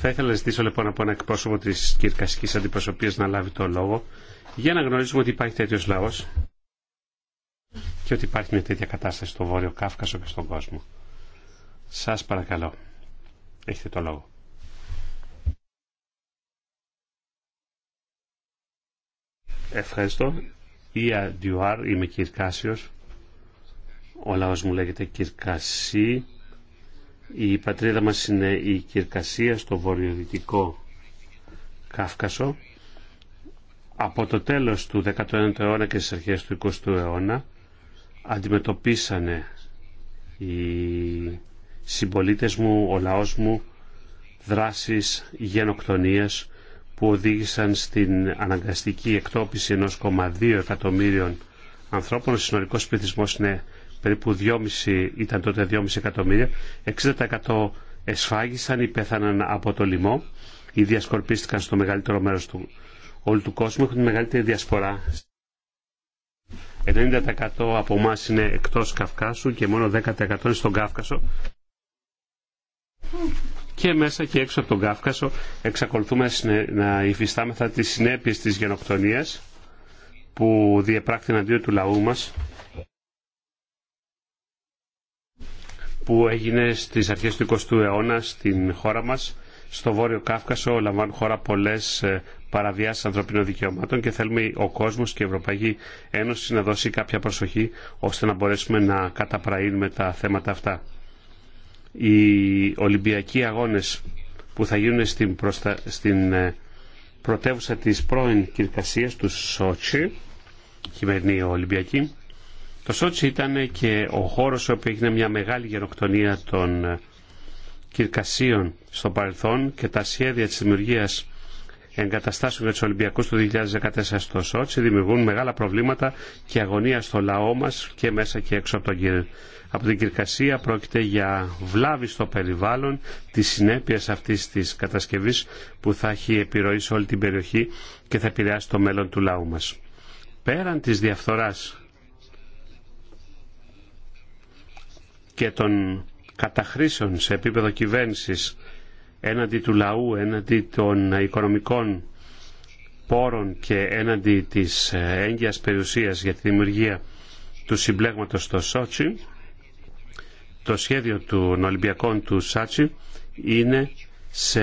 Θα ήθελα να ζητήσω λοιπόν από ένα εκπρόσωπο τη κυρκασική αντιπροσωπεία να λάβει το λόγο για να γνωρίζουμε ότι υπάρχει τέτοιο λαό και ότι υπάρχει μια τέτοια κατάσταση στο Βόρειο Κάφκασο και στον κόσμο. Σα παρακαλώ. Έχετε το λόγο. Ευχαριστώ. Ια Ντιουάρ, είμαι Κυρκάσιος. Ο λαός μου λέγεται Κυρκασί. Η πατρίδα μας είναι η Κυρκασία στο βορειοδυτικό Κάφκασο. Από το τέλος του 19ου αιώνα και στις αρχές του 20ου αιώνα αντιμετωπίσανε οι συμπολίτες μου, ο λαός μου, δράσεις γενοκτονίας που οδήγησαν στην αναγκαστική εκτόπιση 1,2 εκατομμύριων ανθρώπων. Ο συνολικός πληθυσμός είναι περίπου 2,5, ήταν τότε 2,5 εκατομμύρια, 60% εσφάγησαν ή πέθαναν από το λοιμό ή διασκορπίστηκαν στο μεγαλύτερο μέρος του όλου του κόσμου, έχουν μεγαλύτερη διασπορά. 90% από εμά είναι εκτός Καυκάσου και μόνο 10% είναι στον Κάυκασο Και μέσα και έξω από τον Κάυκασο εξακολουθούμε να υφιστάμεθα τις συνέπειες της γενοκτονίας που διεπράχθηναν δύο του λαού μας που έγινε στις αρχές του 20ου αιώνα στην χώρα μας, στο Βόρειο Κάφκασο, λαμβάνουν χώρα πολλές ε, παραβιάσεις ανθρωπίνων δικαιωμάτων και θέλουμε ο κόσμος και η Ευρωπαϊκή Ένωση να δώσει κάποια προσοχή ώστε να μπορέσουμε να καταπραίνουμε τα θέματα αυτά. Οι Ολυμπιακοί Αγώνες που θα γίνουν στην, προστα... στην ε, πρωτεύουσα της πρώην Κυρκασίας του Σότσι, χειμερινή Ολυμπιακή, το Σότσι ήταν και ο χώρος όπου έγινε μια μεγάλη γενοκτονία των κυρκασίων στο παρελθόν και τα σχέδια της δημιουργίας εγκαταστάσεων για τους Ολυμπιακούς του 2014 στο Σότσι δημιουργούν μεγάλα προβλήματα και αγωνία στο λαό μας και μέσα και έξω από, τον, από την Κυρκασία. Πρόκειται για βλάβη στο περιβάλλον τη συνέπειες αυτής της κατασκευής που θα έχει επιρροή σε όλη την περιοχή και θα επηρεάσει το μέλλον του λαού μας. Πέραν της διαφθοράς και των καταχρήσεων σε επίπεδο κυβέρνησης έναντι του λαού, έναντι των οικονομικών πόρων και έναντι της έγκυας περιουσίας για τη δημιουργία του συμπλέγματος στο Σότσι, το σχέδιο του Ολυμπιακών του Σάτσι είναι σε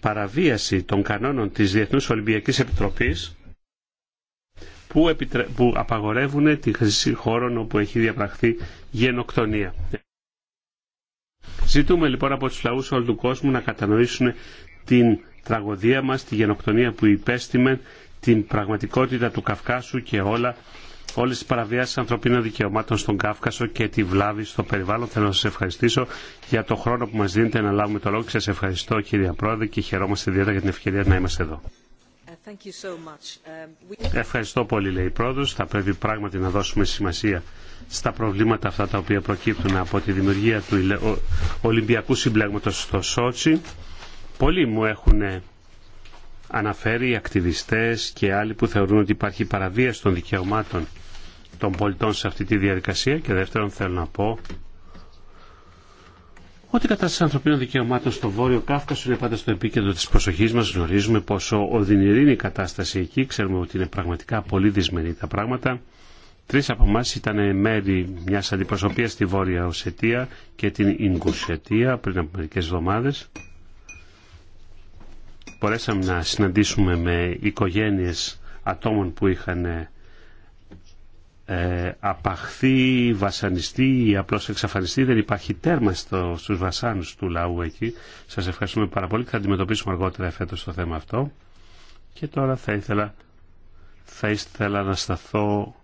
παραβίαση των κανόνων της Διεθνούς Ολυμπιακής Επιτροπής που, απαγορεύουν τη χρήση χώρων όπου έχει διαπραχθεί γενοκτονία. Ζητούμε λοιπόν από τους λαούς όλου του κόσμου να κατανοήσουν την τραγωδία μας, τη γενοκτονία που υπέστημε, την πραγματικότητα του Καυκάσου και όλα, όλες τις παραβιάσεις ανθρωπίνων δικαιωμάτων στον Καύκασο και τη βλάβη στο περιβάλλον. Θέλω να σας ευχαριστήσω για το χρόνο που μας δίνετε να λάβουμε το λόγο σας ευχαριστώ κυρία Πρόεδρε και χαιρόμαστε ιδιαίτερα για την ευκαιρία να είμαστε εδώ. Um, Ευχαριστώ πολύ, λέει η πρόεδρο. Θα πρέπει πράγματι να δώσουμε σημασία στα προβλήματα αυτά τα οποία προκύπτουν από τη δημιουργία του Ολυμπιακού Συμπλέγματο στο Σότσι. Πολλοί μου έχουν αναφέρει οι και άλλοι που θεωρούν ότι υπάρχει παραβίαση των δικαιωμάτων των πολιτών σε αυτή τη διαδικασία και δεύτερον θέλω να πω Ό,τι κατάσταση ανθρωπίνων δικαιωμάτων στο Βόρειο Κάφκασο είναι πάντα στο επίκεντρο τη προσοχή μα. Γνωρίζουμε πόσο οδυνηρή είναι η κατάσταση εκεί. Ξέρουμε ότι είναι πραγματικά πολύ δυσμενή τα πράγματα. Τρει από εμά ήταν μέρη μια αντιπροσωπεία στη Βόρεια Οσετία και την Ιγκουσιατία πριν από μερικέ εβδομάδε. Μπορέσαμε να συναντήσουμε με οικογένειε ατόμων που είχαν ε, απαχθεί, βασανιστεί ή απλώς εξαφανιστεί. Δεν υπάρχει τέρμα στο, στους βασάνους του λαού εκεί. Σας ευχαριστούμε πάρα πολύ θα αντιμετωπίσουμε αργότερα φέτος το θέμα αυτό. Και τώρα θα ήθελα, θα ήθελα να σταθώ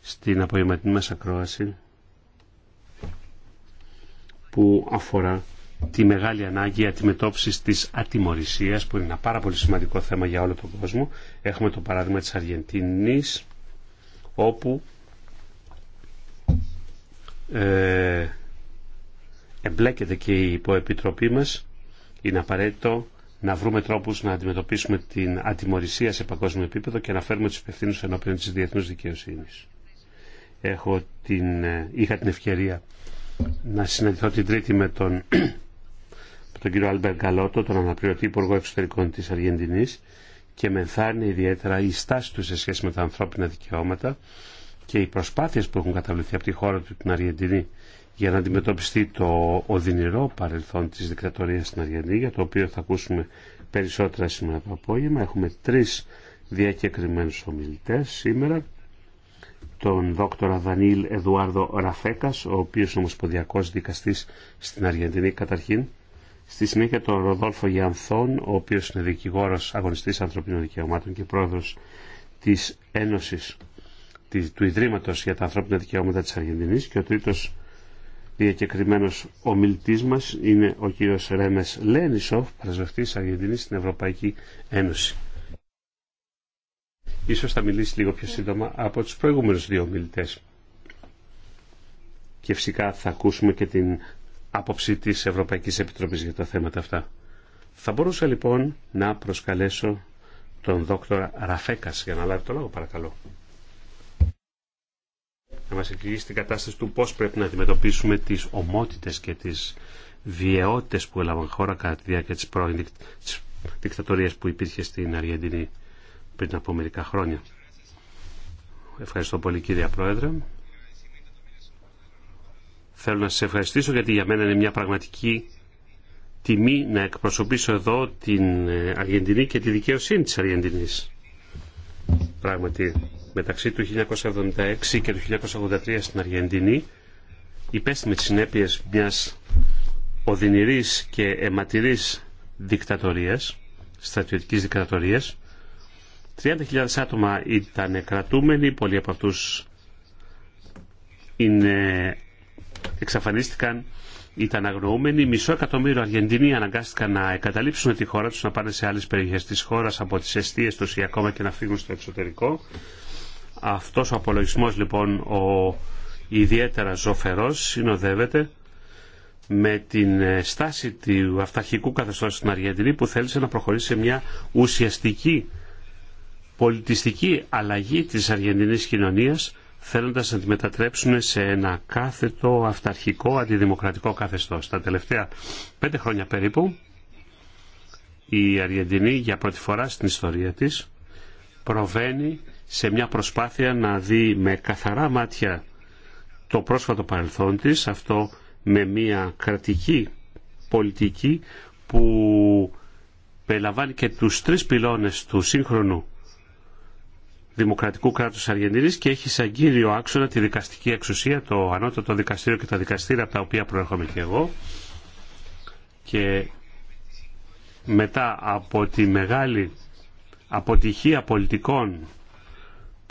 στην απογευματινή μας ακρόαση που αφορά τη μεγάλη ανάγκη αντιμετώπιση τη ατιμορρησία, που είναι ένα πάρα πολύ σημαντικό θέμα για όλο τον κόσμο. Έχουμε το παράδειγμα τη Αργεντινή, όπου ε, εμπλέκεται και η υποεπιτροπή μας. Είναι απαραίτητο να βρούμε τρόπους να αντιμετωπίσουμε την ατιμορρησία σε παγκόσμιο επίπεδο και να φέρουμε τους υπευθύνους ενώπιον της διεθνούς δικαιοσύνης. Έχω την, ε, είχα την ευκαιρία να συναντηθώ την Τρίτη με τον, με τον κύριο Άλμπερ Γκαλότο, τον αναπληρωτή Υπουργό Εξωτερικών της Αργεντινής και με ενθάρρυνε ιδιαίτερα η στάση του σε σχέση με τα ανθρώπινα δικαιώματα και οι προσπάθειες που έχουν καταβληθεί από τη χώρα του την Αργεντινή για να αντιμετωπιστεί το οδυνηρό παρελθόν της δικτατορίας στην Αργεντινή για το οποίο θα ακούσουμε περισσότερα σήμερα το απόγευμα. Έχουμε τρεις διακεκριμένους ομιλητές σήμερα τον δόκτορα Δανίλ Εδουάρδο Ραφέκας, ο οποίος ποδιακός δικαστής στην Αργεντινή καταρχήν. Στη συνέχεια τον Ροδόλφο Γιανθών, ο οποίος είναι δικηγόρος αγωνιστής ανθρωπίνων δικαιωμάτων και πρόεδρος της Ένωσης του ιδρύματο για τα Ανθρώπινα Δικαιώματα τη Αργεντινή και ο τρίτο διακεκριμένο ομιλητή μα είναι ο κύριο Ρέμες Λένισοφ, τη Αργεντινή στην Ευρωπαϊκή Ένωση. Ίσως θα μιλήσει λίγο πιο σύντομα από τους προηγούμενους δύο ομιλητές. Και φυσικά θα ακούσουμε και την άποψη της Ευρωπαϊκής Επιτροπής για τα θέματα αυτά. Θα μπορούσα λοιπόν να προσκαλέσω τον δόκτωρα Ραφέκας για να λάβει το λόγο παρακαλώ να μας εξηγήσει την κατάσταση του πώς πρέπει να αντιμετωπίσουμε τις ομότητες και τις βιαιότητες που έλαβαν χώρα κατά τη διάρκεια της πρώην δικτατορίας που υπήρχε στην Αργεντινή πριν από μερικά χρόνια. Ευχαριστώ πολύ κύριε Πρόεδρε. Θέλω να σας ευχαριστήσω γιατί για μένα είναι μια πραγματική τιμή να εκπροσωπήσω εδώ την Αργεντινή και τη δικαιοσύνη της Αργεντινής. Πράγματι, μεταξύ του 1976 και του 1983 στην Αργεντινή υπέστη με τις συνέπειες μιας οδυνηρής και αιματηρής δικτατορίας, στρατιωτικής δικτατορίας. 30.000 άτομα ήταν κρατούμενοι, πολλοί από αυτούς εξαφανίστηκαν, ήταν αγνοούμενοι. Μισό εκατομμύριο Αργεντινοί αναγκάστηκαν να εγκαταλείψουν τη χώρα τους, να πάνε σε άλλες περιοχές της χώρας από τις αιστείες τους ή ακόμα και να φύγουν στο εξωτερικό. Αυτός ο απολογισμός λοιπόν ο ιδιαίτερα ζωφερός συνοδεύεται με την ε, στάση του αυταρχικού καθεστώτος στην Αργεντινή που θέλησε να προχωρήσει σε μια ουσιαστική πολιτιστική αλλαγή της αργεντινής κοινωνίας θέλοντας να τη μετατρέψουν σε ένα κάθετο αυταρχικό αντιδημοκρατικό καθεστώς. Τα τελευταία πέντε χρόνια περίπου η Αργεντινή για πρώτη φορά στην ιστορία της προβαίνει σε μια προσπάθεια να δει με καθαρά μάτια το πρόσφατο παρελθόν της, αυτό με μια κρατική πολιτική που περιλαμβάνει και τους τρεις πυλώνες του σύγχρονου δημοκρατικού κράτους Αργεντινής και έχει σαν κύριο άξονα τη δικαστική εξουσία, το ανώτατο δικαστήριο και τα δικαστήρια από τα οποία προέρχομαι και εγώ και μετά από τη μεγάλη αποτυχία πολιτικών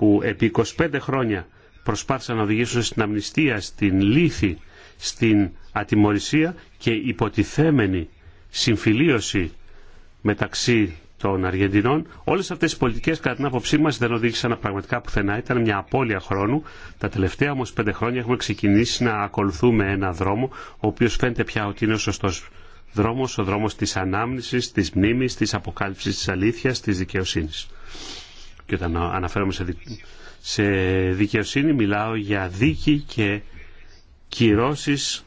που επί 25 χρόνια προσπάθησαν να οδηγήσουν στην αμνηστία, στην λύθη, στην ατιμορρησία και υποτιθέμενη συμφιλίωση μεταξύ των Αργεντινών. Όλες αυτές οι πολιτικές κατά την άποψή μας δεν οδήγησαν πραγματικά πουθενά. Ήταν μια απώλεια χρόνου. Τα τελευταία όμως πέντε χρόνια έχουμε ξεκινήσει να ακολουθούμε ένα δρόμο ο οποίος φαίνεται πια ότι είναι ο σωστός δρόμος, ο δρόμος της ανάμνησης, της μνήμης, της αποκάλυψης της αλήθειας, της δικαιοσύνης. Και όταν αναφέρομαι σε, δικαιοσύνη μιλάω για δίκη και κυρώσεις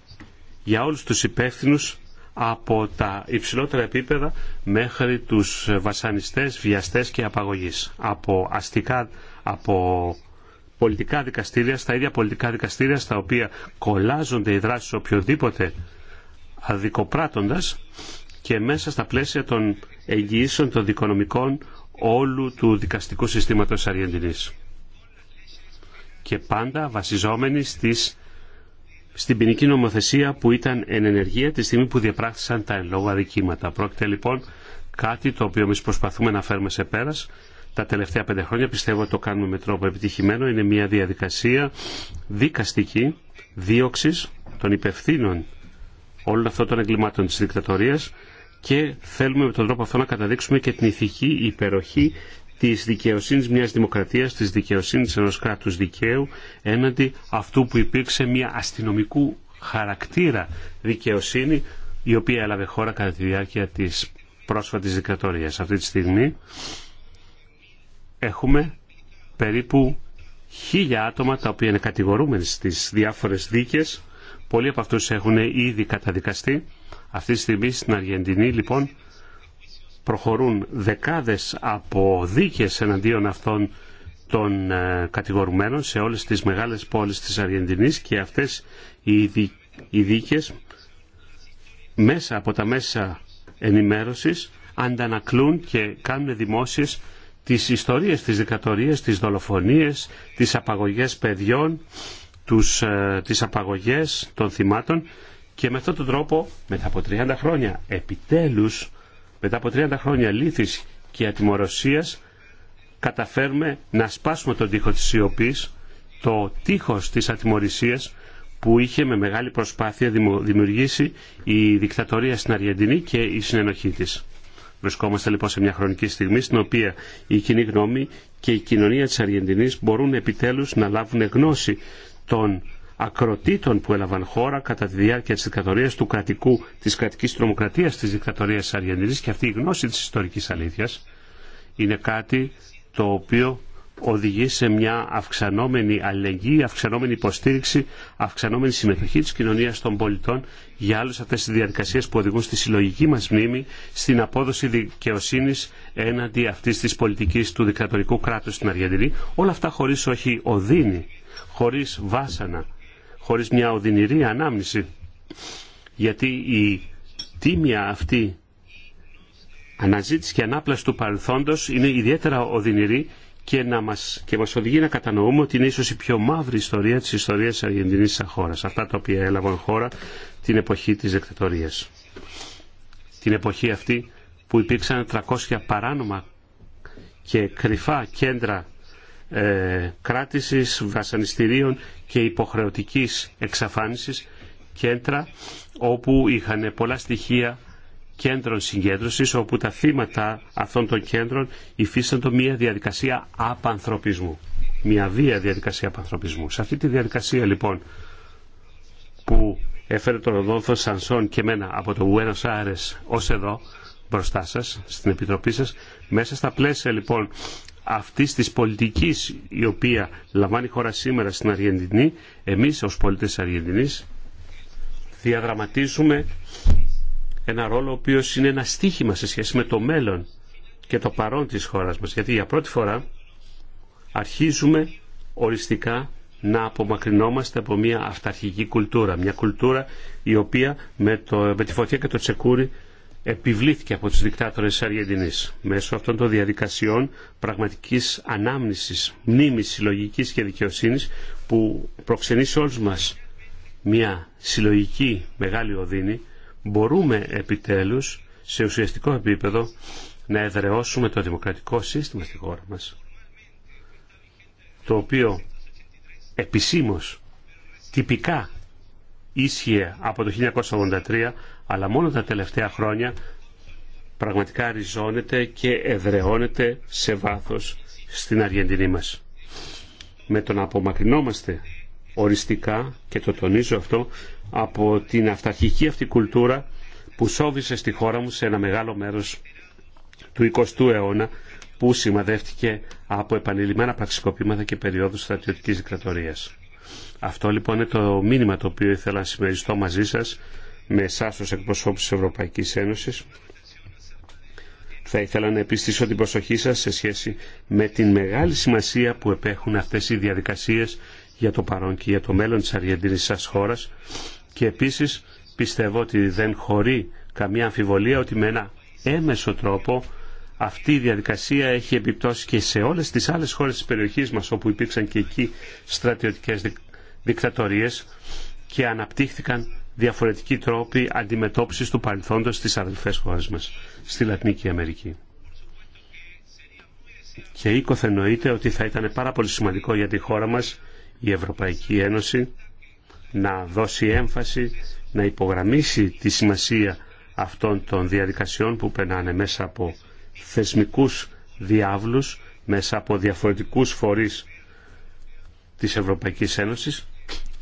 για όλους τους υπεύθυνους από τα υψηλότερα επίπεδα μέχρι τους βασανιστές, βιαστές και απαγωγείς Από αστικά, από πολιτικά δικαστήρια, στα ίδια πολιτικά δικαστήρια στα οποία κολλάζονται οι δράσεις οποιοδήποτε αδικοπράτοντας και μέσα στα πλαίσια των εγγυήσεων των δικονομικών όλου του δικαστικού συστήματος Αργεντινής. Και πάντα βασιζόμενοι στις, στην ποινική νομοθεσία που ήταν εν ενεργεία τη στιγμή που διαπράχθησαν τα εν λόγω αδικήματα. Πρόκειται λοιπόν κάτι το οποίο εμεί προσπαθούμε να φέρουμε σε πέρας τα τελευταία πέντε χρόνια πιστεύω ότι το κάνουμε με τρόπο επιτυχημένο. Είναι μια διαδικασία δικαστική δίωξη των υπευθύνων όλων αυτών των εγκλημάτων της δικτατορίας και θέλουμε με τον τρόπο αυτό να καταδείξουμε και την ηθική υπεροχή της δικαιοσύνης μιας δημοκρατίας, τη δικαιοσύνης ενό κράτου δικαίου έναντι αυτού που υπήρξε μια αστυνομικού χαρακτήρα δικαιοσύνη η οποία έλαβε χώρα κατά τη διάρκεια της πρόσφατης δικτατορίας. Αυτή τη στιγμή έχουμε περίπου χίλια άτομα τα οποία είναι κατηγορούμενοι στις διάφορες δίκες. Πολλοί από αυτούς έχουν ήδη καταδικαστεί αυτή τη στιγμή στην Αργεντινή λοιπόν προχωρούν δεκάδες από δίκες εναντίον αυτών των ε, κατηγορουμένων σε όλες τις μεγάλες πόλεις της Αργεντινής και αυτές οι δίκες μέσα από τα μέσα ενημέρωσης αντανακλούν και κάνουν δημόσιες τις ιστορίες, τις δικατορίες, τις δολοφονίες, τις απαγωγές παιδιών, τους, ε, τις απαγωγές των θυμάτων και με αυτόν τον τρόπο, μετά από 30 χρόνια, επιτέλους, μετά από 30 χρόνια λύθης και ατιμορροσίας, καταφέρουμε να σπάσουμε τον τείχο της σιωπής, το τείχος της ατιμορρησίας που είχε με μεγάλη προσπάθεια δημιουργήσει η δικτατορία στην Αργεντινή και η συνενοχή της. Βρισκόμαστε λοιπόν σε μια χρονική στιγμή στην οποία η κοινή γνώμη και η κοινωνία της Αργεντινής μπορούν επιτέλους να λάβουν γνώση των ακροτήτων που έλαβαν χώρα κατά τη διάρκεια της δικτατορία του κρατικού, της κρατικής τρομοκρατίας της δικτατορίας και αυτή η γνώση της ιστορικής αλήθειας είναι κάτι το οποίο οδηγεί σε μια αυξανόμενη αλληλεγγύη, αυξανόμενη υποστήριξη, αυξανόμενη συμμετοχή της κοινωνίας των πολιτών για άλλες αυτές τις διαδικασίες που οδηγούν στη συλλογική μας μνήμη, στην απόδοση δικαιοσύνη έναντι αυτής της πολιτικής του δικτατορικού κράτους στην Αργεντινή. Όλα αυτά χωρίς όχι οδύνη, χωρίς βάσανα, χωρίς μια οδυνηρή ανάμνηση. Γιατί η τίμια αυτή αναζήτηση και ανάπλαση του παρελθόντος είναι ιδιαίτερα οδυνηρή και, να μας, και μας οδηγεί να κατανοούμε ότι είναι ίσως η πιο μαύρη ιστορία της ιστορίας της Αργεντινής σαν χώρας. Αυτά τα οποία έλαβαν χώρα την εποχή της δεκτατορίας. Την εποχή αυτή που υπήρξαν 300 παράνομα και κρυφά κέντρα ε, κράτησης βασανιστήριων και υποχρεωτικής εξαφάνισης κέντρα όπου είχαν πολλά στοιχεία κέντρων συγκέντρωσης όπου τα θύματα αυτών των κέντρων υφίστανται μια διαδικασία απανθρωπισμού. Μια βία διαδικασία απανθρωπισμού. Σε αυτή τη διαδικασία λοιπόν που έφερε τον Ροδόλφο Σανσόν και μένα από το Buenos Aires ως εδώ μπροστά σας, στην Επιτροπή σας, μέσα στα πλαίσια λοιπόν αυτής της πολιτικής η οποία λαμβάνει η χώρα σήμερα στην Αργεντινή, εμείς ως πολίτες της Αργεντινής διαδραματίζουμε ένα ρόλο ο οποίος είναι ένα στίχημα σε σχέση με το μέλλον και το παρόν της χώρας μας. Γιατί για πρώτη φορά αρχίζουμε οριστικά να απομακρυνόμαστε από μια αυταρχική κουλτούρα. Μια κουλτούρα η οποία το, με τη φωτιά και το τσεκούρι επιβλήθηκε από τους δικτάτορες της Αργεντινής. Μέσω αυτών των διαδικασιών πραγματικής ανάμνησης, μνήμης, συλλογική και δικαιοσύνης που προξενεί σε όλους μας μια συλλογική μεγάλη οδύνη, μπορούμε επιτέλους σε ουσιαστικό επίπεδο να εδραιώσουμε το δημοκρατικό σύστημα στη χώρα μας το οποίο επισήμως τυπικά ίσχυε από το 1983, αλλά μόνο τα τελευταία χρόνια πραγματικά ριζώνεται και εδρεώνεται σε βάθος στην Αργεντινή μας. Με το να απομακρυνόμαστε οριστικά, και το τονίζω αυτό, από την αυταρχική αυτή κουλτούρα που σώβησε στη χώρα μου σε ένα μεγάλο μέρος του 20ου αιώνα που σημαδεύτηκε από επανειλημμένα πραξικοπήματα και περιόδους στρατιωτικής δικτατορίας. Αυτό λοιπόν είναι το μήνυμα το οποίο ήθελα να συμμεριστώ μαζί σας με εσά ως εκπροσώπους της Ευρωπαϊκής Ένωσης. Θα ήθελα να επιστήσω την προσοχή σας σε σχέση με την μεγάλη σημασία που επέχουν αυτές οι διαδικασίες για το παρόν και για το μέλλον της Αργεντινής σας χώρας και επίσης πιστεύω ότι δεν χωρεί καμία αμφιβολία ότι με ένα έμεσο τρόπο αυτή η διαδικασία έχει επιπτώσει και σε όλες τις άλλες χώρες της περιοχής μας όπου υπήρξαν και εκεί στρατιωτικές δικτατορίες και αναπτύχθηκαν διαφορετικοί τρόποι αντιμετώπισης του παρελθόντος στις αδελφές χώρες μας, στη Λατινική Αμερική. Και οίκοθε εννοείται ότι θα ήταν πάρα πολύ σημαντικό για τη χώρα μας η Ευρωπαϊκή Ένωση να δώσει έμφαση, να υπογραμμίσει τη σημασία αυτών των διαδικασιών που περνάνε μέσα από θεσμικούς διάβλους, μέσα από διαφορετικούς φορείς της Ευρωπαϊκής Ένωσης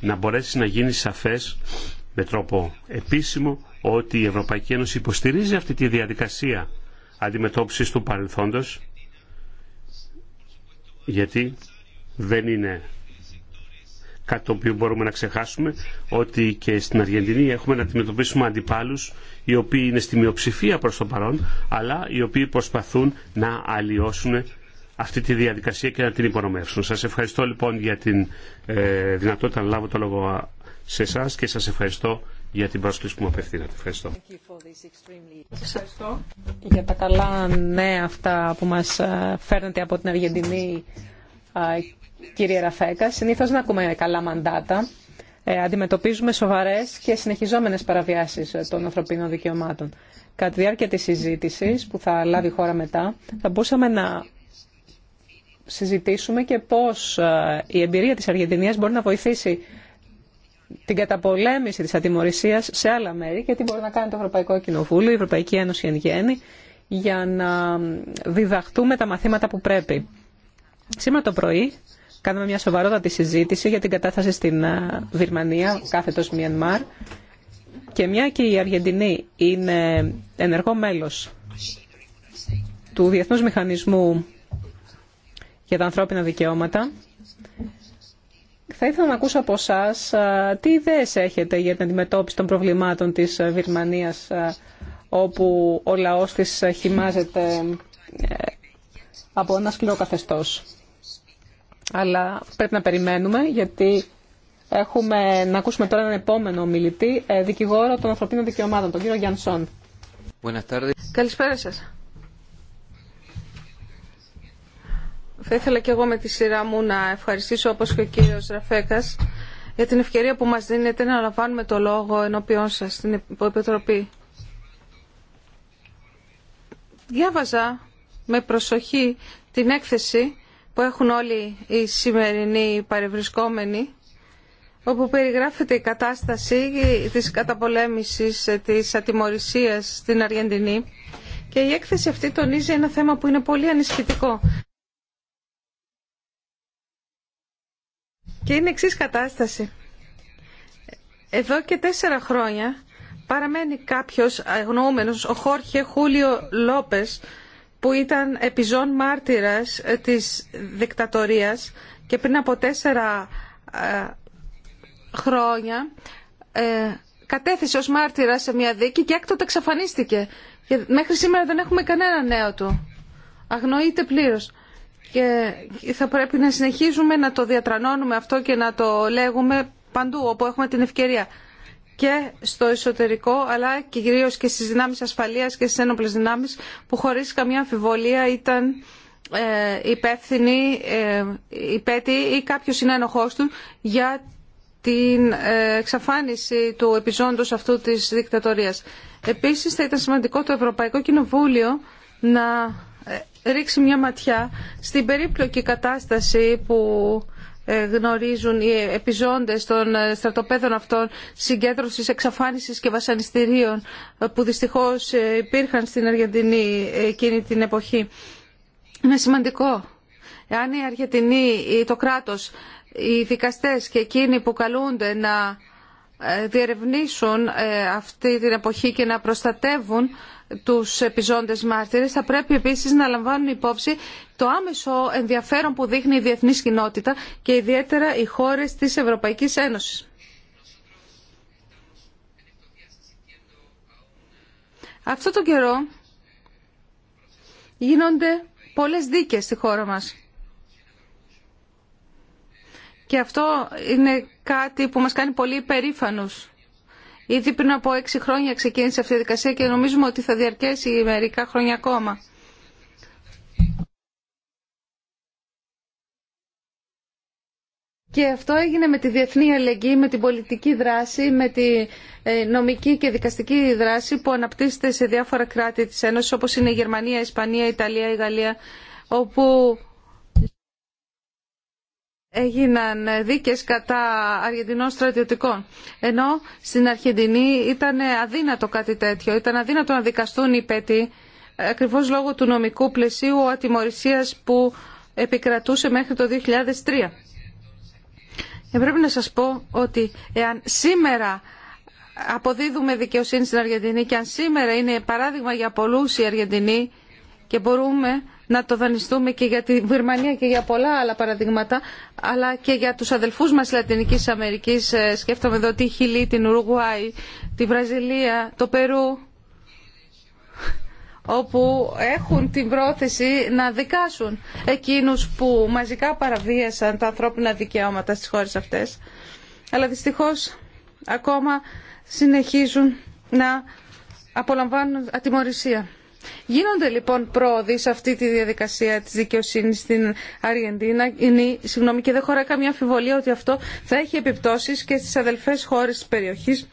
να μπορέσει να γίνει σαφές με τρόπο επίσημο ότι η Ευρωπαϊκή Ένωση υποστηρίζει αυτή τη διαδικασία αντιμετώπισης του παρελθόντος γιατί δεν είναι κάτι το οποίο μπορούμε να ξεχάσουμε ότι και στην Αργεντινή έχουμε να αντιμετωπίσουμε αντιπάλους οι οποίοι είναι στη μειοψηφία προς το παρόν αλλά οι οποίοι προσπαθούν να αλλοιώσουν αυτή τη διαδικασία και να την υπονομεύσουν. Σας ευχαριστώ λοιπόν για την ε, δυνατότητα να λάβω το λόγο σε εσά και σας ευχαριστώ για την πρόσκληση που μου απευθύνατε. Ευχαριστώ. Σας ευχαριστώ για τα καλά νέα αυτά που μας ε, φέρνετε από την Αργεντινή κύριε Ραφέκα. Συνήθως δεν ακούμε καλά μαντάτα. Ε, αντιμετωπίζουμε σοβαρές και συνεχιζόμενες παραβιάσεις ε, των ανθρωπίνων δικαιωμάτων. Κατά τη διάρκεια της συζήτησης που θα λάβει η χώρα μετά, θα μπορούσαμε να συζητήσουμε και πώς ε, η εμπειρία της Αργεντινίας μπορεί να βοηθήσει την καταπολέμηση της ατιμορρησίας σε άλλα μέρη και τι μπορεί να κάνει το Ευρωπαϊκό Κοινοβούλιο, η Ευρωπαϊκή Ένωση εν γέννη, για να διδαχτούμε τα μαθήματα που πρέπει. Σήμερα το πρωί κάναμε μια σοβαρότατη συζήτηση για την κατάσταση στην ε, Βυρμανία, κάθετος Μιανμάρ, και μια και η Αργεντινή είναι ενεργό μέλος του Διεθνούς Μηχανισμού για τα ανθρώπινα δικαιώματα. Θα ήθελα να ακούσω από εσά τι ιδέες έχετε για την αντιμετώπιση των προβλημάτων της Βυρμανίας όπου ο λαό τη χυμάζεται ε, από ένα σκληρό καθεστώ. Αλλά πρέπει να περιμένουμε γιατί έχουμε να ακούσουμε τώρα έναν επόμενο μιλητή, ε, δικηγόρο των ανθρωπίνων δικαιωμάτων, τον κύριο Γιάνσον. Καλησπέρα σας. Θα ήθελα και εγώ με τη σειρά μου να ευχαριστήσω όπως και ο κύριος Ραφέκας για την ευκαιρία που μας δίνετε να λαμβάνουμε το λόγο ενώπιόν σας στην Επιτροπή. Διάβαζα με προσοχή την έκθεση που έχουν όλοι οι σημερινοί παρευρισκόμενοι όπου περιγράφεται η κατάσταση της καταπολέμησης της ατιμορρησίας στην Αργεντινή και η έκθεση αυτή τονίζει ένα θέμα που είναι πολύ ανησυχητικό Και είναι εξή κατάσταση. Εδώ και τέσσερα χρόνια παραμένει κάποιος αγνοούμενος, ο Χόρχε Χούλιο Λόπες, που ήταν επιζών μάρτυρας της δικτατορίας και πριν από τέσσερα ε, χρόνια ε, κατέθεσε ως μάρτυρα σε μια δίκη και έκτοτε εξαφανίστηκε. Και μέχρι σήμερα δεν έχουμε κανένα νέο του. Αγνοείται πλήρως και θα πρέπει να συνεχίζουμε να το διατρανώνουμε αυτό και να το λέγουμε παντού όπου έχουμε την ευκαιρία και στο εσωτερικό αλλά και κυρίω και στις δυνάμεις ασφαλείας και στις ένοπλες δυνάμεις που χωρίς καμία αμφιβολία ήταν ε, υπεύθυνοι, ε, υπέτη ή κάποιος είναι του για την ε, εξαφάνιση του επιζώντος αυτού της δικτατορίας. Επίσης θα ήταν σημαντικό το Ευρωπαϊκό Κοινοβούλιο να ε, ρίξει μια ματιά στην περίπλοκη κατάσταση που ε, γνωρίζουν οι επιζώντες των ε, στρατοπέδων αυτών συγκέντρωσης, εξαφάνισης και βασανιστήριων που δυστυχώς υπήρχαν στην Αργεντινή εκείνη την εποχή. Είναι σημαντικό. Εάν η Αργεντινή, το κράτος, οι δικαστές και εκείνοι που καλούνται να διερευνήσουν αυτή την εποχή και να προστατεύουν τους επιζώντες μάρτυρες θα πρέπει επίσης να λαμβάνουν υπόψη το άμεσο ενδιαφέρον που δείχνει η διεθνή κοινότητα και ιδιαίτερα οι χώρες της Ευρωπαϊκής Ένωσης. Αυτό το καιρό γίνονται πολλές δίκες στη χώρα μας. Και αυτό είναι κάτι που μας κάνει πολύ υπερήφανους. Ήδη πριν από έξι χρόνια ξεκίνησε αυτή η δικασία και νομίζουμε ότι θα διαρκέσει μερικά χρόνια ακόμα. Και αυτό έγινε με τη διεθνή αλληλεγγύη, με την πολιτική δράση, με τη ε, νομική και δικαστική δράση που αναπτύσσεται σε διάφορα κράτη της Ένωσης, όπως είναι η Γερμανία, η Ισπανία, η Ιταλία, η Γαλλία, όπου έγιναν δίκες κατά Αργεντινών στρατιωτικών. Ενώ στην Αρχεντινή ήταν αδύνατο κάτι τέτοιο. Ήταν αδύνατο να δικαστούν οι πέτοι ακριβώς λόγω του νομικού πλαισίου ατιμορρησίας που επικρατούσε μέχρι το 2003. Και πρέπει να σας πω ότι εάν σήμερα αποδίδουμε δικαιοσύνη στην Αργεντινή και αν σήμερα είναι παράδειγμα για πολλούς οι Αργεντινοί και μπορούμε να το δανειστούμε και για τη Βερμανία και για πολλά άλλα παραδείγματα, αλλά και για τους αδελφούς μας Λατινικής Αμερικής. Ε, σκέφτομαι εδώ τη Χιλή, την Ουρουγουάη, τη Βραζιλία, το Περού, όπου έχουν την πρόθεση να δικάσουν εκείνους που μαζικά παραβίασαν τα ανθρώπινα δικαιώματα στις χώρες αυτές. Αλλά δυστυχώς ακόμα συνεχίζουν να απολαμβάνουν ατιμορρησία. Γίνονται λοιπόν πρόοδοι σε αυτή τη διαδικασία της δικαιοσύνης στην Αργεντίνα είναι, συγγνώμη, και δεν χωράει καμία αμφιβολία ότι αυτό θα έχει επιπτώσεις και στις αδελφές χώρες της περιοχής.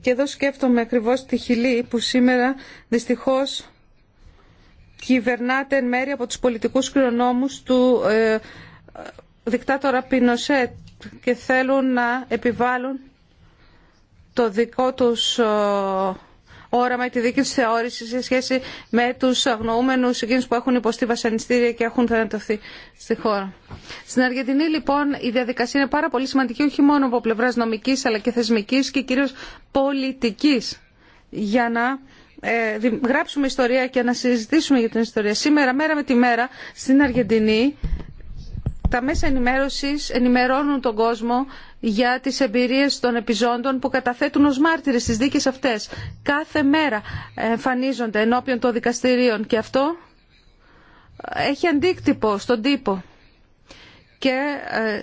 Και εδώ σκέφτομαι ακριβώς τη Χιλή που σήμερα δυστυχώς κυβερνάται εν μέρη από τους πολιτικούς κληρονόμους του ε, δικτάτορα Πινοσέτ και θέλουν να επιβάλλουν το δικό τους όραμα και τη δίκη τη θεώρηση σε σχέση με τους αγνοούμενους εκείνους που έχουν υποστεί βασανιστήρια και έχουν θανατωθεί στη χώρα. Στην Αργεντινή λοιπόν η διαδικασία είναι πάρα πολύ σημαντική όχι μόνο από πλευρά νομική, αλλά και θεσμικής και κυρίως πολιτικής για να ε, γράψουμε ιστορία και να συζητήσουμε για την ιστορία. Σήμερα μέρα με τη μέρα στην Αργεντινή τα μέσα ενημέρωσης ενημερώνουν τον κόσμο για τις εμπειρίες των επιζώντων που καταθέτουν ως μάρτυρες στις δίκες αυτές. Κάθε μέρα εμφανίζονται ενώπιον των δικαστηρίων και αυτό έχει αντίκτυπο στον τύπο. Και ε,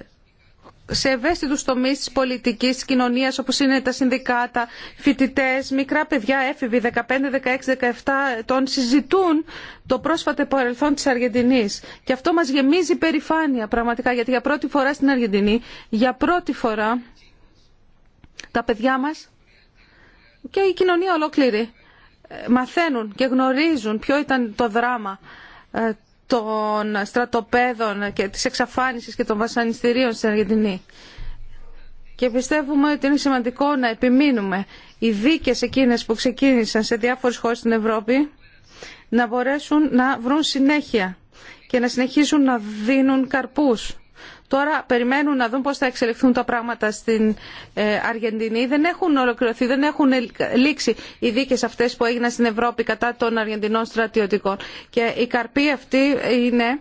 σε ευαίσθητους τομείς της πολιτικής, της κοινωνίας, όπως είναι τα συνδικάτα, φοιτητές, μικρά παιδιά, έφηβοι, 15, 16, 17 ετών, συζητούν το πρόσφατο παρελθόν της Αργεντινής. Και αυτό μας γεμίζει περηφάνεια πραγματικά, γιατί για πρώτη φορά στην Αργεντινή, για πρώτη φορά τα παιδιά μας και η κοινωνία ολόκληρη ε, μαθαίνουν και γνωρίζουν ποιο ήταν το δράμα ε, των στρατοπέδων και της εξαφάνισης και των βασανιστήριων στην Αργεντινή. Και πιστεύουμε ότι είναι σημαντικό να επιμείνουμε οι δίκες εκείνες που ξεκίνησαν σε διάφορες χώρες στην Ευρώπη να μπορέσουν να βρουν συνέχεια και να συνεχίσουν να δίνουν καρπούς. Τώρα περιμένουν να δουν πώς θα εξελιχθούν τα πράγματα στην ε, Αργεντινή. Δεν έχουν ολοκληρωθεί, δεν έχουν λήξει οι δίκες αυτές που έγιναν στην Ευρώπη κατά των Αργεντινών στρατιωτικών. Και η καρπή αυτή είναι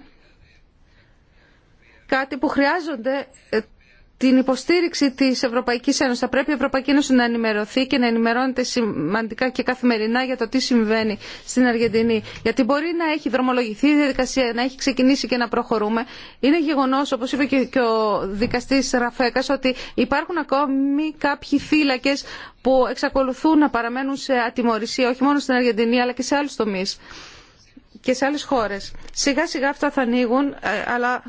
κάτι που χρειάζονται ε, την υποστήριξη τη Ευρωπαϊκή Ένωση. Θα πρέπει η Ευρωπαϊκή Ένωση να ενημερωθεί και να ενημερώνεται σημαντικά και καθημερινά για το τι συμβαίνει στην Αργεντινή. Γιατί μπορεί να έχει δρομολογηθεί η διαδικασία, να έχει ξεκινήσει και να προχωρούμε. Είναι γεγονό, όπω είπε και ο δικαστή Ραφέκα, ότι υπάρχουν ακόμη κάποιοι θύλακε που εξακολουθούν να παραμένουν σε ατιμορρησία, όχι μόνο στην Αργεντινή, αλλά και σε άλλου τομεί και σε άλλε χώρε. Σιγά σιγά αυτά θα ανοίγουν, ε, αλλά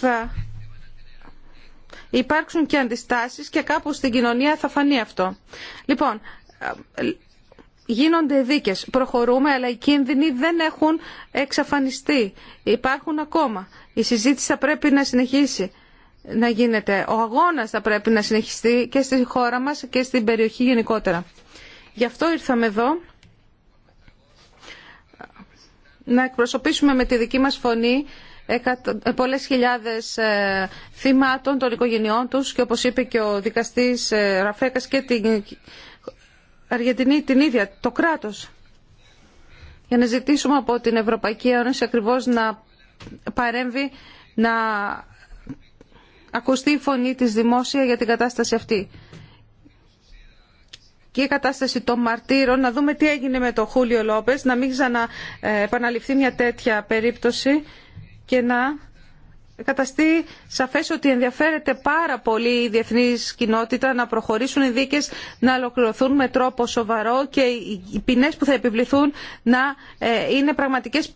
θα υπάρξουν και αντιστάσεις και κάπου στην κοινωνία θα φανεί αυτό. Λοιπόν, γίνονται δίκες, προχωρούμε, αλλά οι κίνδυνοι δεν έχουν εξαφανιστεί. Υπάρχουν ακόμα. Η συζήτηση θα πρέπει να συνεχίσει να γίνεται. Ο αγώνας θα πρέπει να συνεχιστεί και στη χώρα μας και στην περιοχή γενικότερα. Γι' αυτό ήρθαμε εδώ να εκπροσωπήσουμε με τη δική μας φωνή ε, πολλές χιλιάδες ε, θυμάτων των οικογενειών τους και όπως είπε και ο δικαστής ε, Ραφέκας και την Αργεντινή την ίδια, το κράτος. Για να ζητήσουμε από την Ευρωπαϊκή Ένωση ακριβώς να παρέμβει, να ακουστεί η φωνή της δημόσια για την κατάσταση αυτή. Και η κατάσταση των μαρτύρων, να δούμε τι έγινε με τον Χούλιο Λόπες, να μην ξαναεπαναληφθεί μια τέτοια περίπτωση και να καταστεί σαφές ότι ενδιαφέρεται πάρα πολύ η διεθνής κοινότητα να προχωρήσουν οι δίκες να ολοκληρωθούν με τρόπο σοβαρό και οι ποινές που θα επιβληθούν να ε, είναι πραγματικές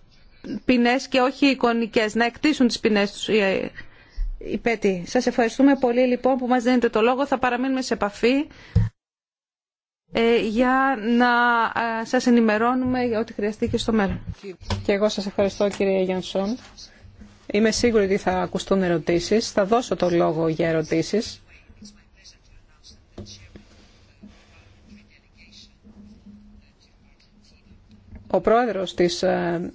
ποινές και όχι εικονικές, να εκτίσουν τις ποινές τους οι ε, πέτοι. Σας ευχαριστούμε πολύ λοιπόν που μας δίνετε το λόγο. Θα παραμείνουμε σε επαφή ε, για να σας ενημερώνουμε για ό,τι χρειαστεί και στο μέλλον. Και εγώ σας ευχαριστώ κύριε Γιάνσον. Είμαι σίγουρη ότι θα ακουστούν ερωτήσεις. Θα δώσω το λόγο για ερωτήσεις. Ο πρόεδρος της ε,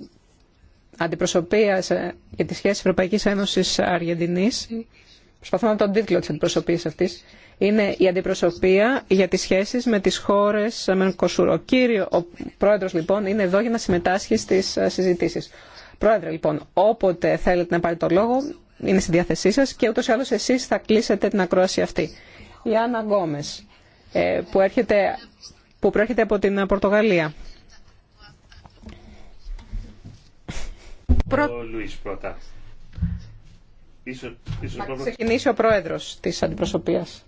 αντιπροσωπείας ε, για τις σχέσεις Ευρωπαϊκής Ένωσης Αργεντινής, προσπαθώ να τον τίτλο της αντιπροσωπείας αυτής, είναι η αντιπροσωπεία για τις σχέσεις με τις χώρες με Κοσούρο. Ο, κύριο, ο πρόεδρος λοιπόν είναι εδώ για να συμμετάσχει στις ε, συζητήσεις. Πρόεδρε, λοιπόν, όποτε θέλετε να πάρετε το λόγο, είναι στη διάθεσή σα, και ούτω ή άλλω εσεί θα κλείσετε την ακρόαση αυτή. Η αλλω ε, την Πορτογαλία. Ο Λουίς πρώτα. Ίσως, ίσως θα κλεισετε την ακροαση αυτη η αννα γκομες που που προερχεται απο την πορτογαλια ο λουις θα ξεκινησει ο προεδρος της αντιπροσωπείας.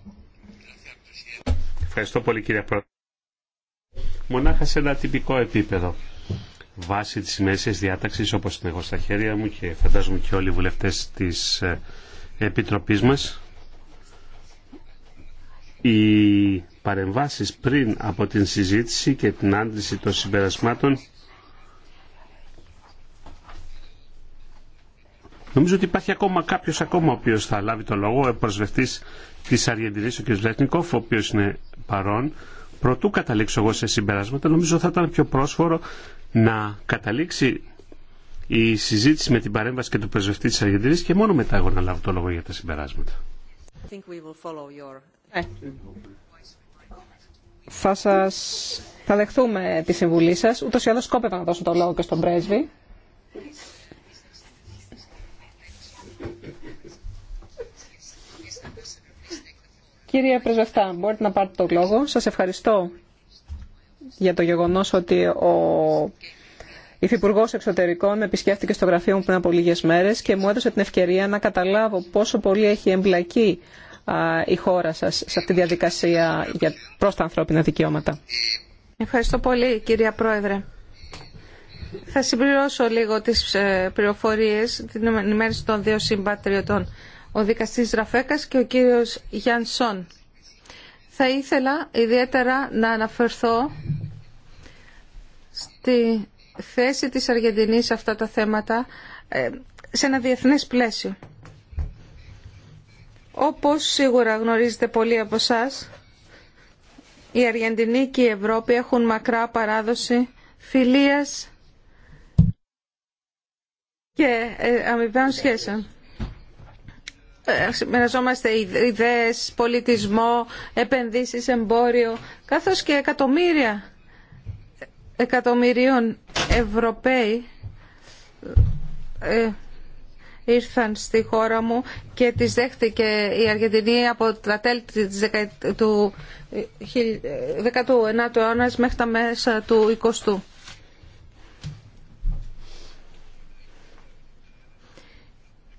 Ευχαριστώ πολύ κύριε πρόεδρε. Μονάχα σε ένα τυπικό επίπεδο βάση της μέσης διάταξης όπως την έχω στα χέρια μου και φαντάζομαι και όλοι οι βουλευτές της ε, Επιτροπής μας. Οι παρεμβάσεις πριν από την συζήτηση και την άντληση των συμπερασμάτων Νομίζω ότι υπάρχει ακόμα κάποιο ακόμα ο οποίο θα λάβει το λόγο, ο προσβευτή τη Αργεντινή, ο κ. Βλέτνικοφ, ο οποίο είναι παρόν. Προτού καταλήξω εγώ σε συμπεράσματα, νομίζω θα ήταν πιο πρόσφορο να καταλήξει η συζήτηση με την παρέμβαση και του πρεσβευτή της Αργεντινής και μόνο μετά εγώ να λάβω το λόγο για τα συμπεράσματα. Ε, θα, σας... θα δεχθούμε τη συμβουλή σα, Ούτως ή άλλως σκόπευα να δώσω το λόγο και στον πρέσβη. Κύριε Πρεσβευτά, μπορείτε να πάρετε το λόγο. Σας ευχαριστώ για το γεγονός ότι ο Υφυπουργό Εξωτερικών επισκέφτηκε στο γραφείο μου πριν από λίγε μέρε και μου έδωσε την ευκαιρία να καταλάβω πόσο πολύ έχει εμπλακεί η χώρα σα σε αυτή τη διαδικασία προ τα ανθρώπινα δικαιώματα. Ευχαριστώ πολύ, κυρία Πρόεδρε. Θα συμπληρώσω λίγο τις ε, πληροφορίε. την ενημέρωση των δύο συμπατριωτών. Ο δικαστής Ραφέκας και ο κύριος Γιάνσον θα ήθελα ιδιαίτερα να αναφερθώ στη θέση της Αργεντινής σε αυτά τα θέματα ε, σε ένα διεθνές πλαίσιο. Όπως σίγουρα γνωρίζετε πολλοί από εσά, η Αργεντινή και η Ευρώπη έχουν μακρά παράδοση φιλίας και ε, αμοιβαίων σχέσεων μοιραζόμαστε ιδέες, πολιτισμό, επενδύσεις, εμπόριο, καθώς και εκατομμύρια εκατομμυρίων Ευρωπαίοι ε, ήρθαν στη χώρα μου και τις δέχτηκε η Αργεντινή από τα τέλη του 19ου αιώνα μέχρι τα μέσα του 20ου.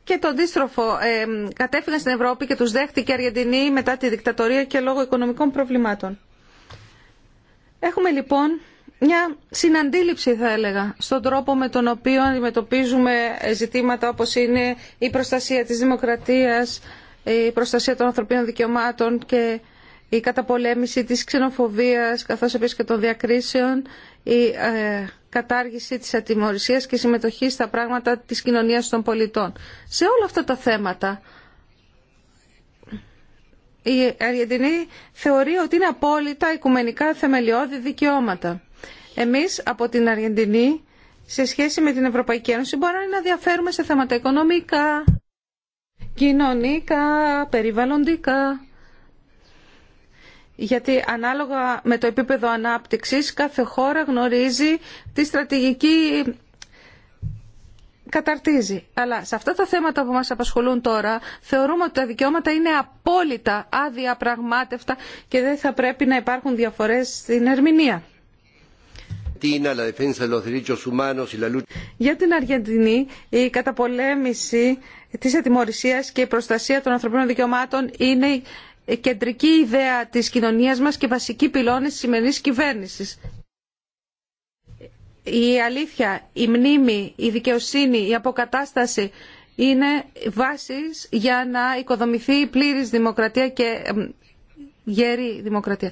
και το αντίστροφο ε, κατέφυγαν στην Ευρώπη και τους δέχτηκε η Αργεντινή μετά τη δικτατορία και λόγω οικονομικών προβλημάτων. Έχουμε λοιπόν μια συναντήληψη θα έλεγα στον τρόπο με τον οποίο αντιμετωπίζουμε ζητήματα όπως είναι η προστασία της δημοκρατίας, η προστασία των ανθρωπίνων δικαιωμάτων και η καταπολέμηση της ξενοφοβίας καθώς επίσης και των διακρίσεων, η ε, κατάργηση της ατιμορρησίας και συμμετοχή στα πράγματα της κοινωνίας των πολιτών. Σε όλα αυτά τα θέματα η Αργεντινή θεωρεί ότι είναι απόλυτα οικουμενικά θεμελιώδη δικαιώματα. Εμείς από την Αργεντινή σε σχέση με την Ευρωπαϊκή Ένωση μπορούμε να διαφέρουμε σε θέματα οικονομικά, κοινωνικά, περιβαλλοντικά γιατί ανάλογα με το επίπεδο ανάπτυξης κάθε χώρα γνωρίζει τη στρατηγική καταρτίζει. Αλλά σε αυτά τα θέματα που μας απασχολούν τώρα θεωρούμε ότι τα δικαιώματα είναι απόλυτα αδιαπραγμάτευτα και δεν θα πρέπει να υπάρχουν διαφορές στην ερμηνεία. Για την Αργεντινή, η καταπολέμηση της ατιμορρησίας και η προστασία των ανθρωπίνων δικαιωμάτων είναι ε, κεντρική ιδέα της κοινωνίας μας και βασική πυλώνες της σημερινής κυβέρνησης. Η αλήθεια, η μνήμη, η δικαιοσύνη, η αποκατάσταση είναι βάσεις για να οικοδομηθεί η πλήρης δημοκρατία και ε, γερή δημοκρατία.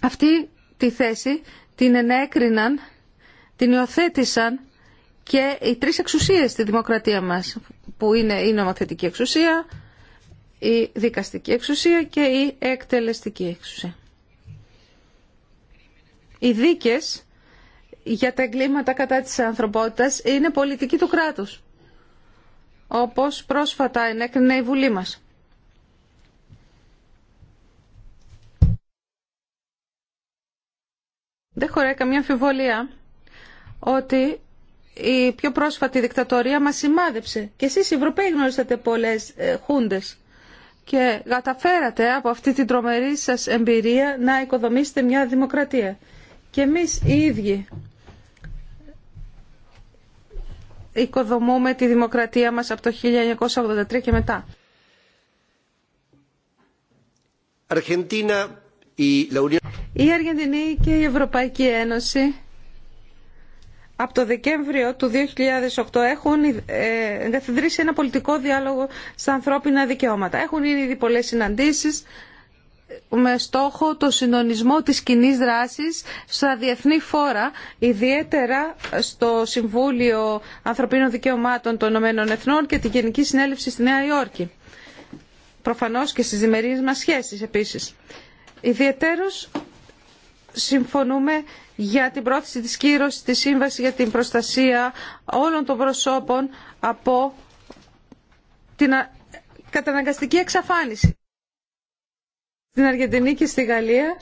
Αυτή τη θέση την ενέκριναν, την υιοθέτησαν και οι τρεις εξουσίες στη δημοκρατία μας, που είναι η νομοθετική εξουσία, η δικαστική εξουσία και η εκτελεστική εξουσία. Οι δίκες για τα εγκλήματα κατά της ανθρωπότητας είναι πολιτική του κράτους, όπως πρόσφατα ενέκρινε η Βουλή μας. Δεν χωράει καμία αμφιβολία ότι η πιο πρόσφατη δικτατορία μας σημάδεψε. Και εσείς οι Ευρωπαίοι γνωρίσατε πολλές ε, χούντες και καταφέρατε από αυτή την τρομερή σας εμπειρία να οικοδομήσετε μια δημοκρατία. Και εμείς οι ίδιοι οικοδομούμε τη δημοκρατία μας από το 1983 και μετά. Αργεντίνα, η... η Αργεντινή και η Ευρωπαϊκή Ένωση από το Δεκέμβριο του 2008 έχουν ε, εγκαθιδρύσει ένα πολιτικό διάλογο στα ανθρώπινα δικαιώματα. Έχουν ήδη πολλές συναντήσεις με στόχο το συντονισμό της κοινή δράσης στα διεθνή φόρα, ιδιαίτερα στο Συμβούλιο Ανθρωπίνων Δικαιωμάτων των Ηνωμένων Εθνών και τη Γενική Συνέλευση στη Νέα Υόρκη. Προφανώς και στις διμερείς μας σχέσεις επίσης. Ιδιαίτερος συμφωνούμε για την πρόθεση της κύρωσης της σύμβαση για την προστασία όλων των προσώπων από την καταναγκαστική εξαφάνιση. Στην Αργεντινή και στη Γαλλία,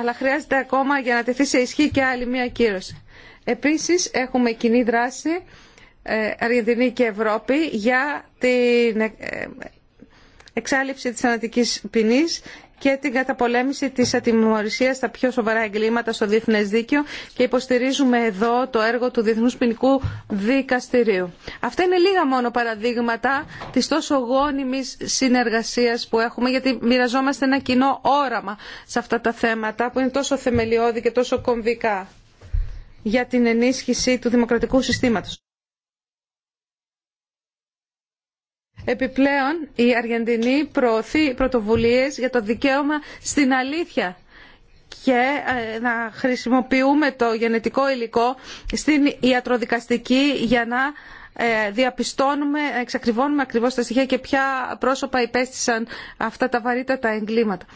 αλλά χρειάζεται ακόμα για να τεθεί σε ισχύ και άλλη μία κύρωση. Επίσης, έχουμε κοινή δράση ε, Αργεντινή και Ευρώπη για την ε, ε, εξάλληψη της θανατικής ποινής και την καταπολέμηση τη ατιμορρυσία στα πιο σοβαρά εγκλήματα στο διεθνέ δίκαιο και υποστηρίζουμε εδώ το έργο του Διεθνού Ποινικού Δικαστηρίου. Αυτά είναι λίγα μόνο παραδείγματα της τόσο γόνιμης συνεργασίας που έχουμε γιατί μοιραζόμαστε ένα κοινό όραμα σε αυτά τα θέματα που είναι τόσο θεμελιώδη και τόσο κομβικά για την ενίσχυση του δημοκρατικού συστήματος. Επιπλέον, η Αργεντινή προωθεί πρωτοβουλίες για το δικαίωμα στην αλήθεια και ε, να χρησιμοποιούμε το γενετικό υλικό στην ιατροδικαστική για να ε, διαπιστώνουμε, εξακριβώνουμε ακριβώς τα στοιχεία και ποια πρόσωπα υπέστησαν αυτά τα βαρύτατα εγκλήματα.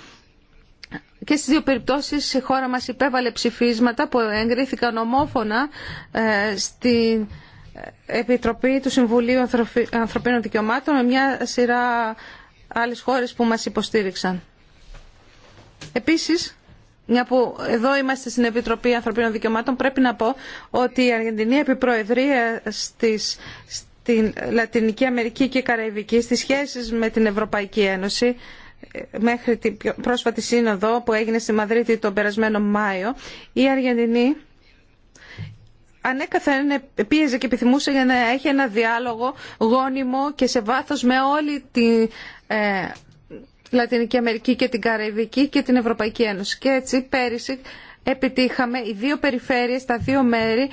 Και στις δύο περιπτώσεις η χώρα μας υπέβαλε ψηφίσματα που εγκρίθηκαν ομόφωνα ε, στην Επιτροπή του Συμβουλίου Ανθρωπίνων Δικαιωμάτων με μια σειρά άλλες χώρες που μας υποστήριξαν. Επίσης, μια που εδώ είμαστε στην Επιτροπή Ανθρωπίνων Δικαιωμάτων, πρέπει να πω ότι η Αργεντινή Επιπροεδρία στις, στην Λατινική Αμερική και Καραϊβική, στις σχέσεις με την Ευρωπαϊκή Ένωση, μέχρι την πρόσφατη σύνοδο που έγινε στη Μαδρίτη τον περασμένο Μάιο, η Αργεντινή ανέκαθεν πίεζε και επιθυμούσε για να έχει ένα διάλογο γόνιμο και σε βάθος με όλη τη ε, Λατινική Αμερική και την Καραϊβική και την Ευρωπαϊκή Ένωση. Και έτσι πέρυσι επιτύχαμε οι δύο περιφέρειες, τα δύο μέρη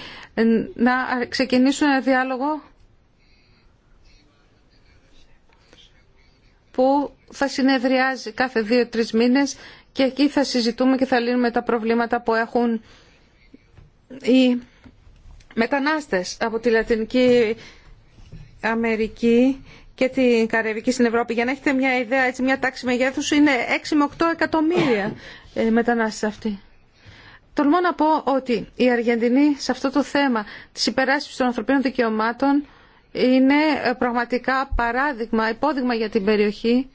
να ξεκινήσουν ένα διάλογο που θα συνεδριάζει κάθε δύο-τρεις μήνες και εκεί θα συζητούμε και θα λύνουμε τα προβλήματα που έχουν οι μετανάστες από τη Λατινική Αμερική και την Καραϊβική στην Ευρώπη. Για να έχετε μια ιδέα, έτσι, μια τάξη μεγέθου είναι 6 με 8 εκατομμύρια ε, μετανάστες αυτοί. Τολμώ να πω ότι η Αργεντινή σε αυτό το θέμα της υπεράσπισης των ανθρωπίνων δικαιωμάτων είναι ε, πραγματικά παράδειγμα, υπόδειγμα για την περιοχή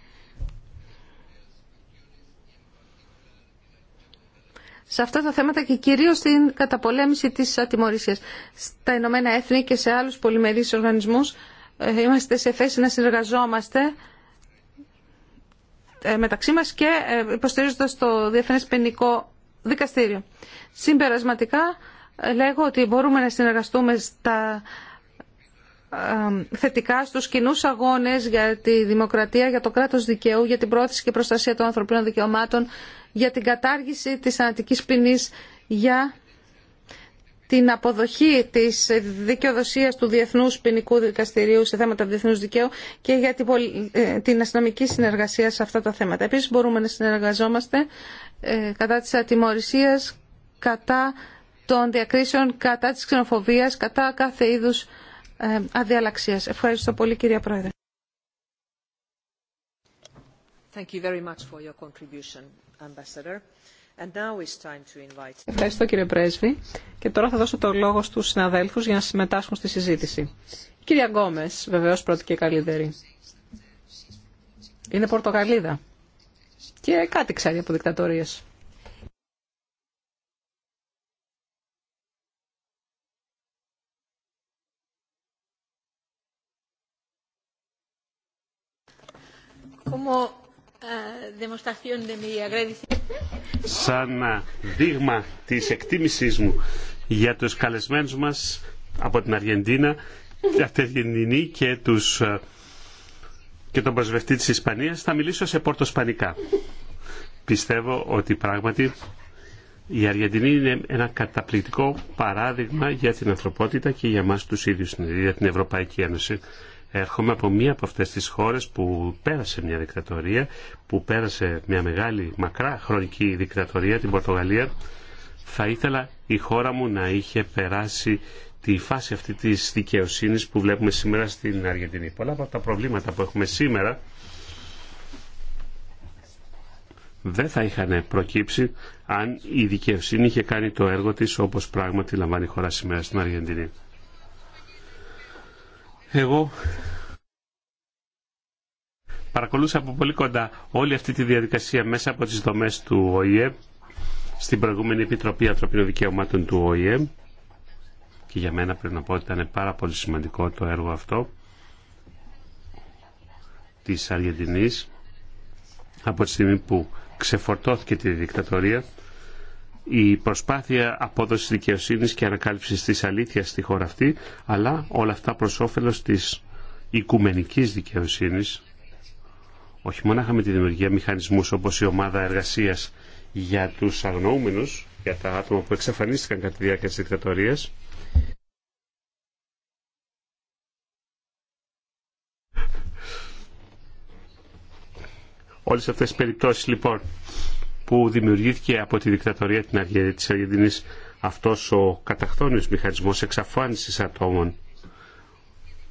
σε αυτά τα θέματα και κυρίως στην καταπολέμηση της ατιμορρησίας. Στα Ηνωμένα Έθνη και σε άλλους πολυμερείς οργανισμούς ε, είμαστε σε θέση να συνεργαζόμαστε ε, μεταξύ μας και ε, υποστηρίζοντας το Διεθνές Πενικό Δικαστήριο. Συμπερασματικά λέγω ότι μπορούμε να συνεργαστούμε στα θετικά στους κοινού αγώνες για τη δημοκρατία, για το κράτος δικαίου, για την πρόθεση και προστασία των ανθρωπίνων δικαιωμάτων, για την κατάργηση της ανατικής ποινή για την αποδοχή της δικαιοδοσίας του Διεθνούς Ποινικού Δικαστηρίου σε θέματα διεθνούς δικαίου και για την ε, αστυνομική συνεργασία σε αυτά τα θέματα. Επίσης μπορούμε να συνεργαζόμαστε ε, κατά της ατιμωρησίας, κατά των διακρίσεων, κατά της ξενοφοβίας, κατά κάθε είδους ε, αδιαλαξίας. Ευχαριστώ πολύ κυρία Πρόεδρε. Thank you very much for your contribution. Ευχαριστώ κύριε Πρέσβη και τώρα θα δώσω το λόγο στους συναδέλφους για να συμμετάσχουν στη συζήτηση. Η κυρία Γκόμες, βεβαίως πρώτη και καλύτερη. Είναι πορτοκαλίδα και κάτι ξέρει από δικτατορίες. Como Σαν δείγμα της εκτίμησής μου για τους καλεσμένους μας από την Αργεντίνα, την Αργεντινή και, τους, και τον προσβευτή της Ισπανίας, θα μιλήσω σε σπανικά. Πιστεύω ότι πράγματι η Αργεντινή είναι ένα καταπληκτικό παράδειγμα για την ανθρωπότητα και για εμάς τους ίδιους, για την Ευρωπαϊκή Ένωση. Έρχομαι από μία από αυτές τις χώρες που πέρασε μια δικτατορία, που πέρασε μια μεγάλη μακρά χρονική δικτατορία, την Πορτογαλία. Θα ήθελα η χώρα μου να είχε περάσει τη φάση αυτή της δικαιοσύνης που βλέπουμε σήμερα στην Αργεντινή. Πολλά από τα προβλήματα που έχουμε σήμερα δεν θα είχαν προκύψει αν η δικαιοσύνη είχε κάνει το έργο της όπως πράγματι λαμβάνει η χώρα σήμερα στην Αργεντινή. Εγώ παρακολούσα από πολύ κοντά όλη αυτή τη διαδικασία μέσα από τις δομές του ΟΗΕ στην προηγούμενη Επιτροπή Ανθρωπίνων Δικαιωμάτων του ΟΗΕ και για μένα πρέπει να πω ότι ήταν πάρα πολύ σημαντικό το έργο αυτό της Αργεντινής από τη στιγμή που ξεφορτώθηκε τη δικτατορία η προσπάθεια απόδοσης δικαιοσύνης και ανακάλυψης της αλήθειας στη χώρα αυτή, αλλά όλα αυτά προς όφελος της οικουμενικής δικαιοσύνης, όχι μόνο με τη δημιουργία μηχανισμούς όπως η ομάδα εργασίας για τους αγνοούμενους, για τα άτομα που εξαφανίστηκαν κατά τη διάρκεια της δικτατορίας, Όλες αυτές τις περιπτώσεις λοιπόν που δημιουργήθηκε από τη δικτατορία την αρχή της Αργεντινής αυτός ο καταχθόνιος μηχανισμός εξαφάνισης ατόμων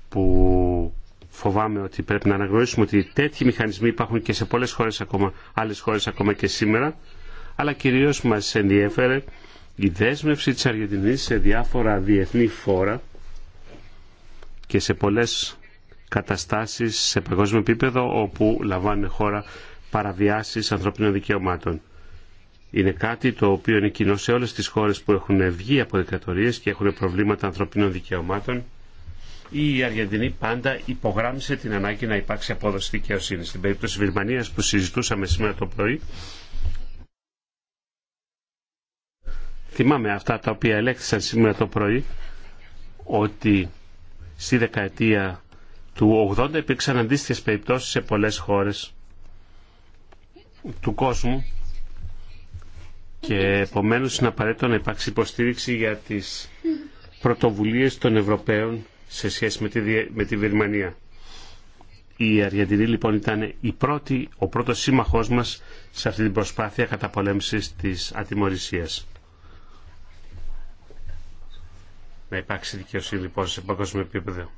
που φοβάμαι ότι πρέπει να αναγνωρίσουμε ότι τέτοιοι μηχανισμοί υπάρχουν και σε πολλές χώρες ακόμα, άλλες χώρες ακόμα και σήμερα αλλά κυρίως μας ενδιέφερε η δέσμευση της Αργεντινής σε διάφορα διεθνή φόρα και σε πολλές καταστάσεις σε παγκόσμιο επίπεδο όπου λαμβάνουν χώρα παραβιάσεις ανθρωπίνων δικαιωμάτων. Είναι κάτι το οποίο είναι κοινό σε όλες τις χώρες που έχουν βγει από δικατορίες και έχουν προβλήματα ανθρωπίνων δικαιωμάτων. Η Αργεντινή πάντα υπογράμμισε την ανάγκη να υπάρξει απόδοση δικαιοσύνη. Στην περίπτωση Βιρμανίας που συζητούσαμε σήμερα το πρωί, θυμάμαι αυτά τα οποία ελέγχθησαν σήμερα το πρωί, ότι στη δεκαετία του 80 υπήρξαν αντίστοιχε περιπτώσει σε πολλές χώρες του κόσμου και επομένω είναι απαραίτητο να υπάρξει υποστήριξη για τις πρωτοβουλίες των Ευρωπαίων σε σχέση με τη, με τη Βερμανία. Η Αργεντινή λοιπόν ήταν η πρώτη, ο πρώτος σύμμαχός μας σε αυτή την προσπάθεια καταπολέμησης της ατιμορρησίας. Να υπάρξει δικαιοσύνη λοιπόν σε παγκόσμιο επίπεδο.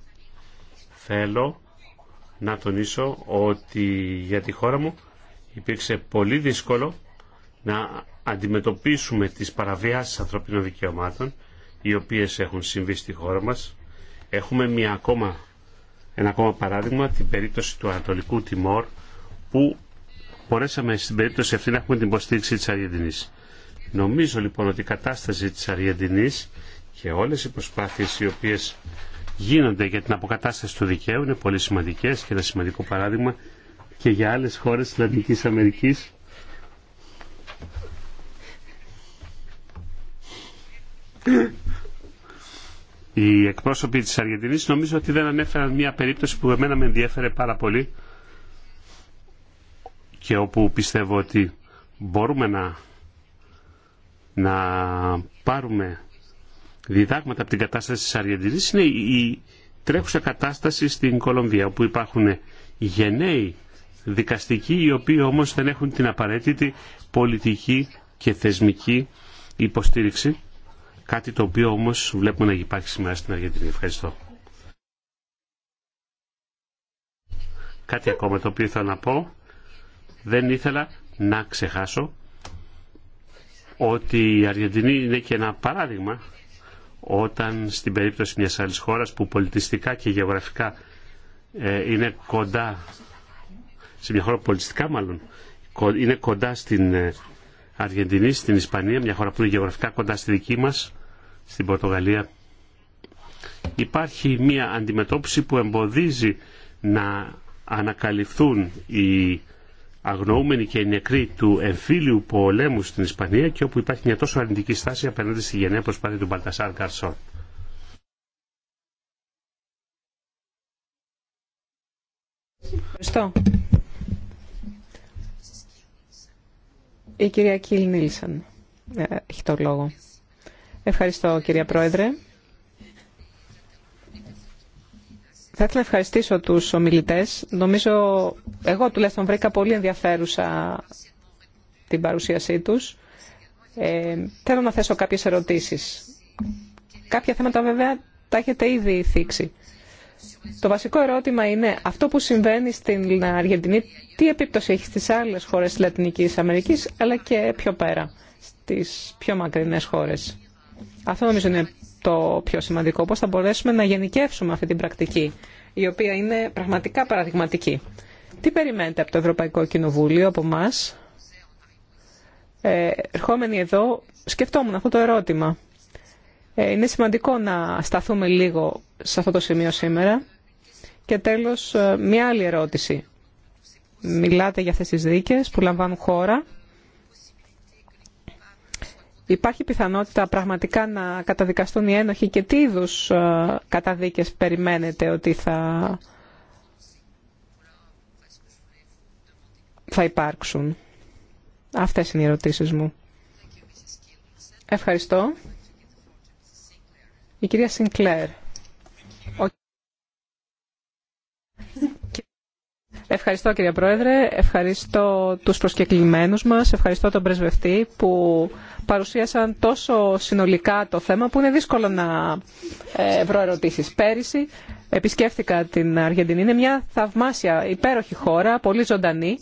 Θέλω να τονίσω ότι για τη χώρα μου υπήρξε πολύ δύσκολο να αντιμετωπίσουμε τις παραβιάσεις ανθρωπίνων δικαιωμάτων οι οποίες έχουν συμβεί στη χώρα μας. Έχουμε μια ακόμα, ένα ακόμα παράδειγμα, την περίπτωση του Ανατολικού Τιμόρ που μπορέσαμε στην περίπτωση αυτή να έχουμε την υποστήριξη της Αργεντινής. Νομίζω λοιπόν ότι η κατάσταση της Αργεντινής και όλες οι προσπάθειες οι οποίες γίνονται για την αποκατάσταση του δικαίου είναι πολύ σημαντικές και ένα σημαντικό παράδειγμα και για άλλες χώρες της Λατινικής Αμερικής. Οι εκπρόσωποι της Αργεντινής νομίζω ότι δεν ανέφεραν μια περίπτωση που εμένα με ενδιέφερε πάρα πολύ και όπου πιστεύω ότι μπορούμε να, να πάρουμε διδάγματα από την κατάσταση της Αργεντινής είναι η τρέχουσα κατάσταση στην Κολομβία όπου υπάρχουν γενναίοι δικαστικοί οι οποίοι όμως δεν έχουν την απαραίτητη πολιτική και θεσμική υποστήριξη. Κάτι το οποίο όμως βλέπουμε να υπάρχει σήμερα στην Αργεντινή. Ευχαριστώ. Κάτι ακόμα το οποίο ήθελα να πω. Δεν ήθελα να ξεχάσω ότι η Αργεντινή είναι και ένα παράδειγμα όταν στην περίπτωση μιας άλλης χώρας που πολιτιστικά και γεωγραφικά ε, είναι κοντά σε μια χώρα πολιτιστικά μάλλον είναι κοντά στην ε, Αργεντινή, στην Ισπανία, μια χώρα που είναι γεωγραφικά κοντά στη δική μας, στην Πορτογαλία. Υπάρχει μια αντιμετώπιση που εμποδίζει να ανακαλυφθούν οι αγνοούμενοι και οι νεκροί του εμφύλιου πολέμου στην Ισπανία και όπου υπάρχει μια τόσο αρνητική στάση απέναντι στη γενναία προσπάθεια του Μπαλτασάρ Καρσόν. Ευχαριστώ. Η κυρία Κίλ Νίλσαν ε, έχει το λόγο. Ευχαριστώ κυρία Πρόεδρε. Θα ήθελα να ευχαριστήσω τους ομιλητές. Νομίζω, εγώ τουλάχιστον βρήκα πολύ ενδιαφέρουσα την παρουσίασή τους. Ε, θέλω να θέσω κάποιες ερωτήσεις. Κάποια θέματα βέβαια τα έχετε ήδη θίξει. Το βασικό ερώτημα είναι αυτό που συμβαίνει στην Αργεντινή, τι επίπτωση έχει στις άλλες χώρες της Λατινικής Αμερικής, αλλά και πιο πέρα, στις πιο μακρινές χώρες. Αυτό νομίζω είναι το πιο σημαντικό, πώς θα μπορέσουμε να γενικεύσουμε αυτή την πρακτική, η οποία είναι πραγματικά παραδειγματική. Τι περιμένετε από το Ευρωπαϊκό Κοινοβούλιο, από εμά. Ερχόμενοι εδώ, σκεφτόμουν αυτό το ερώτημα. Ε, είναι σημαντικό να σταθούμε λίγο σε αυτό το σημείο σήμερα. Και τέλος, ε, μια άλλη ερώτηση. Μιλάτε για αυτές τις δίκες που λαμβάνουν χώρα. Υπάρχει πιθανότητα πραγματικά να καταδικαστούν οι ένοχοι και τι είδου ε, καταδίκες περιμένετε ότι θα, θα υπάρξουν. Αυτές είναι οι ερωτήσεις μου. Ευχαριστώ. Η κυρία Σινκλέρ. Ευχαριστώ κύριε Πρόεδρε, ευχαριστώ τους προσκεκλημένους μας, ευχαριστώ τον πρεσβευτή που παρουσίασαν τόσο συνολικά το θέμα που είναι δύσκολο να ε, βρω ερωτήσεις. Πέρυσι επισκέφθηκα την Αργεντινή, είναι μια θαυμάσια υπέροχη χώρα, πολύ ζωντανή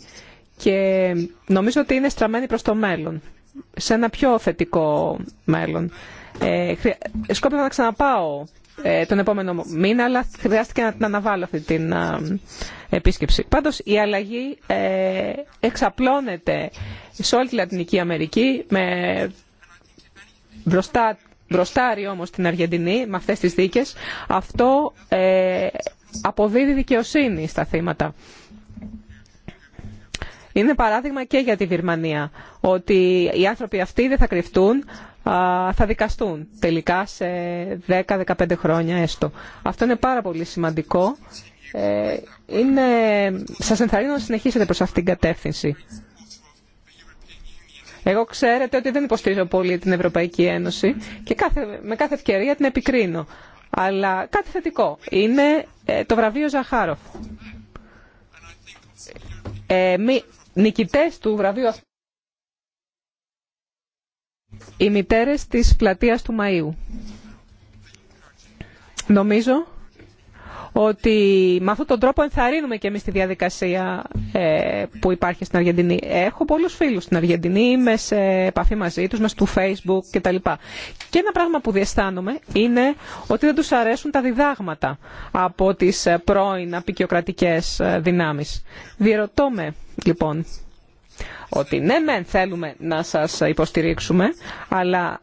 και νομίζω ότι είναι στραμμένη προς το μέλλον, σε ένα πιο θετικό μέλλον. Ε, σκόπευα να ξαναπάω ε, τον επόμενο μήνα, αλλά χρειάστηκε να την αναβάλω αυτή την ε, επίσκεψη. Πάντως η αλλαγή ε, εξαπλώνεται σε όλη τη Λατινική Αμερική, με μπροστά, μπροστάρι όμως την Αργεντινή με αυτές τις δίκες. Αυτό αποδίδει δικαιοσύνη στα θύματα. Είναι παράδειγμα και για τη Βυρμανία, ότι οι άνθρωποι αυτοί δεν θα κρυφτούν, θα δικαστούν τελικά σε 10-15 χρόνια έστω. Αυτό είναι πάρα πολύ σημαντικό. Ε, είναι... Σας ενθαρρύνω να συνεχίσετε προς αυτήν την κατεύθυνση. Εγώ ξέρετε ότι δεν υποστηρίζω πολύ την Ευρωπαϊκή Ένωση και κάθε, με κάθε ευκαιρία την επικρίνω. Αλλά κάτι θετικό είναι ε, το βραβείο Ζαχάροφ. Ε, μη, νικητές του βραβείου αυτού οι μητέρες της πλατείας του Μαΐου. Νομίζω ότι με αυτόν τον τρόπο ενθαρρύνουμε και εμείς τη διαδικασία ε, που υπάρχει στην Αργεντινή. Έχω πολλούς φίλους στην Αργεντινή, είμαι σε επαφή μαζί τους, μέσα του facebook κτλ. Και ένα πράγμα που διαισθάνομαι είναι ότι δεν τους αρέσουν τα διδάγματα από τις πρώην απεικιοκρατικές ε, δυνάμεις. Διερωτώ με, λοιπόν, ότι ναι μεν θέλουμε να σας υποστηρίξουμε, αλλά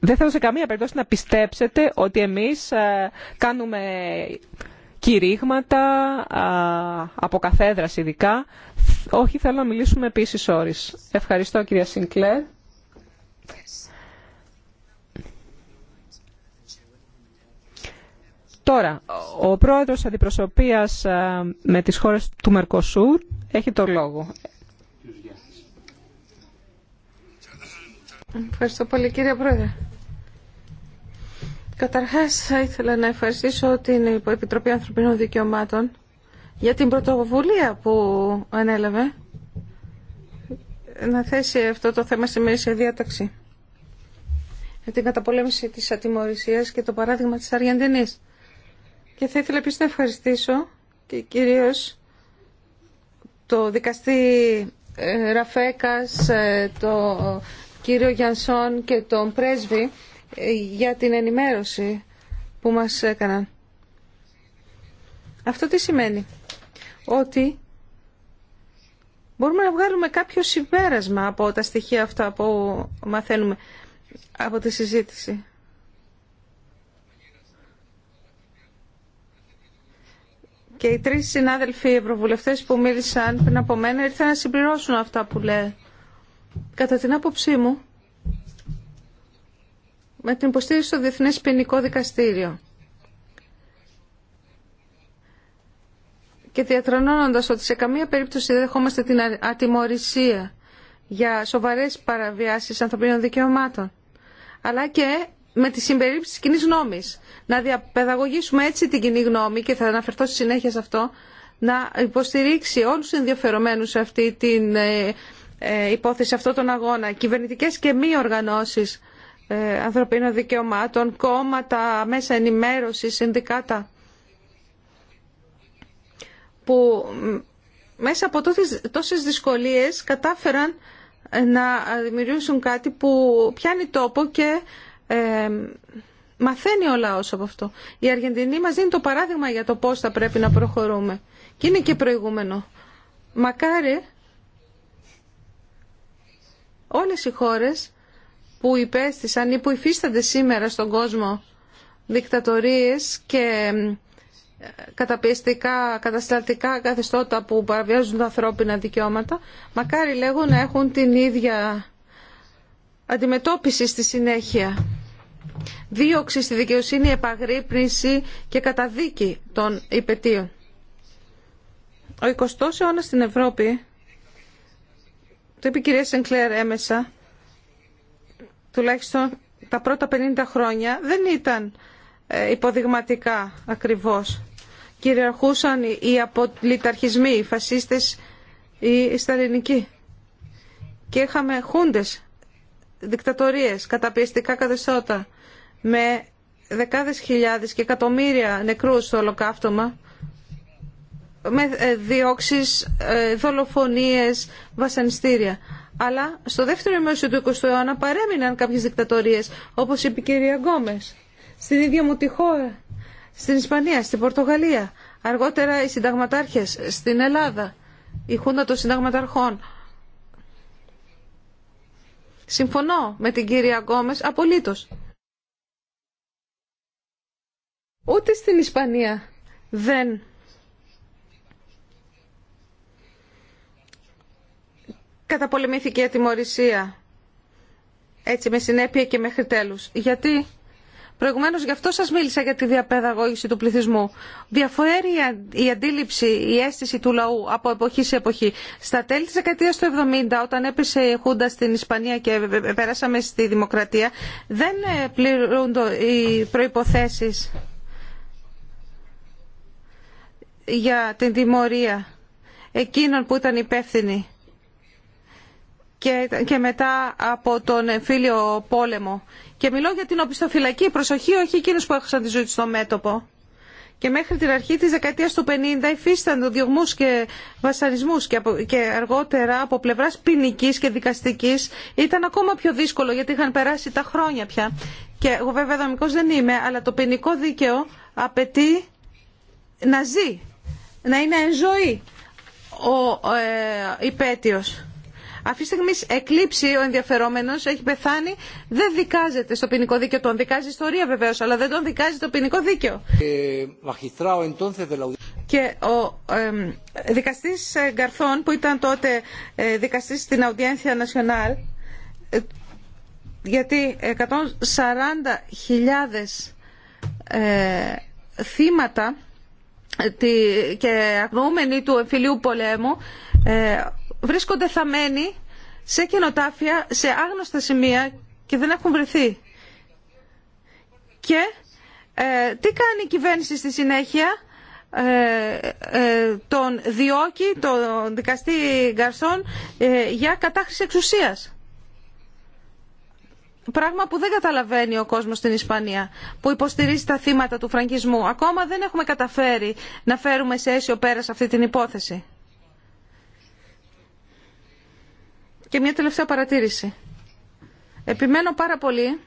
δεν θέλω σε καμία περίπτωση να πιστέψετε ότι εμείς ε, κάνουμε κηρύγματα, από καθέδρας ειδικά. Όχι, θέλω να μιλήσουμε επίσης όρις. Ευχαριστώ κυρία Σινκλέρ. Τώρα, ο πρόεδρος αντιπροσωπείας ε, με τις χώρες του Μερκοσούρ έχει το λόγο. Ευχαριστώ πολύ κύριε Πρόεδρε. Καταρχάς θα ήθελα να ευχαριστήσω την Επιτροπή Ανθρωπίνων Δικαιωμάτων για την πρωτοβουλία που ανέλαβε να θέσει αυτό το θέμα στη μέση διάταξη για την καταπολέμηση της ατιμορρησίας και το παράδειγμα της Αργεντινής. Και θα ήθελα επίσης να ευχαριστήσω και κυρίως το δικαστή ε, Ραφέκας, ε, το κύριο Γιανσόν και τον πρέσβη ε, για την ενημέρωση που μας έκαναν. Αυτό τι σημαίνει. Ότι μπορούμε να βγάλουμε κάποιο συμπέρασμα από τα στοιχεία αυτά που μαθαίνουμε από τη συζήτηση. Και οι τρεις συνάδελφοι ευρωβουλευτές που μίλησαν πριν από μένα ήρθαν να συμπληρώσουν αυτά που λέει. Κατά την άποψή μου, με την υποστήριξη στο Διεθνές Ποινικό Δικαστήριο και διατρανώνοντας ότι σε καμία περίπτωση δεν δεχόμαστε την ατιμορρησία για σοβαρές παραβιάσεις ανθρωπίνων δικαιωμάτων, αλλά και με τη συμπερίληψη κοινή νόμης να διαπαιδαγωγήσουμε έτσι την κοινή γνώμη και θα αναφερθώ στη συνέχεια σε αυτό, να υποστηρίξει όλους τους ενδιαφερομένους σε αυτή την ε, ε, υπόθεση, αυτόν τον αγώνα, Κυβερνητικέ και μη οργανώσεις ε, ανθρωπίνων δικαιωμάτων, κόμματα, μέσα ενημέρωση, συνδικάτα που μέσα από τόσες δυσκολίες κατάφεραν να δημιουργήσουν κάτι που πιάνει τόπο και Μαθαίνει ο λαός από αυτό. Η Αργεντινή μας δίνει το παράδειγμα για το πώς θα πρέπει να προχωρούμε. Και είναι και προηγούμενο. Μακάρι όλες οι χώρες που υπέστησαν ή που υφίστανται σήμερα στον κόσμο δικτατορίες και καταπιεστικά, κατασταλτικά καθεστώτα που παραβιάζουν τα ανθρώπινα δικαιώματα, μακάρι λέγω να έχουν την ίδια αντιμετώπιση στη συνέχεια δίωξη στη δικαιοσύνη, επαγρύπνηση και καταδίκη των υπετίων. Ο 20ος αιώνας στην Ευρώπη, το είπε η κυρία Σενκλέρ έμεσα, τουλάχιστον τα πρώτα 50 χρόνια δεν ήταν ε, υποδειγματικά ακριβώς. Κυριαρχούσαν οι απολυταρχισμοί, οι φασίστες, οι σταλινικοί. Και είχαμε χούντες, δικτατορίες, καταπιεστικά καθεστώτα με δεκάδες χιλιάδες και εκατομμύρια νεκρούς στο ολοκαύτωμα, με ε, διώξεις, ε, δολοφονίες, βασανιστήρια. Αλλά στο δεύτερο μέρος του 20ου αιώνα παρέμειναν κάποιες δικτατορίες, όπως είπε η κυρία Γκόμες, στην ίδια μου τη χώρα, στην Ισπανία, στην Πορτογαλία, αργότερα οι συνταγματάρχες στην Ελλάδα, η Χούντα των Συνταγματαρχών. Συμφωνώ με την κυρία Γκόμες απολύτως. Ούτε στην Ισπανία δεν καταπολεμήθηκε η ατιμορρησία έτσι με συνέπεια και μέχρι τέλους. Γιατί προηγουμένως γι' αυτό σας μίλησα για τη διαπαιδαγώγηση του πληθυσμού. διαφοέρει η αντίληψη, η αίσθηση του λαού από εποχή σε εποχή. Στα τέλη της δεκαετίας του 70 όταν έπεσε η Χούντα στην Ισπανία και πέρασαμε στη Δημοκρατία δεν ε, πληρούνται οι προϋποθέσεις για την τιμωρία εκείνων που ήταν υπεύθυνοι και μετά από τον εμφύλιο πόλεμο. Και μιλώ για την οπισθοφυλακή προσοχή, όχι εκείνους που έχασαν τη ζωή στο μέτωπο. Και μέχρι την αρχή της δεκαετίας του 50 υφίστανται διωγμούς και βασανισμούς και αργότερα από πλευράς ποινική και δικαστικής ήταν ακόμα πιο δύσκολο γιατί είχαν περάσει τα χρόνια πια. Και εγώ βέβαια δομικός δεν είμαι, αλλά το ποινικό δίκαιο απαιτεί να ζει να είναι εν ζωή ο ε, υπέτειος. Αυτή τη στιγμή εκλείψει ο ενδιαφερόμενο, έχει πεθάνει, δεν δικάζεται στο ποινικό δίκαιο. Τον δικάζει η ιστορία βεβαίω, αλλά δεν τον δικάζει το ποινικό δίκαιο. Ε, και ο ε, δικαστής Γκαρθών, που ήταν τότε ε, δικαστής στην Αουδιένθια Νασιονάλ, ε, γιατί 140.000 ε, θύματα και αγνοούμενοι του εμφυλίου πολέμου ε, βρίσκονται θαμένοι σε καινοτάφια, σε άγνωστα σημεία και δεν έχουν βρεθεί. Και ε, τι κάνει η κυβέρνηση στη συνέχεια, ε, ε τον διώκει, τον δικαστή Γκαρσόν για κατάχρηση εξουσίας. Πράγμα που δεν καταλαβαίνει ο κόσμος στην Ισπανία, που υποστηρίζει τα θύματα του φραγκισμού. Ακόμα δεν έχουμε καταφέρει να φέρουμε σε αίσιο πέρα σε αυτή την υπόθεση. Και μια τελευταία παρατήρηση. Επιμένω πάρα πολύ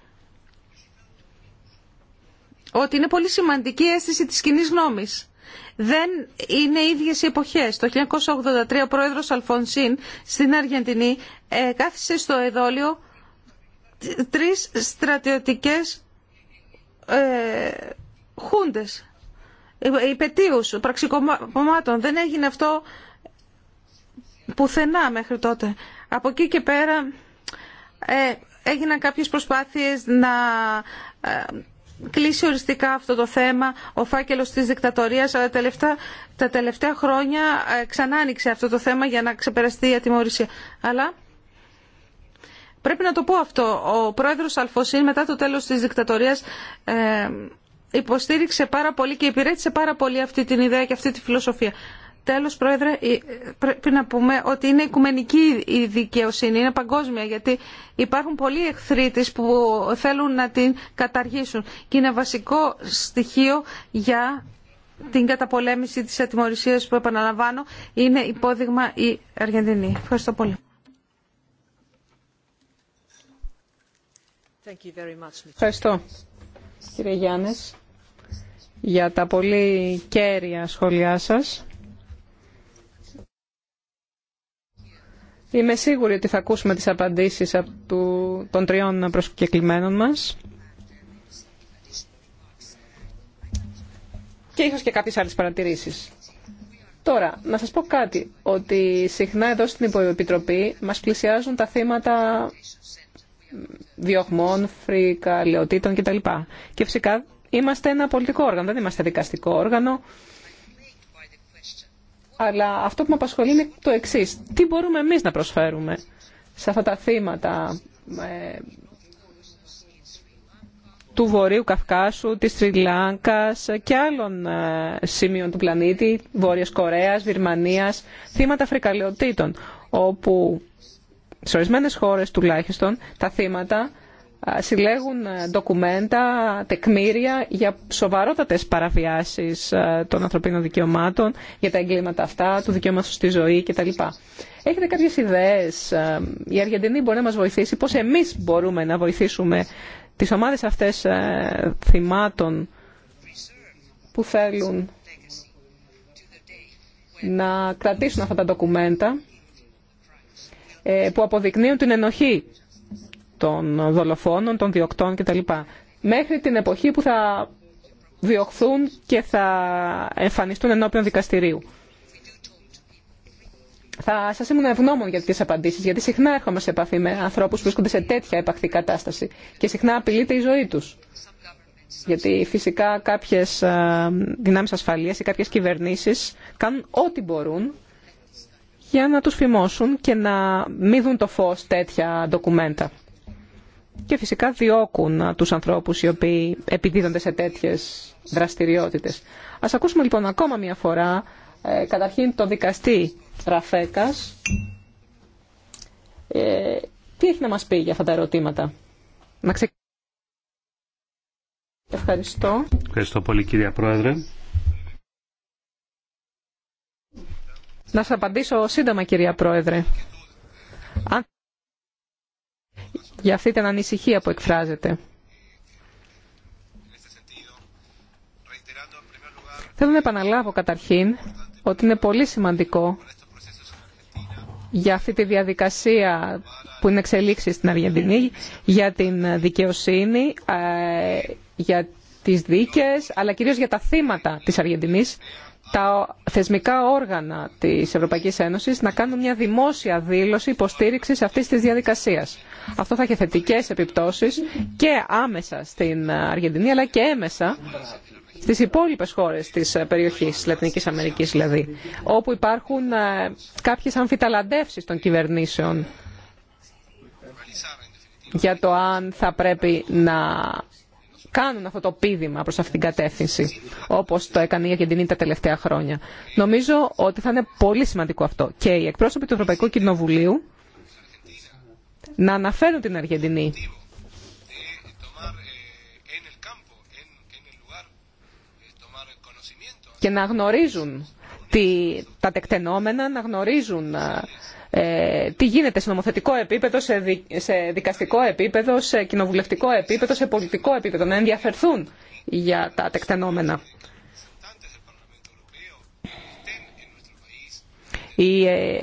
ότι είναι πολύ σημαντική η αίσθηση της κοινή γνώμης. Δεν είναι ίδιες οι εποχές. Το 1983 ο πρόεδρος Αλφονσίν στην Αργεντινή ε, κάθισε στο εδόλιο τρεις στρατιωτικές ε, χούντες ε, υπετίους πραξικομάτων. Δεν έγινε αυτό πουθενά μέχρι τότε. Από εκεί και πέρα ε, έγιναν κάποιες προσπάθειες να ε, κλείσει οριστικά αυτό το θέμα ο φάκελος της δικτατορίας αλλά τα τελευταία χρόνια ε, ξανά άνοιξε αυτό το θέμα για να ξεπεραστεί η Αλλά Πρέπει να το πω αυτό. Ο πρόεδρος Αλφωσίν μετά το τέλος της δικτατορίας ε, υποστήριξε πάρα πολύ και υπηρέτησε πάρα πολύ αυτή την ιδέα και αυτή τη φιλοσοφία. Τέλος, Πρόεδρε, πρέπει να πούμε ότι είναι οικουμενική η δικαιοσύνη, είναι παγκόσμια, γιατί υπάρχουν πολλοί εχθροί της που θέλουν να την καταργήσουν και είναι βασικό στοιχείο για την καταπολέμηση της ατιμορρησίας που επαναλαμβάνω είναι υπόδειγμα η Αργεντινή. Ευχαριστώ πολύ. Ευχαριστώ κύριε Γιάννης για τα πολύ κέρια σχόλιά σας. Είμαι σίγουρη ότι θα ακούσουμε τις απαντήσεις από των τριών προσκεκλημένων μας. Και ίσως και κάποιες άλλες παρατηρήσεις. Τώρα, να σας πω κάτι, ότι συχνά εδώ στην Υποεπιτροπή μας πλησιάζουν τα θύματα διωγμών, φρικαλαιοτήτων κτλ. Και φυσικά είμαστε ένα πολιτικό όργανο, δεν είμαστε δικαστικό όργανο. Αλλά αυτό που με απασχολεί είναι το εξή. Τι μπορούμε εμεί να προσφέρουμε σε αυτά τα θύματα ε, του Βορείου Καυκάσου, της Τριλάνκας και άλλων ε, σημείων του πλανήτη, Βόρειας Κορέας, Βυρμανίας, θύματα φρικαλαιοτήτων, όπου σε ορισμένε χώρε τουλάχιστον τα θύματα συλλέγουν ε, ντοκουμέντα, τεκμήρια για σοβαρότατες παραβιάσεις ε, των ανθρωπίνων δικαιωμάτων, για τα εγκλήματα αυτά, του δικαιώματο στη ζωή κτλ. Έχετε κάποιες ιδέες, ε, η Αργεντινή μπορεί να μας βοηθήσει, πώς εμείς μπορούμε να βοηθήσουμε τις ομάδες αυτές θυμάτων που θέλουν να κρατήσουν αυτά τα ντοκουμέντα ε, που αποδεικνύουν την ενοχή των δολοφόνων, των διοκτών κτλ. Μέχρι την εποχή που θα διωχθούν και θα εμφανιστούν ενώπιον δικαστηρίου. Θα σας ήμουν ευγνώμων για τις απαντήσεις, γιατί συχνά έρχομαι σε επαφή με ανθρώπους που βρίσκονται σε τέτοια επαχθή κατάσταση και συχνά απειλείται η ζωή τους. Γιατί φυσικά κάποιες ε, δυνάμεις ασφαλείας ή κάποιες κυβερνήσεις κάνουν ό,τι μπορούν για να τους φημώσουν και να μην δουν το φως τέτοια ντοκουμέντα. Και φυσικά διώκουν τους ανθρώπους οι οποίοι επιδίδονται σε τέτοιες δραστηριότητες. Ας ακούσουμε λοιπόν ακόμα μια φορά ε, καταρχήν το δικαστή Ραφέκας. Ε, τι έχει να μας πει για αυτά τα ερωτήματα. Ευχαριστώ. Ευχαριστώ πολύ κυρία Πρόεδρε. Να σας απαντήσω σύντομα, κυρία Πρόεδρε. Για αυτή την ανησυχία που εκφράζεται. Θέλω να επαναλάβω καταρχήν ότι είναι πολύ σημαντικό για αυτή τη διαδικασία που είναι εξελίξει στην Αργεντινή, για την δικαιοσύνη, ε, για τις δίκες, αλλά κυρίως για τα θύματα της Αργεντινής, τα θεσμικά όργανα της Ευρωπαϊκής Ένωσης να κάνουν μια δημόσια δήλωση υποστήριξης αυτής της διαδικασίας. Αυτό θα έχει θετικές επιπτώσεις και άμεσα στην Αργεντινή αλλά και έμεσα στις υπόλοιπες χώρες της περιοχής της Λατινικής Αμερικής δηλαδή, όπου υπάρχουν ε, κάποιες αμφιταλαντεύσεις των κυβερνήσεων για το αν θα πρέπει να κάνουν αυτό το πίδημα προς αυτήν την κατεύθυνση, όπως το έκανε η Αργεντινή τα τελευταία χρόνια. Νομίζω ότι θα είναι πολύ σημαντικό αυτό. Και οι εκπρόσωποι του Ευρωπαϊκού Κοινοβουλίου να αναφέρουν την Αργεντινή και να γνωρίζουν τα τεκτενόμενα, να γνωρίζουν ε, τι γίνεται σε νομοθετικό επίπεδο, σε δικαστικό επίπεδο, σε κοινοβουλευτικό επίπεδο, σε πολιτικό επίπεδο, να ενδιαφερθούν για τα τεκτενόμενα. Οι ε,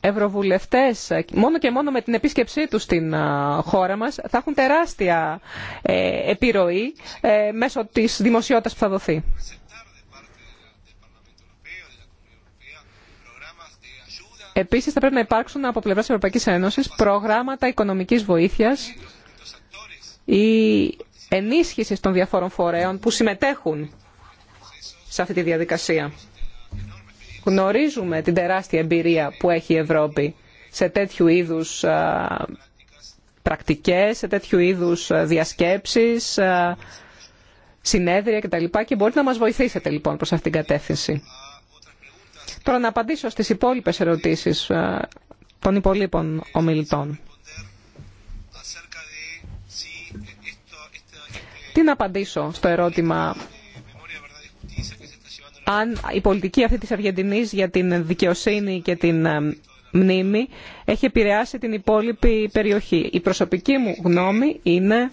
ευρωβουλευτές, μόνο και μόνο με την επίσκεψή τους στην χώρα μας, θα έχουν τεράστια ε, επιρροή μέσω της δημοσιότητας που θα δοθεί. Επίσης θα πρέπει να υπάρξουν από πλευράς της Ευρωπαϊκής Ένωσης προγράμματα οικονομικής βοήθειας ή ενίσχυσης των διαφόρων φορέων που συμμετέχουν σε αυτή τη διαδικασία. Γνωρίζουμε την τεράστια εμπειρία που έχει η Ευρώπη σε τέτοιου είδους πρακτικές, σε τέτοιου είδους διασκέψεις, συνέδρια κτλ. Και μπορείτε να μας βοηθήσετε λοιπόν προς αυτήν την κατεύθυνση. Τώρα να απαντήσω στις υπόλοιπες ερωτήσεις ε, των υπολείπων ομιλητών. Τι να απαντήσω στο ερώτημα αν η πολιτική αυτή της Αργεντινής για την δικαιοσύνη και την ε, μνήμη έχει επηρεάσει την υπόλοιπη περιοχή. Η προσωπική μου γνώμη είναι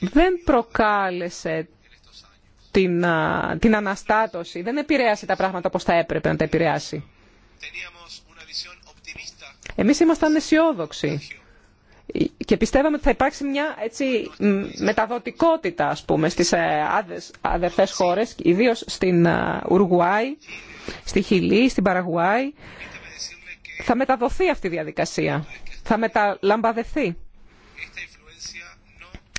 δεν προκάλεσε την, την αναστάτωση. Δεν επηρέασε τα πράγματα όπως θα έπρεπε να τα επηρεάσει. Εμείς ήμασταν αισιόδοξοι και πιστεύαμε ότι θα υπάρξει μια έτσι, μεταδοτικότητα ας πούμε, στις ε, αδερφές χώρες, ιδίως στην Ουρουγουάη, στη Χιλή, στην Παραγουάη. Θα μεταδοθεί αυτή η διαδικασία, θα μεταλαμπαδευτεί.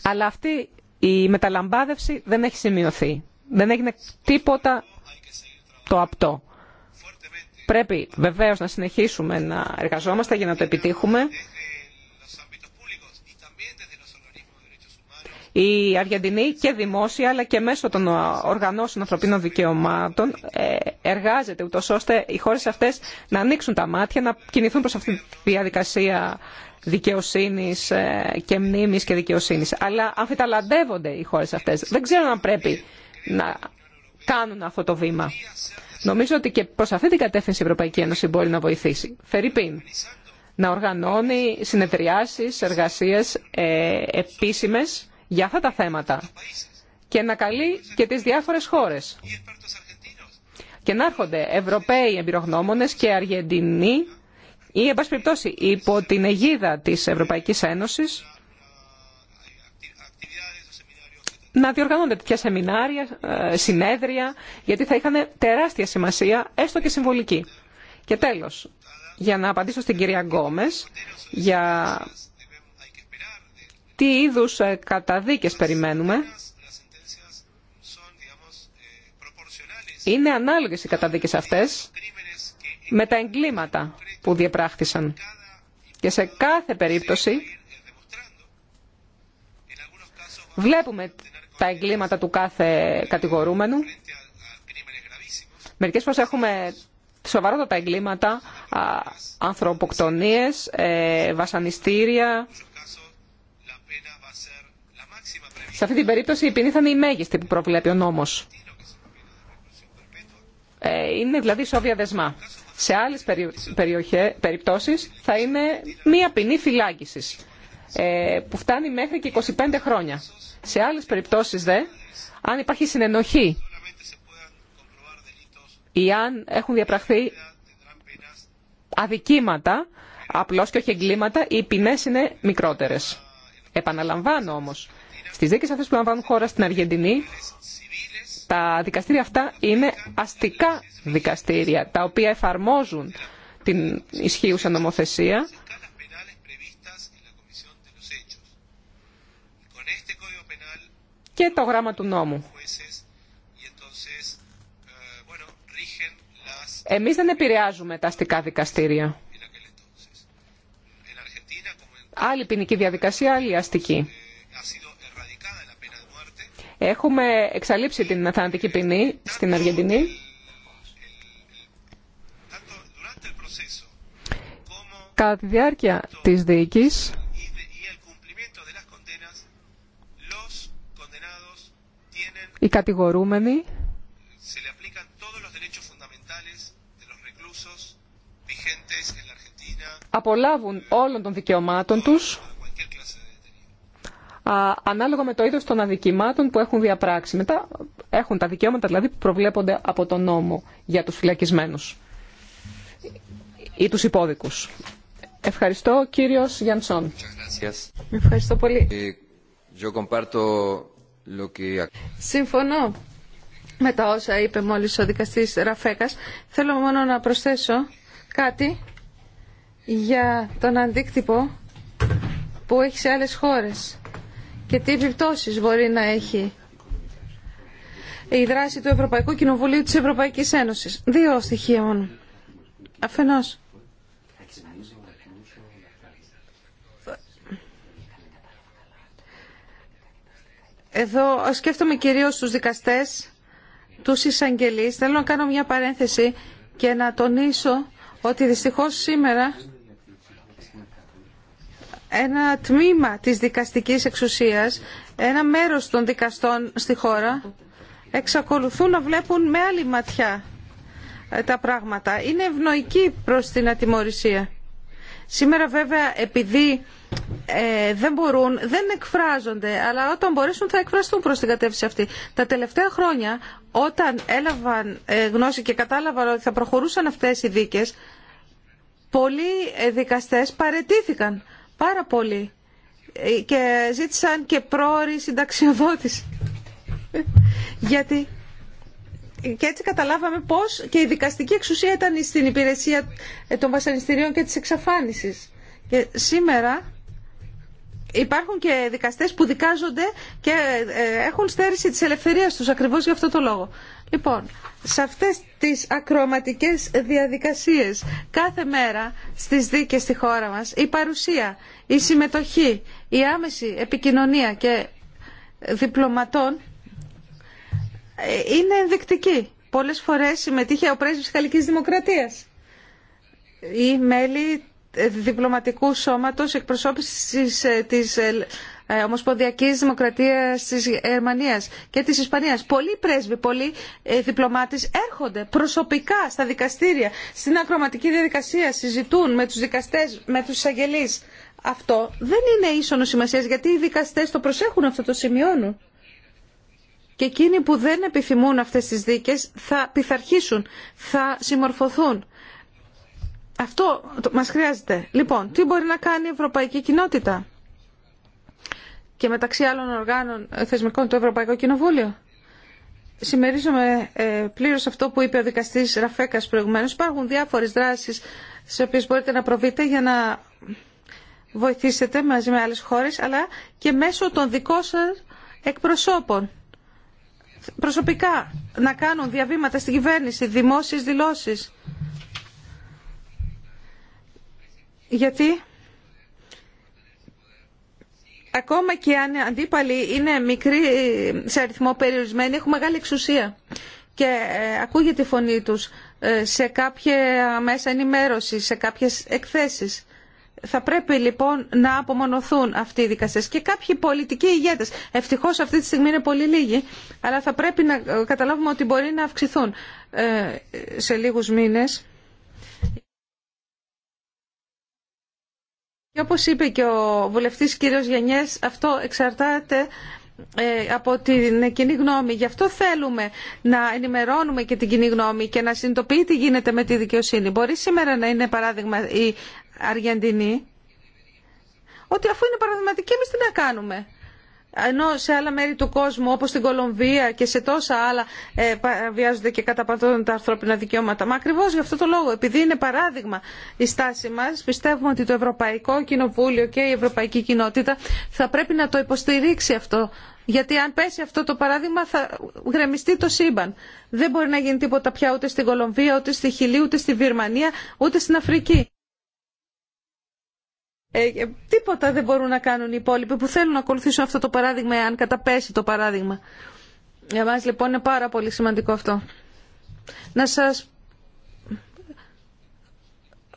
Αλλά αυτή η μεταλαμπάδευση δεν έχει σημειωθεί. Δεν έγινε τίποτα το απτό. Πρέπει βεβαίως να συνεχίσουμε να εργαζόμαστε για να το επιτύχουμε. Η Αργεντινή και δημόσια αλλά και μέσω των οργανώσεων ανθρωπίνων δικαιωμάτων ε, εργάζεται ούτως ώστε οι χώρες αυτές να ανοίξουν τα μάτια, να κινηθούν προς αυτή τη διαδικασία δικαιοσύνης ε, και μνήμης και δικαιοσύνης. Αλλά αμφιταλαντεύονται οι χώρες αυτές. Δεν ξέρω αν πρέπει να κάνουν αυτό το βήμα. Νομίζω ότι και προ αυτή την κατεύθυνση η Ευρωπαϊκή Ένωση μπορεί να βοηθήσει. Φερρυπίν, να οργανώνει συνεδριάσει, εργασίες ε, επίσημες για αυτά τα θέματα και να καλεί και τις διάφορες χώρες. Και να έρχονται Ευρωπαίοι εμπειρογνώμονες και Αργεντινοί ή, εν πάση περιπτώσει, υπό την αιγίδα της Ευρωπαϊκής Ένωσης, να διοργανώνται τέτοια σεμινάρια, ε, συνέδρια, γιατί θα είχαν τεράστια σημασία, έστω και συμβολική. Και τέλος, για να απαντήσω στην κυρία Γκόμες, για τι είδους ε, καταδίκες περιμένουμε, είναι ανάλογες οι καταδίκες αυτές με τα εγκλήματα που διεπράχθησαν. Και σε κάθε περίπτωση βλέπουμε τα εγκλήματα του κάθε κατηγορούμενου. Μερικές φορές έχουμε σοβαρότατα εγκλήματα, ανθρωποκτονίες, ε, βασανιστήρια. Σε αυτή την περίπτωση η ποινή θα είναι η μέγιστη που προβλέπει ο νόμος. Ε, είναι δηλαδή σόβια δεσμά. Σε άλλες περιοχές, περιπτώσεις θα είναι μία ποινή φυλάκισης ε, που φτάνει μέχρι και 25 χρόνια. Σε άλλες περιπτώσεις δε, αν υπάρχει συνενοχή ή αν έχουν διαπραχθεί αδικήματα, απλώς και όχι εγκλήματα, οι ποινές είναι μικρότερες. Επαναλαμβάνω όμως, στις δίκες αυτές που λαμβάνουν χώρα στην Αργεντινή τα δικαστήρια αυτά είναι αστικά δικαστήρια, τα οποία εφαρμόζουν την ισχύουσα νομοθεσία και το γράμμα του νόμου. Εμείς δεν επηρεάζουμε τα αστικά δικαστήρια. Άλλη ποινική διαδικασία, άλλη αστική. Έχουμε εξαλείψει την θανατική ποινή στην Αργεντινή. Κατά τη διάρκεια της δίκης, οι κατηγορούμενοι απολάβουν όλων των δικαιωμάτων τους ανάλογα με το είδος των αδικημάτων που έχουν διαπράξει. Μετά έχουν τα δικαιώματα δηλαδή που προβλέπονται από τον νόμο για τους φυλακισμένους ή τους υπόδικους. Ευχαριστώ κύριος Γιανσόν. Ευχαριστώ πολύ. Συμφωνώ με τα όσα είπε μόλις ο δικαστής Ραφέκας. Θέλω μόνο να προσθέσω κάτι για τον αντίκτυπο που έχει σε άλλες χώρες και τι επιπτώσεις μπορεί να έχει η δράση του Ευρωπαϊκού Κοινοβουλίου της Ευρωπαϊκής Ένωσης. Δύο στοιχεία μόνο. Αφενός. Εδώ σκέφτομαι κυρίως τους δικαστές, τους εισαγγελείς. Θέλω να κάνω μια παρένθεση και να τονίσω ότι δυστυχώς σήμερα ένα τμήμα της δικαστικής εξουσίας, ένα μέρος των δικαστών στη χώρα, εξακολουθούν να βλέπουν με άλλη ματιά ε, τα πράγματα. Είναι ευνοϊκή προς την ατιμορρησία. Σήμερα βέβαια επειδή ε, δεν μπορούν, δεν εκφράζονται, αλλά όταν μπορέσουν θα εκφραστούν προς την κατεύθυνση αυτή. Τα τελευταία χρόνια όταν έλαβαν ε, γνώση και κατάλαβαν ότι θα προχωρούσαν αυτές οι δίκες, πολλοί ε, δικαστές παρετήθηκαν πάρα πολύ ε, και ζήτησαν και πρόορη συνταξιοδότηση. Γιατί και έτσι καταλάβαμε πώς και η δικαστική εξουσία ήταν στην υπηρεσία ε, των βασανιστήριων και της εξαφάνισης. Και σήμερα υπάρχουν και δικαστές που δικάζονται και ε, έχουν στέρηση της ελευθερίας τους ακριβώς για αυτό το λόγο. Λοιπόν, σε αυτές τις ακροματικές διαδικασίες κάθε μέρα στις δίκες στη χώρα μας η παρουσία, η συμμετοχή, η άμεση επικοινωνία και διπλωματών ε, είναι ενδεικτική. Πολλές φορές συμμετείχε ο πρέσβης Γαλλικής Δημοκρατίας ή μέλη διπλωματικού σώματος εκπροσώπησης της ε, ε, ε, Ομοσπονδιακή Δημοκρατία τη Γερμανία και τη Ισπανία. Πολλοί πρέσβοι, πολλοί ε, διπλωμάτε έρχονται προσωπικά στα δικαστήρια, στην ακροματική διαδικασία, συζητούν με τους δικαστές, με τους εισαγγελεί. Αυτό δεν είναι ίσονο σημασία γιατί οι δικαστέ το προσέχουν αυτό, το σημειώνουν. Και εκείνοι που δεν επιθυμούν αυτέ τι δίκες θα πειθαρχήσουν, θα συμμορφωθούν. Αυτό μας χρειάζεται. Λοιπόν, τι μπορεί να κάνει η ευρωπαϊκή κοινότητα και μεταξύ άλλων οργάνων ε, θεσμικών του Ευρωπαϊκού Κοινοβούλιο. Συμμερίζομαι ε, πλήρω αυτό που είπε ο δικαστή Ραφέκα προηγουμένω. Υπάρχουν διάφορε δράσει στι οποίε μπορείτε να προβείτε για να βοηθήσετε μαζί με άλλε χώρε, αλλά και μέσω των δικών σα εκπροσώπων. Προσωπικά να κάνουν διαβήματα στην κυβέρνηση, δημόσιε δηλώσει. Γιατί ακόμα και αν αντίπαλοι είναι μικροί σε αριθμό περιορισμένοι, έχουν μεγάλη εξουσία. Και ε, ακούγεται η φωνή τους ε, σε κάποια μέσα ενημέρωση, σε κάποιες εκθέσεις. Θα πρέπει λοιπόν να απομονωθούν αυτοί οι δικαστές και κάποιοι πολιτικοί ηγέτες. Ευτυχώς αυτή τη στιγμή είναι πολύ λίγοι, αλλά θα πρέπει να ε, καταλάβουμε ότι μπορεί να αυξηθούν σε λίγους μήνες. Και όπως είπε και ο βουλευτής κύριος Γενιές, αυτό εξαρτάται ε, από την κοινή γνώμη. Γι' αυτό θέλουμε να ενημερώνουμε και την κοινή γνώμη και να συνειδητοποιεί τι γίνεται με τη δικαιοσύνη. Μπορεί σήμερα να είναι παράδειγμα η Αργεντινή, ότι αφού είναι παραδειγματική εμείς τι να κάνουμε ενώ σε άλλα μέρη του κόσμου όπως στην Κολομβία και σε τόσα άλλα ε, βιάζονται και καταπατώνουν τα ανθρώπινα δικαιώματα. Μα ακριβώ γι' αυτό το λόγο, επειδή είναι παράδειγμα η στάση μας, πιστεύουμε ότι το Ευρωπαϊκό Κοινοβούλιο και η Ευρωπαϊκή Κοινότητα θα πρέπει να το υποστηρίξει αυτό. Γιατί αν πέσει αυτό το παράδειγμα θα γρεμιστεί το σύμπαν. Δεν μπορεί να γίνει τίποτα πια ούτε στην Κολομβία, ούτε στη Χιλή, ούτε στη Βιρμανία, ούτε στην Αφρική. Ε, ε, τίποτα δεν μπορούν να κάνουν οι υπόλοιποι που θέλουν να ακολουθήσουν αυτό το παράδειγμα αν καταπέσει το παράδειγμα. Για μας λοιπόν είναι πάρα πολύ σημαντικό αυτό. Να σας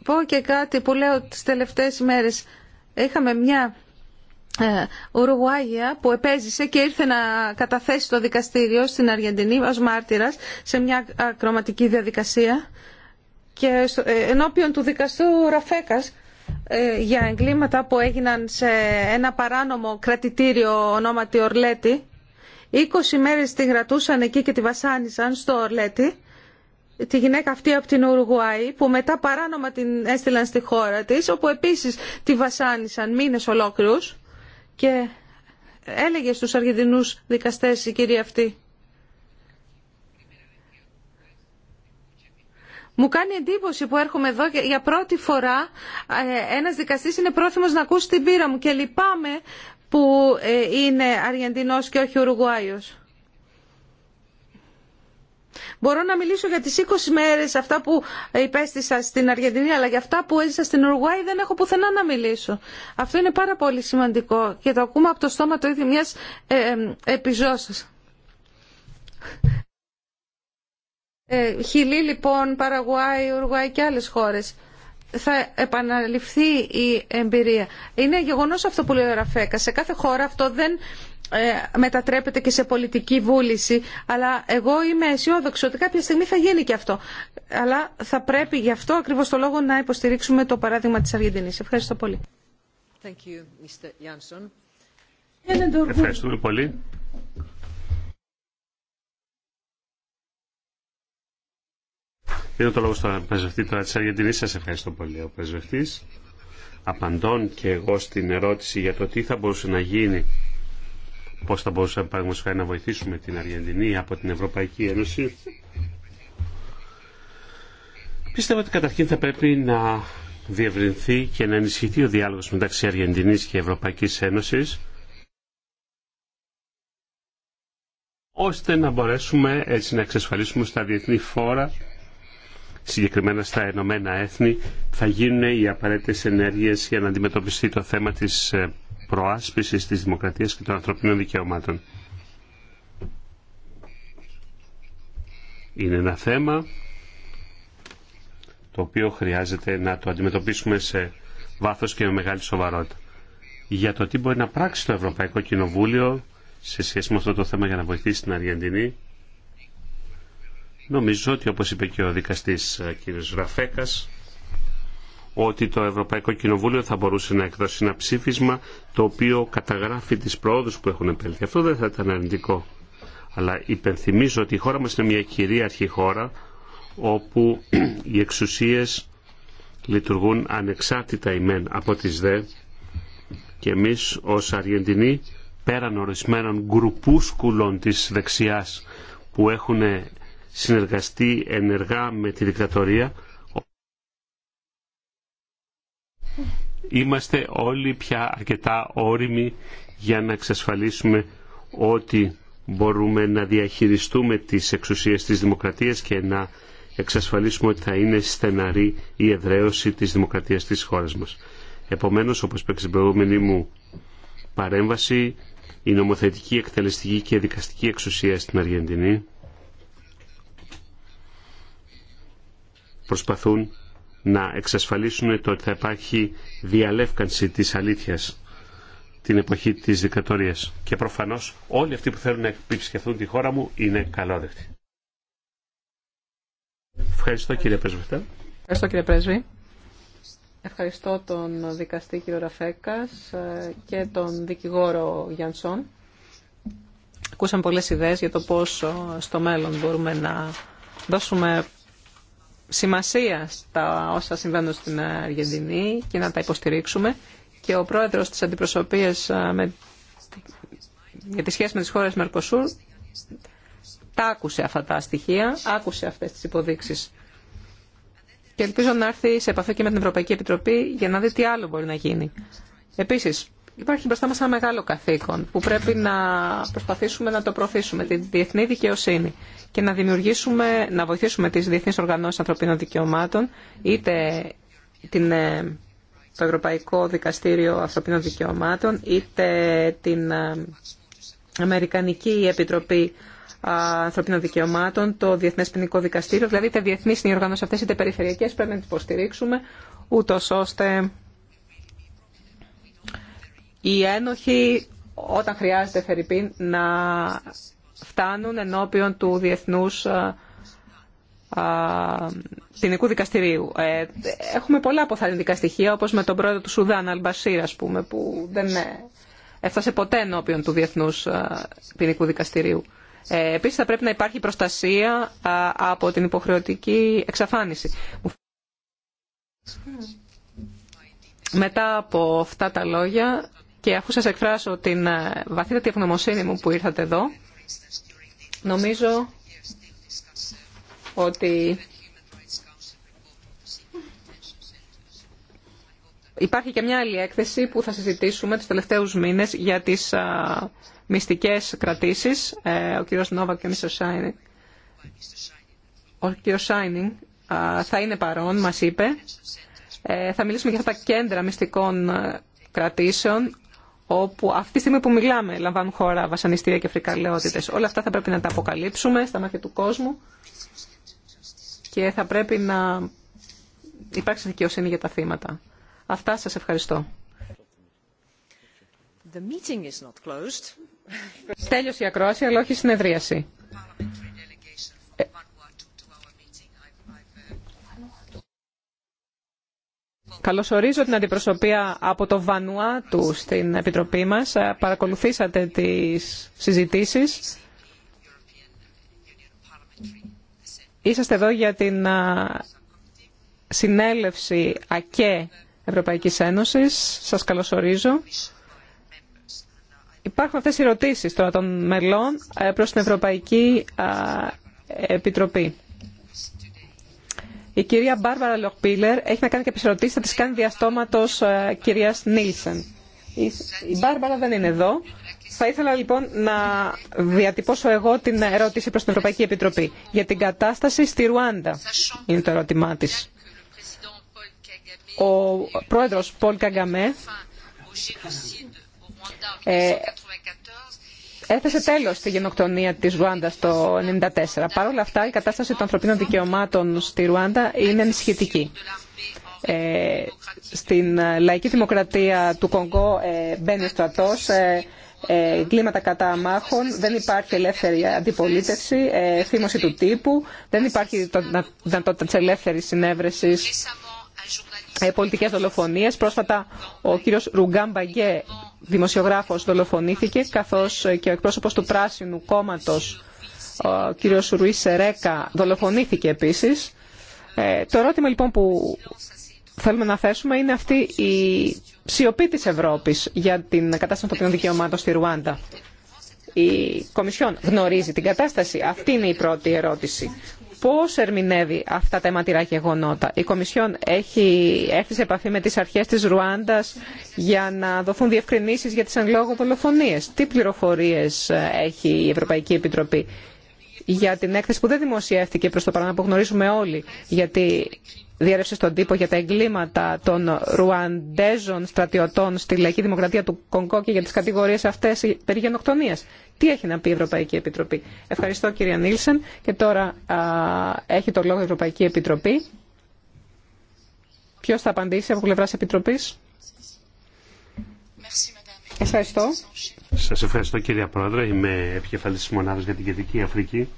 πω και κάτι που λέω τις τελευταίες ημέρες. Είχαμε μια ε, που επέζησε και ήρθε να καταθέσει το δικαστήριο στην Αργεντινή ως μάρτυρας σε μια ακροματική διαδικασία και ε, ενώπιον του δικαστού Ραφέκας ε, για εγκλήματα που έγιναν σε ένα παράνομο κρατητήριο ονόματι Ορλέτη. 20 μέρες τη κρατούσαν εκεί και τη βασάνισαν στο Ορλέτη. Τη γυναίκα αυτή από την Ουρουγουάη που μετά παράνομα την έστειλαν στη χώρα της όπου επίσης τη βασάνισαν μήνες ολόκληρους και έλεγε στους αργεντινούς δικαστές η κυρία αυτή Μου κάνει εντύπωση που έρχομαι εδώ και για πρώτη φορά ε, ένας δικαστής είναι πρόθυμος να ακούσει την πείρα μου και λυπάμαι που ε, είναι Αργεντινός και όχι Ουρουγουάιος. Μπορώ να μιλήσω για τις 20 μέρες αυτά που υπέστησα στην Αργεντινή, αλλά για αυτά που έζησα στην Ουρουγουάη δεν έχω πουθενά να μιλήσω. Αυτό είναι πάρα πολύ σημαντικό και το ακούμε από το στόμα το ίδιο μιας ε, ε επιζώσας. Ε, Χιλή λοιπόν, Παραγουάη, Ουρουάη και άλλες χώρες. Θα επαναληφθεί η εμπειρία. Είναι γεγονός αυτό που λέει ο Ραφέκα. Σε κάθε χώρα αυτό δεν ε, μετατρέπεται και σε πολιτική βούληση. Αλλά εγώ είμαι αισιόδοξη ότι κάποια στιγμή θα γίνει και αυτό. Αλλά θα πρέπει γι' αυτό ακριβώς το λόγο να υποστηρίξουμε το παράδειγμα της Αργεντινής. Ευχαριστώ πολύ. Ευχαριστούμε πολύ. Δίνω το λόγο στον πρεσβευτή τώρα τη Αργεντινή. σας ευχαριστώ πολύ ο πρεσβευτής. Απαντών και εγώ στην ερώτηση για το τι θα μπορούσε να γίνει, πώς θα μπορούσε πραγματικά να βοηθήσουμε την Αργεντινή από την Ευρωπαϊκή Ένωση. Πιστεύω ότι καταρχήν θα πρέπει να διευρυνθεί και να ενισχυθεί ο διάλογος μεταξύ Αργεντινής και Ευρωπαϊκής Ένωσης ώστε να μπορέσουμε έτσι να εξασφαλίσουμε στα διεθνή φόρα συγκεκριμένα στα Ενωμένα Έθνη, θα γίνουν οι απαραίτητες ενέργειες για να αντιμετωπιστεί το θέμα της ε, προάσπισης της δημοκρατίας και των ανθρωπίνων δικαιωμάτων. Είναι ένα θέμα το οποίο χρειάζεται να το αντιμετωπίσουμε σε βάθος και με μεγάλη σοβαρότητα. Για το τι μπορεί να πράξει το Ευρωπαϊκό Κοινοβούλιο σε σχέση με αυτό το θέμα για να βοηθήσει την Αργεντινή Νομίζω ότι όπως είπε και ο δικαστής ε, κ. Ραφέκας, ότι το Ευρωπαϊκό Κοινοβούλιο θα μπορούσε να εκδώσει ένα ψήφισμα το οποίο καταγράφει τις πρόοδους που έχουν επέλθει. Αυτό δεν θα ήταν αρνητικό. Αλλά υπενθυμίζω ότι η χώρα μας είναι μια κυρίαρχη χώρα όπου οι εξουσίες λειτουργούν ανεξάρτητα ημέν από τις δε και εμείς ως Αργεντινοί πέραν ορισμένων γκρουπούσκουλων της δεξιάς που έχουν συνεργαστεί ενεργά με τη δικτατορία. Είμαστε όλοι πια αρκετά όριμοι για να εξασφαλίσουμε ότι μπορούμε να διαχειριστούμε τις εξουσίες της δημοκρατίας και να εξασφαλίσουμε ότι θα είναι στεναρή η εδραίωση της δημοκρατίας της χώρας μας. Επομένως, όπως είπε στην προηγούμενη μου παρέμβαση, η νομοθετική, εκτελεστική και δικαστική εξουσία στην Αργεντινή προσπαθούν να εξασφαλίσουν το ότι θα υπάρχει διαλεύκανση της αλήθειας την εποχή της δικατορίας. Και προφανώς όλοι αυτοί που θέλουν να επισκεφθούν τη χώρα μου είναι καλόδεκτοι. Ευχαριστώ κύριε Πρέσβη. Ευχαριστώ κύριε Πρέσβη. Ευχαριστώ τον δικαστή κύριο Ραφέκας ε, και τον δικηγόρο Γιανσόν. Ακούσαμε πολλές ιδέες για το πόσο στο μέλλον μπορούμε να δώσουμε σημασία στα όσα συμβαίνουν στην Αργεντινή και να τα υποστηρίξουμε. Και ο πρόεδρος της αντιπροσωπείας ε, με, για τη σχέση με τις χώρες Μερκοσούρ τα άκουσε αυτά τα στοιχεία, άκουσε αυτές τις υποδείξεις. Και ελπίζω να έρθει σε επαφή και με την Ευρωπαϊκή Επιτροπή για να δει τι άλλο μπορεί να γίνει. Επίσης, Υπάρχει μπροστά μας ένα μεγάλο καθήκον που πρέπει να προσπαθήσουμε να το προωθήσουμε, την διεθνή δικαιοσύνη και να δημιουργήσουμε, να βοηθήσουμε τις διεθνείς οργανώσεις ανθρωπίνων δικαιωμάτων, είτε την, ε, το Ευρωπαϊκό Δικαστήριο Ανθρωπίνων Δικαιωμάτων, είτε την ε, Αμερικανική Επιτροπή Ανθρωπίνων Δικαιωμάτων, το Διεθνές Ποινικό Δικαστήριο, δηλαδή είτε διεθνείς είναι οι οργανώσεις αυτές, είτε περιφερειακές, πρέπει να τις υποστηρίξουμε, ούτω ώστε οι ένοχοι όταν χρειάζεται Φερρυπίν να φτάνουν ενώπιον του Διεθνούς ε, ε, ποινικού δικαστηρίου. Ε, έχουμε πολλά αποθαρρυντικά στοιχεία, όπως με τον πρόεδρο του Σουδάν, Αλμπασίρ, ας πούμε, που δεν έφτασε ποτέ ενώπιον του Διεθνούς ποινικού δικαστηρίου. Ε, επίσης θα πρέπει να υπάρχει προστασία από την υποχρεωτική εξαφάνιση. Μετά από αυτά τα λόγια και αφού σας εκφράσω την ε, βαθύτατη ευγνωμοσύνη μου που ήρθατε εδώ, νομίζω ότι υπάρχει και μια άλλη έκθεση που θα συζητήσουμε τους τελευταίους μήνες για τις α, μυστικές κρατήσεις. Ε, ο κύριος Νόβα και ο κύριος Σάινινγκ. Ο κύριος Σάινινγκ θα είναι παρόν, μας είπε. Ε, θα μιλήσουμε για αυτά τα κέντρα μυστικών κρατήσεων όπου αυτή τη στιγμή που μιλάμε λαμβάνουν χώρα βασανιστήρια και φρικαλαιότητες. Όλα αυτά θα πρέπει να τα αποκαλύψουμε στα μάτια του κόσμου και θα πρέπει να υπάρξει δικαιοσύνη για τα θύματα. Αυτά σας ευχαριστώ. The Τέλειωσε η ακρόαση, αλλά όχι η συνεδρίαση. Καλωσορίζω την αντιπροσωπεία από το Βανουά του στην Επιτροπή μας. Ε, παρακολουθήσατε τις συζητήσεις. Είσαστε εδώ για την ε, συνέλευση ΑΚΕ Ευρωπαϊκής Ένωσης. Σας καλωσορίζω. Υπάρχουν αυτές οι ερωτήσεις τώρα των μελών ε, προς την Ευρωπαϊκή Επιτροπή. Η κυρία Μπάρβαρα Λοχπίλερ έχει να κάνει κάποιε ερωτήσει, θα τι κάνει διαστόματο ε, κυρία Νίλσεν. Η Μπάρμπαρα δεν είναι εδώ. Θα ήθελα λοιπόν να διατυπώσω εγώ την ερώτηση προς την Ευρωπαϊκή Επιτροπή. Για την κατάσταση στη Ρουάντα είναι το ερώτημά τη. Ο πρόεδρος Πολ Καγκαμέ ε, έθεσε τέλος στη γενοκτονία τη Ρουάντα το 1994. Παρ' όλα αυτά η κατάσταση των ανθρωπίνων δικαιωμάτων στη Ρουάντα είναι ενισχυτική. Ε, στην λαϊκή δημοκρατία του Κονγκό ε, μπαίνει ο στρατό, ε, ε κλίματα κατά αμάχων, δεν υπάρχει ελεύθερη αντιπολίτευση, ε, θύμωση του τύπου, δεν υπάρχει δυνατότητα τη ελεύθερη συνέβρεση ε, πολιτικές δολοφονίες. Πρόσφατα ο κύριος Ρουγκάν δημοσιογράφος δολοφονήθηκε, καθώς και ο εκπρόσωπος του Πράσινου Κόμματος, ο κύριος Ρουί Σερέκα, δολοφονήθηκε επίσης. Ε, το ερώτημα λοιπόν που θέλουμε να θέσουμε είναι αυτή η σιωπή της Ευρώπης για την κατάσταση των δικαιωμάτων στη Ρουάντα. Η Κομισιόν γνωρίζει την κατάσταση. Αυτή είναι η πρώτη ερώτηση πώς ερμηνεύει αυτά τα αιματηρά γεγονότα. Η Κομισιόν έχει έρθει σε επαφή με τις αρχές της Ρουάντας για να δοθούν διευκρινήσεις για τις εν λόγω δολοφονίες. Τι πληροφορίες έχει η Ευρωπαϊκή Επιτροπή για την έκθεση που δεν δημοσιεύτηκε προς το παρόν, που γνωρίζουμε όλοι, γιατί διέρευσε στον τύπο για τα εγκλήματα των Ρουαντέζων στρατιωτών στη Λαϊκή Δημοκρατία του Κονκό και για τις κατηγορίες αυτές περί γενοκτονίας. Τι έχει να πει η Ευρωπαϊκή Επιτροπή. Ευχαριστώ κύριε Νίλσεν και τώρα έχει το λόγο η Ευρωπαϊκή Επιτροπή. Ποιο θα απαντήσει από πλευρά Επιτροπή. Ευχαριστώ. Σας ευχαριστώ κύρια Πρόεδρε. Είμαι επικεφαλής της Μονάδας για την Κεντρική Αφρική.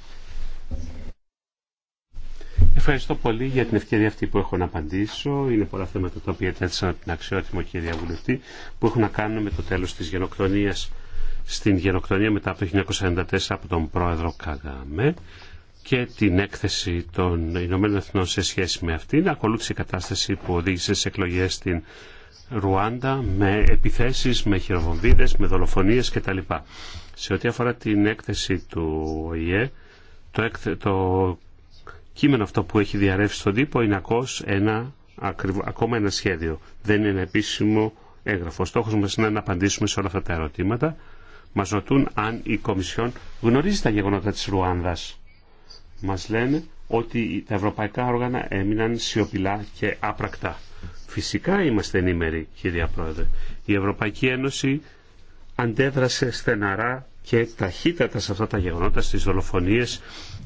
Ευχαριστώ πολύ για την ευκαιρία αυτή που έχω να απαντήσω. Είναι πολλά θέματα τα οποία τέτοισαν από την αξιότιμο κυρία Βουλευτή που έχουν να κάνουν με το τέλος της γενοκτονίας στην γενοκτονία μετά από το 1944 από τον πρόεδρο Καγάμε και την έκθεση των Ηνωμένων Εθνών σε σχέση με αυτήν. Ακολούθησε η κατάσταση που οδήγησε σε εκλογές στην Ρουάντα με επιθέσεις, με χειροβομβίδες, με δολοφονίες κτλ. Σε ό,τι αφορά την έκθεση του ΟΗΕ, το, το κείμενο αυτό που έχει διαρρεύσει στον τύπο είναι ένα, ακόμα ένα σχέδιο. Δεν είναι επίσημο έγγραφο. Ο στόχος μας είναι να απαντήσουμε σε όλα αυτά τα ερωτήματα. Μα ρωτούν αν η Κομισιόν γνωρίζει τα γεγονότα της Ρουάνδας. Μας λένε ότι τα ευρωπαϊκά όργανα έμειναν σιωπηλά και άπρακτα. Φυσικά είμαστε ενήμεροι, κυρία Πρόεδρε. Η Ευρωπαϊκή Ένωση αντέδρασε στεναρά και ταχύτατα σε αυτά τα γεγονότα, στις δολοφονίες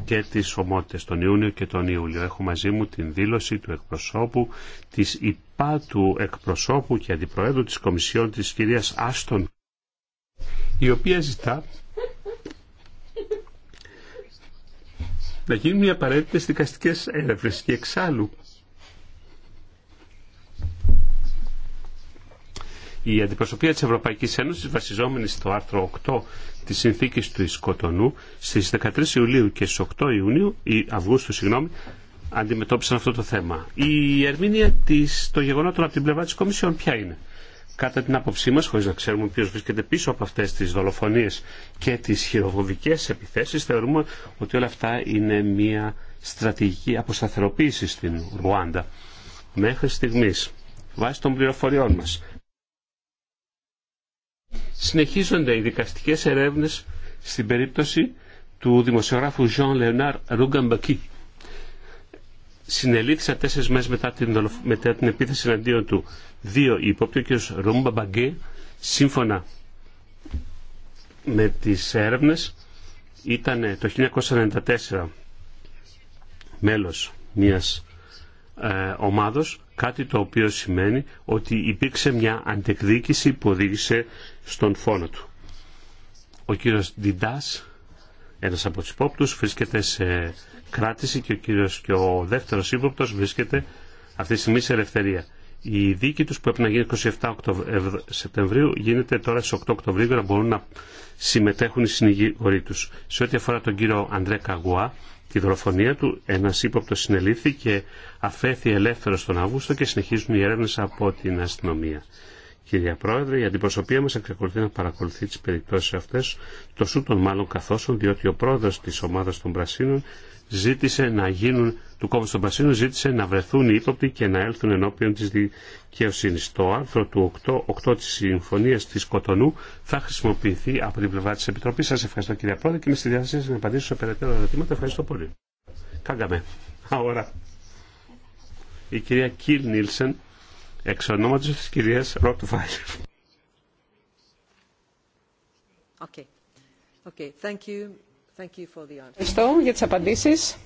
και τις ομότητες τον Ιούνιο και τον Ιούλιο. Έχω μαζί μου την δήλωση του εκπροσώπου, της υπάτου εκπροσώπου και αντιπροέδρου της Κομισιόν της κυρίας Άστον, η οποία ζητά να γίνουν οι απαραίτητες δικαστικές έρευνες και εξάλλου Η αντιπροσωπεία της Ευρωπαϊκής Ένωσης βασιζόμενη στο άρθρο 8 της συνθήκης του Ισκοτονού στις 13 Ιουλίου και στις 8 Ιουνίου, ή Αυγούστου συγγνώμη, αντιμετώπισαν αυτό το θέμα. Η ερμήνεια της, των γεγονότων από την πλευρά της Κομισιόν ποια είναι. Κατά την άποψή μας, χωρίς να ξέρουμε ποιος βρίσκεται πίσω από αυτές τις δολοφονίες και τις χειροβοβικές επιθέσεις, θεωρούμε ότι όλα αυτά είναι μια στρατηγική αποσταθεροποίηση στην Ρουάντα. Μέχρι στιγμή, βάσει των πληροφοριών μας, Συνεχίζονται οι δικαστικές ερεύνες στην περίπτωση του δημοσιογράφου Jean Leonard Rougambaki. Συνελήθησα τέσσερις μέρε μετά την, την επίθεση εναντίον του δύο υπόπτυο και ο σύμφωνα με τις έρευνες, ήταν το 1994 μέλος μιας ε, ομάδος, κάτι το οποίο σημαίνει ότι υπήρξε μια αντεκδίκηση που οδήγησε στον φόνο του. Ο κύριος Διντάς, ένας από τους υπόπτους, βρίσκεται σε κράτηση και ο, κύριος, και ο δεύτερος ύποπτος βρίσκεται αυτή τη στιγμή σε ελευθερία. Η δίκη τους που έπρεπε να γίνει 27 Σεπτεμβρίου γίνεται τώρα στις 8 Οκτωβρίου για να μπορούν να συμμετέχουν οι συνηγοροί τους. Σε ό,τι αφορά τον κύριο Ανδρέ Καγουά, τη δολοφονία του. ένα ύποπτο συνελήφθη και αφέθη ελεύθερος τον Αύγουστο και συνεχίζουν οι έρευνε από την αστυνομία. Κυρία Πρόεδρε, η αντιπροσωπεία μας εξακολουθεί να παρακολουθεί τι περιπτώσει αυτέ, το των μάλλον καθώσεων, διότι ο πρόεδρος της ομάδας των Πρασίνων ζήτησε να γίνουν, του κόμματος των ζήτησε να βρεθούν οι ύποπτοι και να έλθουν ενώπιον της και ο άρθρο του 8, 8 της Συμφωνίας της Κοτονού θα χρησιμοποιηθεί από την πλευρά της Επιτροπής. Σας ευχαριστώ κυρία Πρόεδρε και είμαι στη διάθεση σα να απαντήσω σε περαιτέρω ερωτήματα. Ευχαριστώ πολύ. Κάγκαμε. Αώρα. Η κυρία Κιλ Νίλσεν, εξ ονόματος της κυρίας Ροκτουφάιλ. Ευχαριστώ για τις απαντήσεις.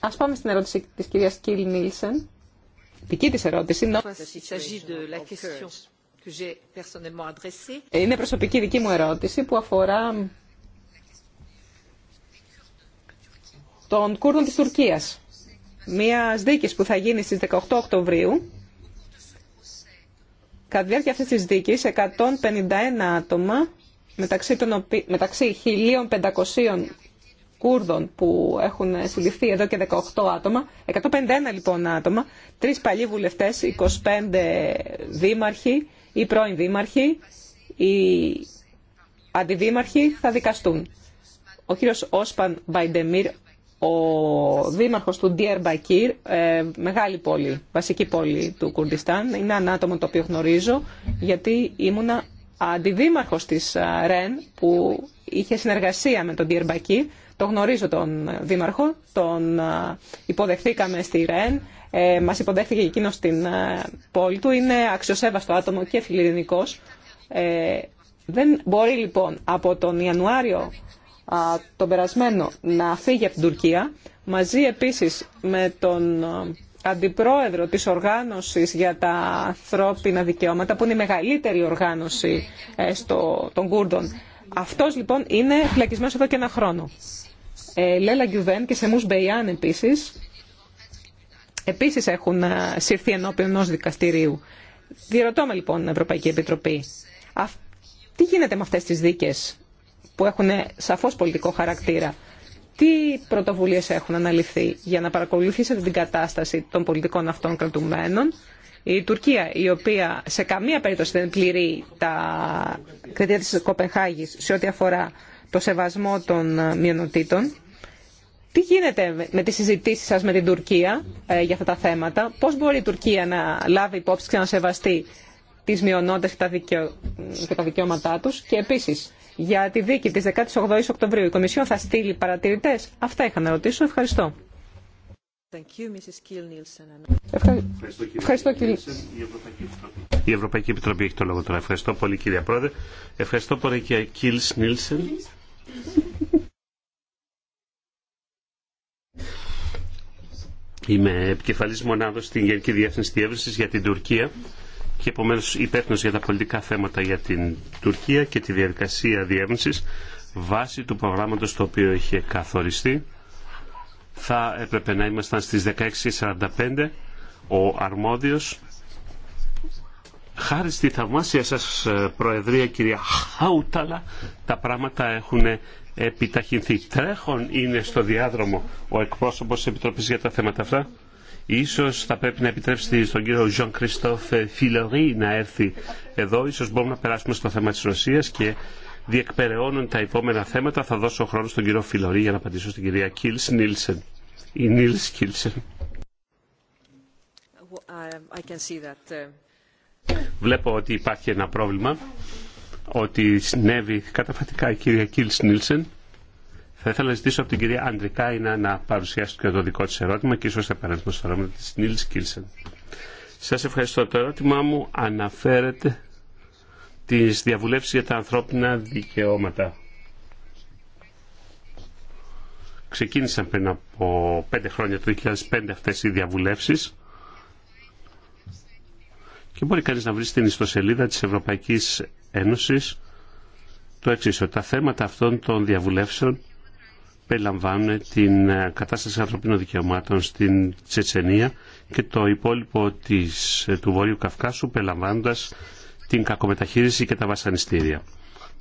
Ας πάμε στην ερώτηση της κυρίας Κιλ Νίλσεν. Δική της ερώτηση. Είναι προσωπική δική μου ερώτηση που αφορά τον Κούρδων της Τουρκίας. Μια δίκης που θα γίνει στις 18 Οκτωβρίου. Κατά τη διάρκεια αυτής της δίκης, 151 άτομα, μεταξύ, των, μεταξύ 1.500 Κούρδων που έχουν συλληφθεί εδώ και 18 άτομα, 151 λοιπόν άτομα, τρει παλιοί βουλευτές, 25 δήμαρχοι ή πρώην δήμαρχοι, οι αντιδήμαρχοι θα δικαστούν. Ο κύριο Όσπαν Μπαϊντεμίρ, ο Δήμαρχο του Ντιέρ Μπακίρ, ε, μεγάλη πόλη, βασική πόλη του Κουρδιστάν, είναι ένα άτομο το οποίο γνωρίζω, γιατί ήμουνα αντιδήμαρχος της ε, ΡΕΝ που είχε συνεργασία με τον Ντιερμπακή το γνωρίζω τον Δήμαρχο, τον ε, υποδεχθήκαμε στη ΡΕΝ, ε, μας υποδέχθηκε εκείνος στην ε, πόλη του. Είναι αξιοσέβαστο άτομο και φιλιρινικός. δεν μπορεί λοιπόν από τον Ιανουάριο το τον περασμένο να φύγει από την Τουρκία, μαζί επίσης με τον αντιπρόεδρο της οργάνωσης για τα ανθρώπινα δικαιώματα, που είναι η μεγαλύτερη οργάνωση στο, των Κούρδων. Αυτός λοιπόν είναι φυλακισμένος εδώ και ένα χρόνο. Ε, Λέλα Γκιουβέν και Σεμούς Μπεϊάν επίσης, επίσης έχουν ε, συρθεί ενώπιον ενός δικαστηρίου. Διερωτώμε λοιπόν Ευρωπαϊκή Επιτροπή, τι γίνεται με αυτές τις δίκες που έχουν ε, σαφώς πολιτικό χαρακτήρα. Τι πρωτοβουλίες έχουν αναλυθεί για να παρακολουθήσετε την κατάσταση των πολιτικών αυτών κρατουμένων. Η Τουρκία, η οποία σε καμία περίπτωση δεν πληρεί τα κριτήρια της Κοπενχάγης σε ό,τι αφορά το σεβασμό των μειονοτήτων. Τι γίνεται με τις συζητήσεις σας με την Τουρκία ε, για αυτά τα θέματα. Πώς μπορεί η Τουρκία να λάβει υπόψη και να σεβαστεί τις μειονότητες και τα, δικαιω... και τα δικαιώματά τους. Και επίσης, για τη δίκη της 18 η Οκτωβρίου, η Κομισιόν θα στείλει παρατηρητές. Αυτά είχα να ρωτήσω. Ευχαριστώ. Thank you, Mrs. Ευχαριστώ, κύριε. Η Ευρωπαϊκή Επιτροπή έχει το λόγο τώρα. Ευχαριστώ πολύ, κύριε Πρόεδρε. Ευχαριστώ πολύ, κύριε Κίλς Νίλσεν. Είμαι επικεφαλής μονάδος στην Γενική Διεύθυνση Διεύρυνση για την Τουρκία και επομένω υπεύθυνο για τα πολιτικά θέματα για την Τουρκία και τη διαδικασία διεύρυνση βάσει του προγράμματο το οποίο είχε καθοριστεί. Θα έπρεπε να ήμασταν στις 16.45 ο αρμόδιος χάρη στη θαυμάσια σας ε, Προεδρία κυρία Χάουταλα τα πράγματα έχουν επιταχυνθεί. Τρέχον είναι στο διάδρομο ο εκπρόσωπος τη Επιτροπής για τα θέματα αυτά. Ίσως θα πρέπει να επιτρέψει στον κύριο Ζων Κριστόφ Φιλορί να έρθει εδώ. Ίσως μπορούμε να περάσουμε στο θέμα τη Ρωσία και διεκπεραιώνουν τα επόμενα θέματα. Θα δώσω χρόνο στον κύριο Φιλορί για να απαντήσω στην κυρία Κίλς Νίλσεν. Η uh, Βλέπω ότι υπάρχει ένα πρόβλημα ότι συνέβη καταφατικά η κυρία Κίλς Νίλσεν. Θα ήθελα να ζητήσω από την κυρία Αντρικάινα να παρουσιάσει και το δικό της ερώτημα και ίσως θα επανέλθουμε στο ερώτημα της Νίλς Κίλσεν. Σας ευχαριστώ. Το ερώτημά μου αναφέρεται τις διαβουλεύσεις για τα ανθρώπινα δικαιώματα. Ξεκίνησαν πριν από πέντε χρόνια, το 2005, αυτές οι διαβουλεύσεις και μπορεί κανείς να βρει στην ιστοσελίδα της Ευρωπαϊκής Ένωσης το εξή ότι τα θέματα αυτών των διαβουλεύσεων περιλαμβάνουν την ε, κατάσταση ανθρωπίνων δικαιωμάτων στην Τσετσενία και το υπόλοιπο της, ε, του Βόρειου Καυκάσου περιλαμβάνοντας την κακομεταχείριση και τα βασανιστήρια.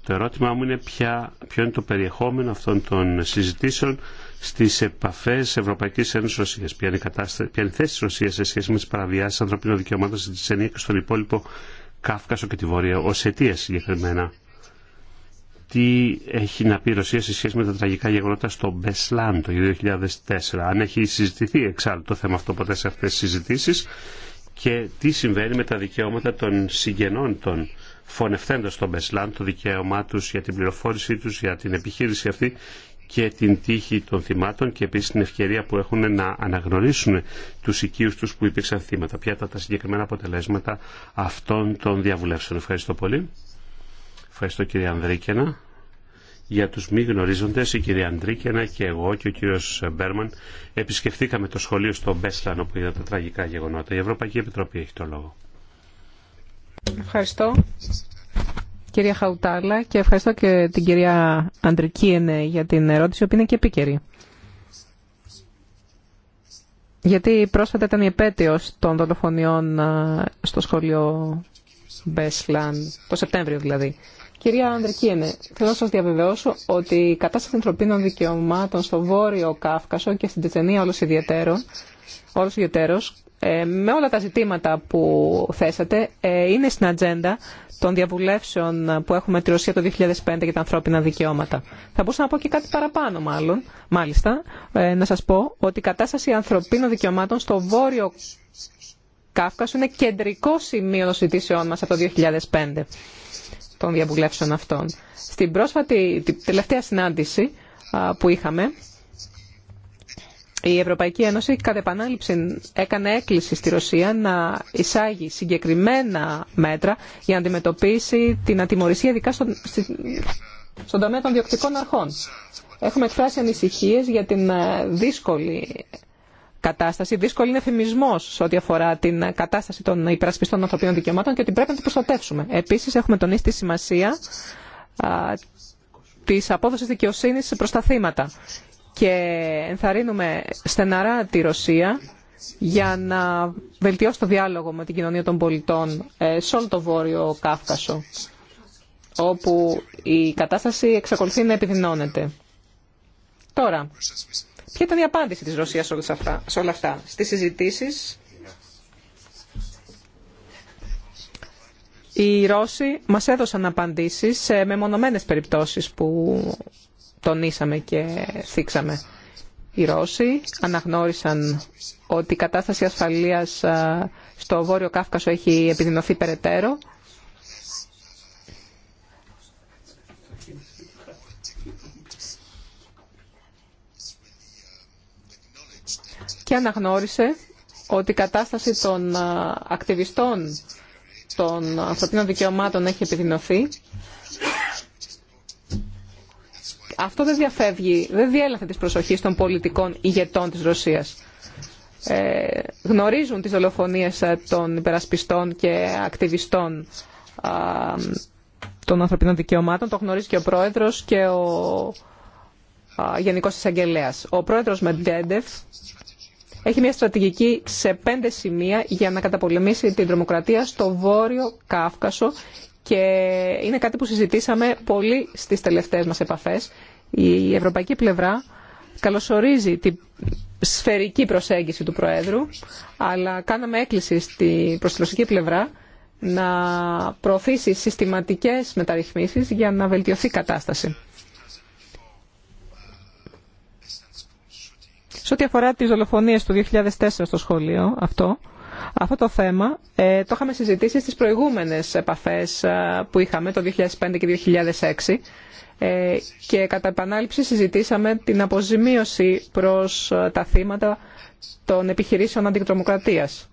Το ερώτημά μου είναι ποια, ποιο είναι το περιεχόμενο αυτών των συζητήσεων στις επαφές Ευρωπαϊκής Ένωσης Ρωσίας. Ποια είναι, η κατάσταση, θέση της Ρωσίας σε σχέση με τις παραβιάσεις ανθρωπίνων δικαιωμάτων στην Τσετσενία και στον υπόλοιπο Κάφκασο και τη Βόρεια Οσετία συγκεκριμένα. Τι έχει να πει η Ρωσία σε σχέση με τα τραγικά γεγονότα στο Μπεσλάν το 2004. Αν έχει συζητηθεί εξάλλου το θέμα αυτό ποτέ σε αυτές τι συζητήσει και τι συμβαίνει με τα δικαιώματα των συγγενών των φωνευτέντων στο Μπεσλάν, το δικαίωμά του για την πληροφόρησή του, για την επιχείρηση αυτή και την τύχη των θυμάτων και επίσης την ευκαιρία που έχουν να αναγνωρίσουν τους οικείους τους που υπήρξαν θύματα. Ποια ήταν τα συγκεκριμένα αποτελέσματα αυτών των διαβουλεύσεων. Ευχαριστώ πολύ. Ευχαριστώ κύριε Ανδρίκενα. Για τους μη γνωρίζοντες, η κυρία Ανδρίκενα και εγώ και ο κύριος Μπέρμαν επισκεφθήκαμε το σχολείο στο Μπέσλαν όπου είδα τα τραγικά γεγονότα. Η Ευρωπαϊκή Επιτροπή έχει το λόγο. Ευχαριστώ κυρία Χαουτάλα και ευχαριστώ και την κυρία Ενέ για την ερώτηση, η οποία είναι και επίκαιρη. Γιατί πρόσφατα ήταν η επέτειος των δολοφονιών στο σχολείο Μπέσλαν, το Σεπτέμβριο δηλαδή. Κυρία Αντρικίνε, θέλω να σα διαβεβαιώσω ότι η κατάσταση ανθρωπίνων δικαιωμάτων στο Βόρειο Κάφκασο και στην Τετσενία όλο ιδιαίτερο. ιδιαίτερος ε, με όλα τα ζητήματα που θέσατε ε, είναι στην ατζέντα των διαβουλεύσεων που έχουμε τη Ρωσία το 2005 για τα ανθρώπινα δικαιώματα. Θα μπορούσα να πω και κάτι παραπάνω μάλλον, μάλιστα, ε, να σας πω ότι η κατάσταση ανθρωπίνων δικαιωμάτων στο Βόρειο Κάφκασο είναι κεντρικό σημείο των συζητήσεών μας από το 2005 των διαβουλεύσεων αυτών. Στην πρόσφατη, τελευταία συνάντηση που είχαμε, η Ευρωπαϊκή Ένωση κατά επανάληψη έκανε έκκληση στη Ρωσία να εισάγει συγκεκριμένα μέτρα για να αντιμετωπίσει την ατιμορρησία ειδικά στον, τομέα των διοκτικών αρχών. Έχουμε εκφράσει ανησυχίε για την ε, δύσκολη κατάσταση. Δύσκολη είναι φημισμό σε ό,τι αφορά την κατάσταση των υπερασπιστών ανθρωπίνων δικαιωμάτων και ότι πρέπει να την προστατεύσουμε. Επίση, έχουμε τονίσει τη σημασία τη απόδοση δικαιοσύνη προ τα θύματα και ενθαρρύνουμε στεναρά τη Ρωσία για να βελτιώσει το διάλογο με την κοινωνία των πολιτών ε, σε όλο το Βόρειο Κάφκασο, όπου η κατάσταση εξακολουθεί να επιδεινώνεται. Τώρα, ποια ήταν η απάντηση της Ρωσίας σε όλα αυτά, στις συζητήσεις Οι Ρώσοι μας έδωσαν απαντήσεις σε μεμονωμένες περιπτώσεις που τονίσαμε και θίξαμε. Οι Ρώσοι αναγνώρισαν ότι η κατάσταση ασφαλείας στο Βόρειο Κάφκασο έχει επιδεινωθεί περαιτέρω. Και αναγνώρισε ότι η κατάσταση των ακτιβιστών των ανθρωπίνων δικαιωμάτων έχει επιδεινωθεί αυτό δεν διαφεύγει, δεν διέλαθε της προσοχή των πολιτικών ηγετών της Ρωσίας. Ε, γνωρίζουν τις δολοφονίες ε, των υπερασπιστών και ακτιβιστών α, των ανθρωπινών δικαιωμάτων. Το γνωρίζει και ο πρόεδρος και ο γενικό γενικός εισαγγελέας. Ο πρόεδρος Μεντέντεφ έχει μια στρατηγική σε πέντε σημεία για να καταπολεμήσει την τρομοκρατία στο Βόρειο Κάφκασο και είναι κάτι που συζητήσαμε πολύ στις τελευταίες μας επαφές. Η ευρωπαϊκή πλευρά καλωσορίζει τη σφαιρική προσέγγιση του Προέδρου, αλλά κάναμε έκκληση στη, πλευρά να προωθήσει συστηματικές μεταρρυθμίσεις για να βελτιωθεί η κατάσταση. Σε ό,τι αφορά τις δολοφονίες του 2004 στο σχολείο αυτό, αυτό το θέμα ε, το είχαμε συζητήσει στις προηγούμενες επαφές ε, που είχαμε το 2005 και 2006 ε, και κατά επανάληψη συζητήσαμε την αποζημίωση προς ε, τα θύματα των επιχειρήσεων αντικτρομοκρατίας.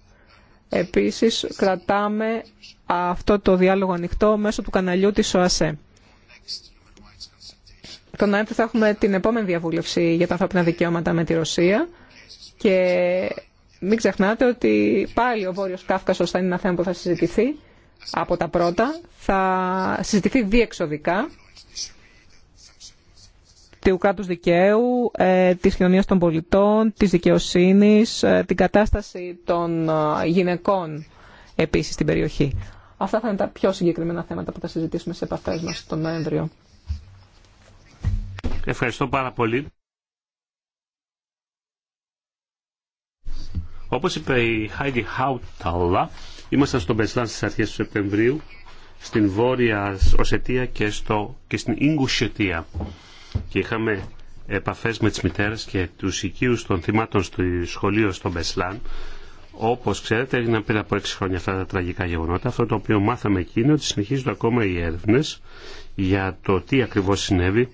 Επίσης, κρατάμε αυτό το διάλογο ανοιχτό μέσω του καναλιού της ΟΑΣΕ. Τον Νοέμβριο θα έχουμε την επόμενη διαβούλευση για τα ανθρώπινα δικαιώματα με τη Ρωσία και μην ξεχνάτε ότι πάλι ο Βόρειος Κάφκασος θα είναι ένα θέμα που θα συζητηθεί από τα πρώτα. Θα συζητηθεί διεξοδικά του κράτου δικαίου, ε, της κοινωνία των πολιτών, της δικαιοσύνης, ε, την κατάσταση των ε, γυναικών επίσης στην περιοχή. Αυτά θα είναι τα πιο συγκεκριμένα θέματα που θα συζητήσουμε σε επαφές μας τον Νοέμβριο. Ευχαριστώ πάρα πολύ. Όπω είπε η Χάιντι Χάουταλα, ήμασταν στο Μπεσλάν στι αρχέ του Σεπτεμβρίου, στην Βόρεια Οσετία και, στο, και στην Ιγκουσιωτία. Και είχαμε επαφέ με τι μητέρε και του οικείου των θυμάτων στο σχολείο στο Μπεσλάν. όπω ξέρετε έγιναν πριν από 6 χρόνια αυτά τα τραγικά γεγονότα. Αυτό το οποίο μάθαμε εκεί είναι ότι συνεχίζονται ακόμα οι έρευνε για το τι ακριβώ συνέβη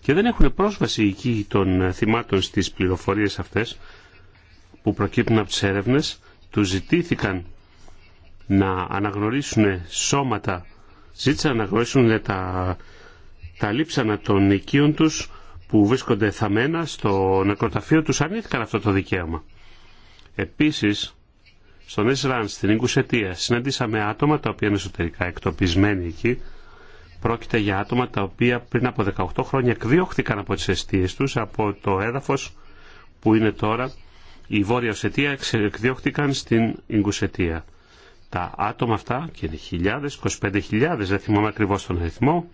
και δεν έχουν πρόσβαση εκεί των θυμάτων στις πληροφορίες αυτές που προκύπτουν από τις έρευνες του ζητήθηκαν να αναγνωρίσουν σώματα, ζήτησαν να αναγνωρίσουν τα, τα λείψανα των οικείων τους που βρίσκονται θαμένα στο νεκροταφείο τους αρνήθηκαν αυτό το δικαίωμα. Επίσης, στον Εσραν, στην Ιγκουσετία, συναντήσαμε άτομα τα οποία είναι εσωτερικά εκτοπισμένοι εκεί. Πρόκειται για άτομα τα οποία πριν από 18 χρόνια εκδιώχθηκαν από τις αιστείες τους, από το έδαφος που είναι τώρα η Βόρεια Οσετία εκδιώχθηκαν στην Ιγκουσετία. Τα άτομα αυτά, και είναι χιλιάδες, 25.000, δεν θυμάμαι ακριβώς τον αριθμό,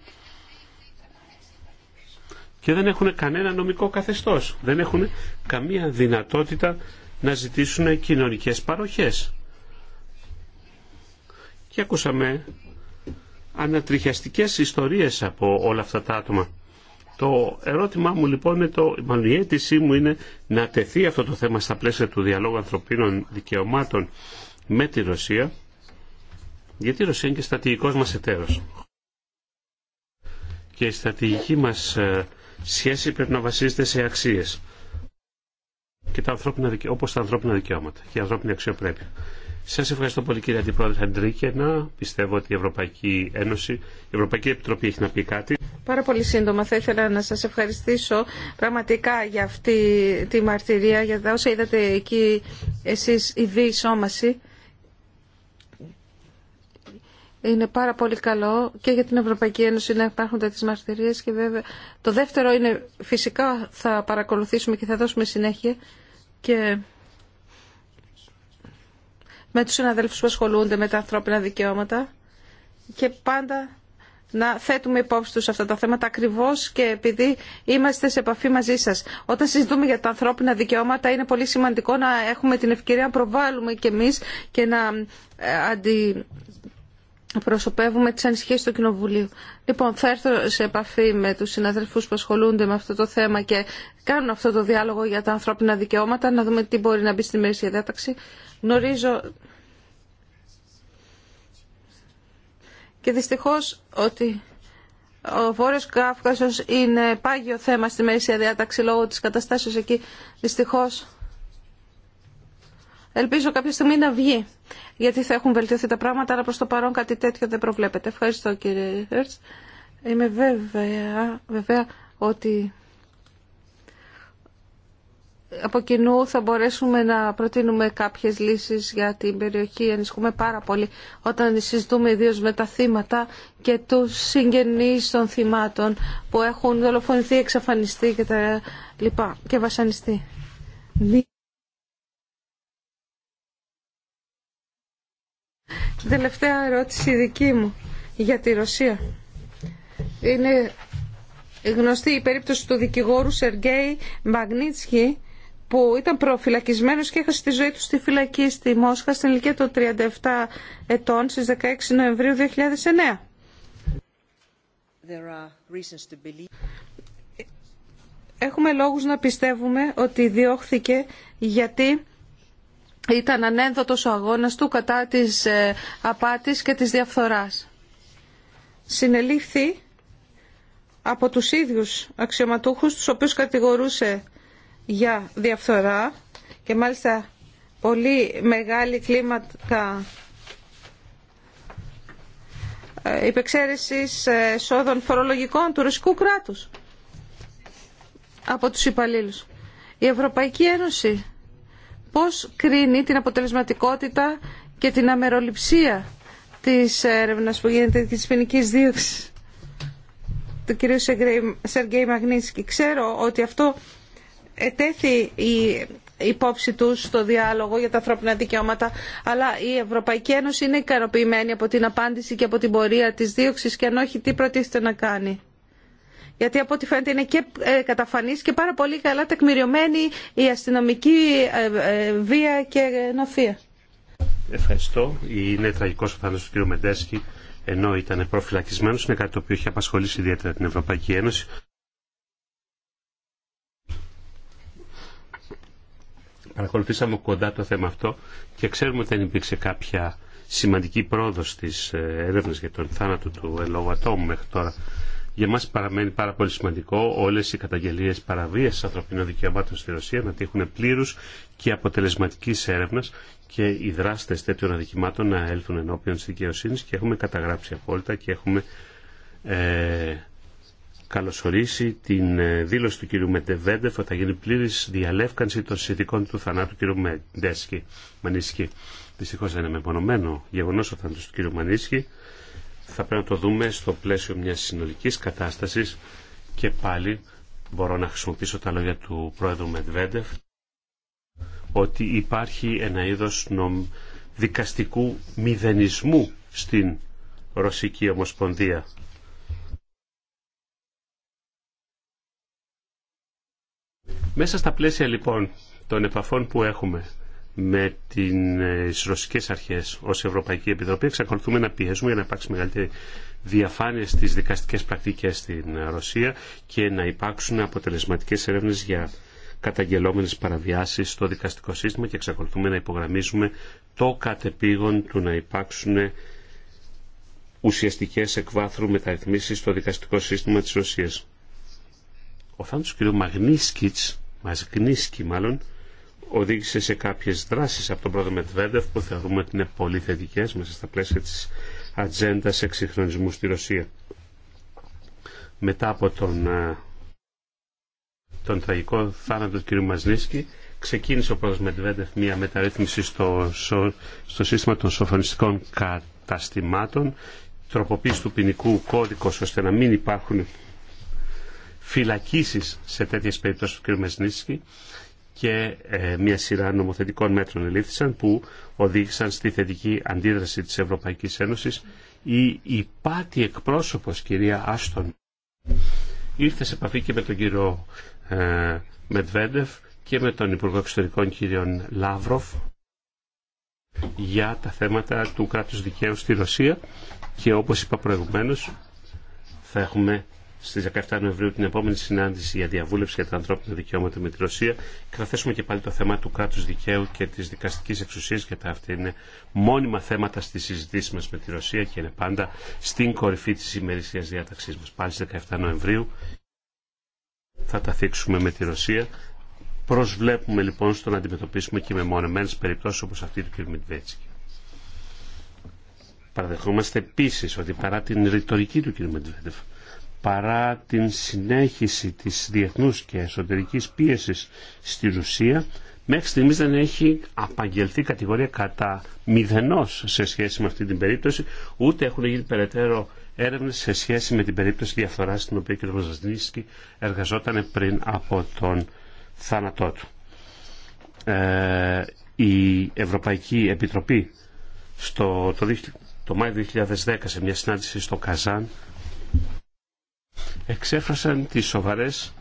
και δεν έχουν κανένα νομικό καθεστώς. Δεν έχουν καμία δυνατότητα να ζητήσουν κοινωνικές παροχές. Και ακούσαμε ανατριχιαστικές ιστορίες από όλα αυτά τα άτομα. Το ερώτημά μου λοιπόν είναι το, μάλλον η αίτησή μου είναι να τεθεί αυτό το θέμα στα πλαίσια του διαλόγου ανθρωπίνων δικαιωμάτων με τη Ρωσία, γιατί η Ρωσία είναι και στρατηγικός μας εταίρος. Και η στρατηγική μας ε, σχέση πρέπει να βασίζεται σε αξίες και τα ανθρώπινα όπως τα ανθρώπινα δικαιώματα και η ανθρώπινη αξιοπρέπεια. Σα ευχαριστώ πολύ κύριε Αντιπρόεδρε Αντρίκενα. Πιστεύω ότι η Ευρωπαϊκή Ένωση, η Ευρωπαϊκή Επιτροπή έχει να πει κάτι. Πάρα πολύ σύντομα θα ήθελα να σας ευχαριστήσω πραγματικά για αυτή τη μαρτυρία, για όσα είδατε εκεί εσείς δύο σώμασοι. Είναι πάρα πολύ καλό και για την Ευρωπαϊκή Ένωση να υπάρχουν τέτοιε μαρτυρίε και βέβαια το δεύτερο είναι φυσικά θα παρακολουθήσουμε και θα δώσουμε συνέχεια και με τους συναδέλφους που ασχολούνται με τα ανθρώπινα δικαιώματα και πάντα να θέτουμε υπόψη τους αυτά τα θέματα ακριβώς και επειδή είμαστε σε επαφή μαζί σας. Όταν συζητούμε για τα ανθρώπινα δικαιώματα είναι πολύ σημαντικό να έχουμε την ευκαιρία να προβάλλουμε και εμείς και να ε, αντιπροσωπεύουμε τι τις ανησυχίες του Κοινοβουλίου. Λοιπόν, θα έρθω σε επαφή με τους συναδελφούς που ασχολούνται με αυτό το θέμα και κάνουν αυτό το διάλογο για τα ανθρώπινα δικαιώματα, να δούμε τι μπορεί να μπει στην μέση διάταξη Γνωρίζω και δυστυχώς ότι ο Βόρειος Κάφκασος είναι πάγιο θέμα στη Μέση Διάταξη λόγω της καταστάσεως εκεί. Δυστυχώς ελπίζω κάποια στιγμή να βγει γιατί θα έχουν βελτιωθεί τα πράγματα αλλά προς το παρόν κάτι τέτοιο δεν προβλέπεται. Ευχαριστώ κύριε Χέρτς. Είμαι βέβαια, βέβαια ότι από κοινού θα μπορέσουμε να προτείνουμε κάποιες λύσεις για την περιοχή. Ενισχύουμε πάρα πολύ όταν συζητούμε ιδίω με τα θύματα και τους συγγενείς των θυμάτων που έχουν δολοφονηθεί, εξαφανιστεί και τα λοιπά και βασανιστεί. Τελευταία ερώτηση δική μου για τη Ρωσία. Είναι γνωστή η περίπτωση του δικηγόρου Σεργέη Μπαγνίτσχη που ήταν προφυλακισμένος και έχασε τη ζωή του στη φυλακή στη Μόσχα στην ηλικία των 37 ετών στις 16 Νοεμβρίου 2009. Έχουμε λόγους να πιστεύουμε ότι διώχθηκε γιατί ήταν ανένδοτος ο αγώνας του κατά της ε, απάτης και της διαφθοράς. Συνελήφθη από τους ίδιους αξιωματούχους τους οποίους κατηγορούσε για διαφθορά και μάλιστα πολύ μεγάλη κλίμακα ε, υπεξαίρεσης ε, εσόδων φορολογικών του ρωσικού κράτους από τους υπαλλήλους. Η Ευρωπαϊκή Ένωση πώς κρίνει την αποτελεσματικότητα και την αμεροληψία της έρευνας που γίνεται και της ποινικής δίωξης του κυρίου Σεργέη Μαγνίσκη. Ξέρω ότι αυτό ετέθη η υπόψη του στο διάλογο για τα ανθρώπινα δικαιώματα, αλλά η Ευρωπαϊκή Ένωση είναι ικανοποιημένη από την απάντηση και από την πορεία της δίωξης και αν όχι τι προτίθεται να κάνει. Γιατί από ό,τι φαίνεται είναι και ε, καταφανής και πάρα πολύ καλά τεκμηριωμένη η αστυνομική ε, ε, βία και νοφία. Ευχαριστώ. Είναι τραγικός ο θάνατος του κ. Μεντέσκη, ενώ ήταν προφυλακισμένος. Είναι κάτι το οποίο έχει απασχολήσει ιδιαίτερα την Ευρωπαϊκή Ένωση. παρακολουθήσαμε κοντά το θέμα αυτό και ξέρουμε ότι δεν υπήρξε κάποια σημαντική πρόοδος τη ε, έρευνα για τον θάνατο του ελόγου ατόμου μέχρι τώρα. Για μας παραμένει πάρα πολύ σημαντικό όλες οι καταγγελίες παραβίασης ανθρωπινών δικαιωμάτων στη Ρωσία να τύχουν πλήρους και αποτελεσματικής έρευνας και οι δράστες τέτοιων αδικημάτων να έλθουν ενώπιον της δικαιοσύνης και έχουμε καταγράψει απόλυτα και έχουμε ε, καλωσορίσει την ε, δήλωση του κ. Μεντεβέντεφ ότι θα γίνει πλήρη διαλεύκανση των συνθηκών του θανάτου κυρίου Μεντέσκη, Μανίσκη. Δυστυχώ δεν είναι μεμονωμένο γεγονό ο θάνατο του κ. Μανίσκη. Θα πρέπει να το δούμε στο πλαίσιο μια συνολική κατάσταση και πάλι μπορώ να χρησιμοποιήσω τα λόγια του πρόεδρου Μεντεβέντεφ ότι υπάρχει ένα είδος δικαστικού μηδενισμού στην Ρωσική Ομοσπονδία Μέσα στα πλαίσια λοιπόν των επαφών που έχουμε με ε, τις ρωσικές αρχές ως Ευρωπαϊκή Επιτροπή εξακολουθούμε να πιέζουμε για να υπάρξει μεγαλύτερη διαφάνεια στις δικαστικές πρακτικές στην ε, Ρωσία και να υπάρξουν αποτελεσματικές έρευνες για καταγγελόμενες παραβιάσεις στο δικαστικό σύστημα και εξακολουθούμε να υπογραμμίζουμε το κατεπήγον του να υπάρξουν ουσιαστικές εκβάθρου μεταρρυθμίσεις στο δικαστικό σύστημα της Ρωσίας. Ο θάνατος κ. Μαγνίσκιτς μας γνίσκει μάλλον, οδήγησε σε κάποιες δράσεις από τον πρόεδρο Μετβέντεφ που θεωρούμε ότι είναι πολύ θετικές μέσα στα πλαίσια της ατζέντα εξυγχρονισμού στη Ρωσία. Μετά από τον, ε, τον τραγικό θάνατο του κ. Μαζνίσκη, ξεκίνησε ο πρόεδρος Μετβέντεφ μια μεταρρύθμιση στο, στο σύστημα των σοφανιστικών καταστημάτων, τροποποίηση του ποινικού κώδικου ώστε να μην υπάρχουν φυλακίσει σε τέτοιε περιπτώσει του κ. Μεσνίσκη και ε, μια σειρά νομοθετικών μέτρων ελήφθησαν που οδήγησαν στη θετική αντίδραση της Ευρωπαϊκής Ένωσης. Η υπάτη εκπρόσωπος κυρία Άστον ήρθε σε επαφή και με τον κύριο ε, Μετβέντεφ και με τον Υπουργό Εξωτερικών κ. Λαύροφ για τα θέματα του κράτους δικαίου στη Ρωσία και όπως είπα προηγουμένως θα έχουμε Στι 17 Νοεμβρίου την επόμενη συνάντηση για διαβούλευση για τα ανθρώπινα δικαιώματα με τη Ρωσία και θα θέσουμε και πάλι το θέμα του κράτου δικαίου και τη δικαστική εξουσία και τα αυτά είναι μόνιμα θέματα στις συζητήσεις μα με τη Ρωσία και είναι πάντα στην κορυφή τη ημερησίας διαταξή μα. Πάλι στις 17 Νοεμβρίου θα τα θίξουμε με τη Ρωσία. Προσβλέπουμε λοιπόν στο να αντιμετωπίσουμε και μονομένε περιπτώσεις όπως αυτή του κ. Μιτβέτσικη. Παραδεχόμαστε επίση ότι παρά την ρητορική του κ παρά την συνέχιση της διεθνούς και εσωτερικής πίεσης στη Ρουσία, μέχρι στιγμής δεν έχει απαγγελθεί κατηγορία κατά μηδενός σε σχέση με αυτή την περίπτωση, ούτε έχουν γίνει περαιτέρω έρευνες σε σχέση με την περίπτωση διαφθοράς στην οποία ο κ. εργαζόταν πριν από τον θάνατό του. Ε, η Ευρωπαϊκή Επιτροπή στο, το, το Μάιο 2010 σε μια συνάντηση στο Καζάν εξέφρασαν τις σοβαρές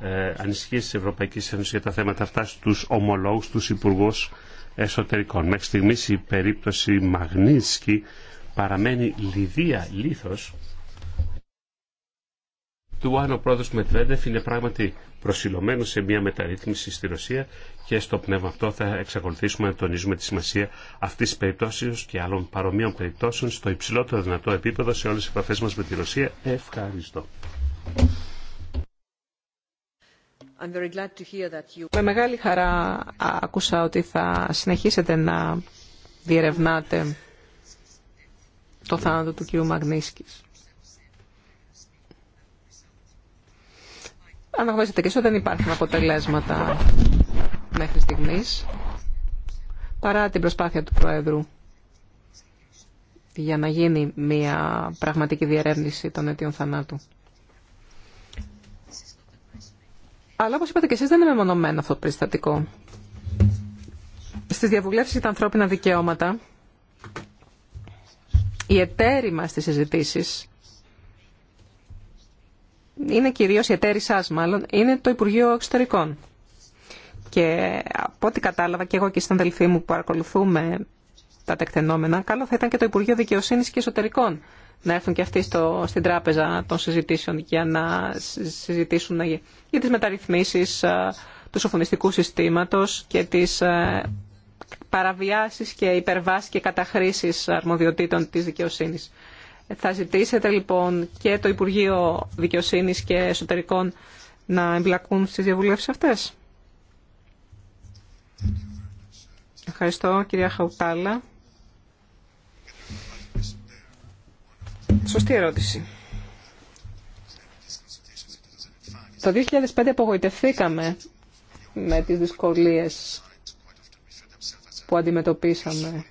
ε, ανησυχίες της Ευρωπαϊκής Ένωσης για τα θέματα αυτά στους ομολόγους, τους υπουργούς εσωτερικών. Μέχρι στιγμής η περίπτωση Μαγνίσκη παραμένει λιδία λίθος του αν ο πρόεδρος Μετβέντεφ είναι πράγματι προσιλωμένο σε μια μεταρρύθμιση στη Ρωσία και στο πνεύμα αυτό θα εξακολουθήσουμε να τονίζουμε τη σημασία αυτής της περιπτώσεως και άλλων παρομοίων περιπτώσεων στο υψηλότερο δυνατό επίπεδο σε όλες τις επαφές μας με τη Ρωσία. Ευχαριστώ. Με μεγάλη χαρά άκουσα ότι θα συνεχίσετε να διερευνάτε το θάνατο του κ. Μαγνίσκης. Αναγνωρίζετε και εσείς δεν υπάρχουν αποτελέσματα μέχρι στιγμής, παρά την προσπάθεια του Προέδρου για να γίνει μια πραγματική διερεύνηση των αιτίων θανάτου. Αλλά όπως είπατε και εσείς δεν είναι μεμονωμένο αυτό το περιστατικό. Στις διαβουλεύσεις για τα ανθρώπινα δικαιώματα, η εταίροι μα στις συζητήσεις είναι κυρίως η εταίρη σας μάλλον, είναι το Υπουργείο Εξωτερικών. Και από ό,τι κατάλαβα και εγώ και στην αδελφή μου που παρακολουθούμε τα τεκτενόμενα, καλό θα ήταν και το Υπουργείο Δικαιοσύνης και Εσωτερικών να έρθουν και αυτοί στο, στην τράπεζα των συζητήσεων για να συζητήσουν για, για τις μεταρρυθμίσεις του σοφωνιστικού συστήματος και τις παραβιάσεις και υπερβάσεις και καταχρήσεις αρμοδιοτήτων της δικαιοσύνης. Θα ζητήσετε λοιπόν και το Υπουργείο Δικαιοσύνης και Εσωτερικών να εμπλακούν στις διαβουλεύσεις αυτές. Ευχαριστώ κυρία Χαουτάλα. Σωστή ερώτηση. Το 2005 απογοητευθήκαμε με τις δυσκολίες που αντιμετωπίσαμε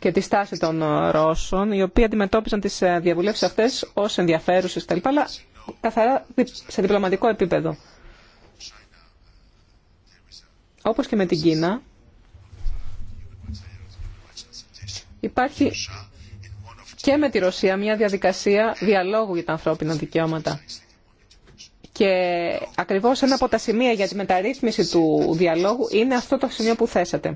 και τη στάση των Ρώσων, οι οποίοι αντιμετώπισαν τις ε, διαβουλεύσεις αυτές ως ενδιαφέρουσες κτλ. Αλλά καθαρά σε διπλωματικό επίπεδο. Όπως και με την Κίνα, υπάρχει και με τη Ρωσία μια διαδικασία διαλόγου για τα ανθρώπινα δικαιώματα. Και ακριβώς ένα από τα σημεία για τη μεταρρύθμιση του διαλόγου είναι αυτό το σημείο που θέσατε.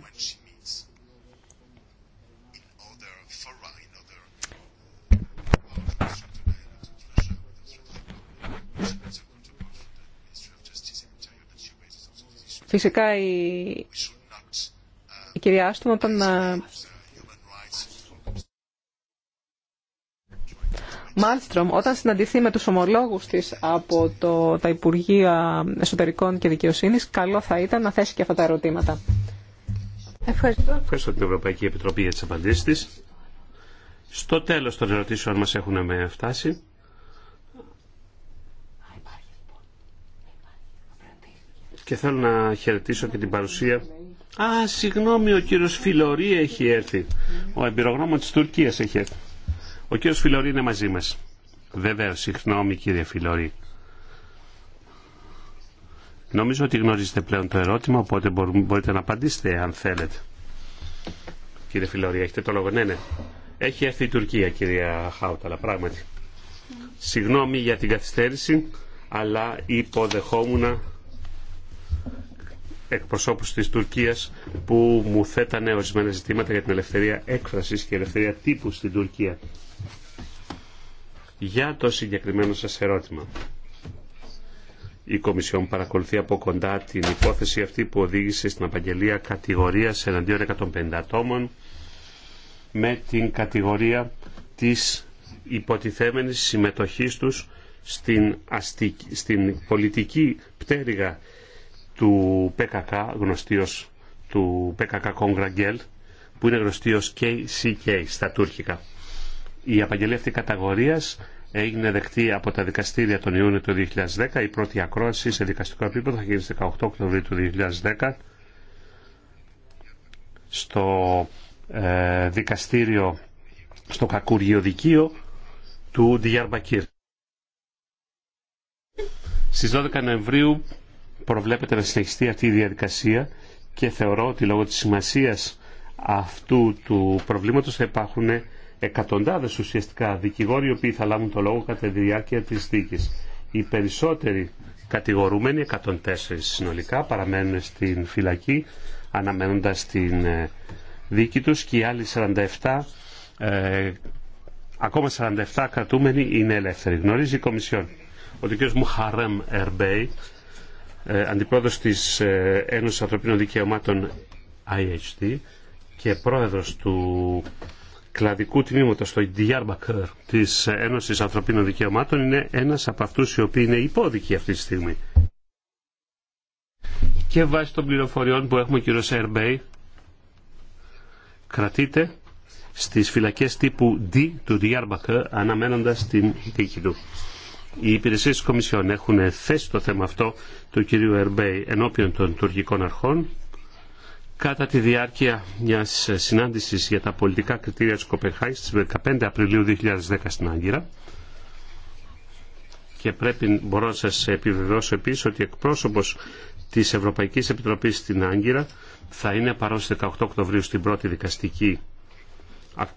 Φυσικά η, η κυρία Άστον όταν Μάλστρομ, όταν συναντηθεί με τους ομολόγους της από το, τα Υπουργεία Εσωτερικών και Δικαιοσύνης, καλό θα ήταν να θέσει και αυτά τα ερωτήματα. Ευχαριστώ. την Ευρωπαϊκή Επιτροπή για τις απαντήσεις της. Στο τέλος των ερωτήσεων μας έχουμε φτάσει. και θέλω να χαιρετήσω και την παρουσία. Α, συγγνώμη, ο κύριος Φιλωρή έχει έρθει. Ο εμπειρογνώμων της Τουρκίας έχει έρθει. Ο κύριος Φιλωρή είναι μαζί μας. Βεβαίω, συγγνώμη κύριε Φιλωρή. Νομίζω ότι γνωρίζετε πλέον το ερώτημα, οπότε μπορείτε να απαντήσετε αν θέλετε. Κύριε Φιλωρή, έχετε το λόγο. Ναι, ναι. Έχει έρθει η Τουρκία, κυρία Χάουταλα, πράγματι. Συγγνώμη για την καθυστέρηση, αλλά υποδεχόμουνα εκπροσώπους της Τουρκίας που μου θέτανε ορισμένα ζητήματα για την ελευθερία έκφρασης και ελευθερία τύπου στην Τουρκία. Για το συγκεκριμένο σας ερώτημα. Η Κομισιόν παρακολουθεί από κοντά την υπόθεση αυτή που οδήγησε στην απαγγελία κατηγορία εναντίον 150 ατόμων με την κατηγορία της υποτιθέμενης συμμετοχής τους στην πολιτική πτέρυγα του PKK γνωστή ως του PKK Κόγκραγκέλ, που είναι γνωστή ως KCK στα τουρκικά. Η απαγγελία αυτή καταγορίας έγινε δεκτή από τα δικαστήρια τον Ιούνιο του 2010. Η πρώτη ακρόαση σε δικαστικό επίπεδο θα γίνει στις 18 Οκτωβρίου του 2010 στο ε, δικαστήριο στο Κακούργιο Δικείο του Διαρμπακύρ. Στις 12 Νοεμβρίου προβλέπεται να συνεχιστεί αυτή η διαδικασία και θεωρώ ότι λόγω της σημασίας αυτού του προβλήματος θα υπάρχουν εκατοντάδες ουσιαστικά δικηγόροι οι οποίοι θα λάβουν το λόγο κατά τη διάρκεια της δίκης. Οι περισσότεροι κατηγορούμενοι, 104 συνολικά, παραμένουν στην φυλακή αναμένοντας την ε, δίκη τους και οι άλλοι 47 ε, ακόμα 47 κρατούμενοι είναι ελεύθεροι. Γνωρίζει η Κομισιόν ότι ο κ. Μουχαρέμ Ερμπέι ε, αντιπρόεδρος της ε, Ένωσης Ανθρωπίνων Δικαιωμάτων IHD και πρόεδρος του κλαδικού τμήματος στο Diyarbakir της Ένωσης Ανθρωπίνων Δικαιωμάτων είναι ένας από αυτούς οι οποίοι είναι υπόδικοι αυτή τη στιγμή. Και βάσει των πληροφοριών που έχουμε ο κύριος Ερμπέι κρατείται στις φυλακές τύπου D του Διάρμπακ αναμένοντας την δίκη του οι υπηρεσίε της Κομισιόν έχουν θέσει το θέμα αυτό του κυρίου Ερμπέη ενώπιον των τουρκικών αρχών κατά τη διάρκεια μιας συνάντησης για τα πολιτικά κριτήρια της Κοπεχάης στις 15 Απριλίου 2010 στην Άγκυρα και πρέπει μπορώ να σας επιβεβαιώσω επίσης ότι εκπρόσωπος της Ευρωπαϊκής Επιτροπής στην Άγκυρα θα είναι παρόν στις 18 Οκτωβρίου στην πρώτη δικαστική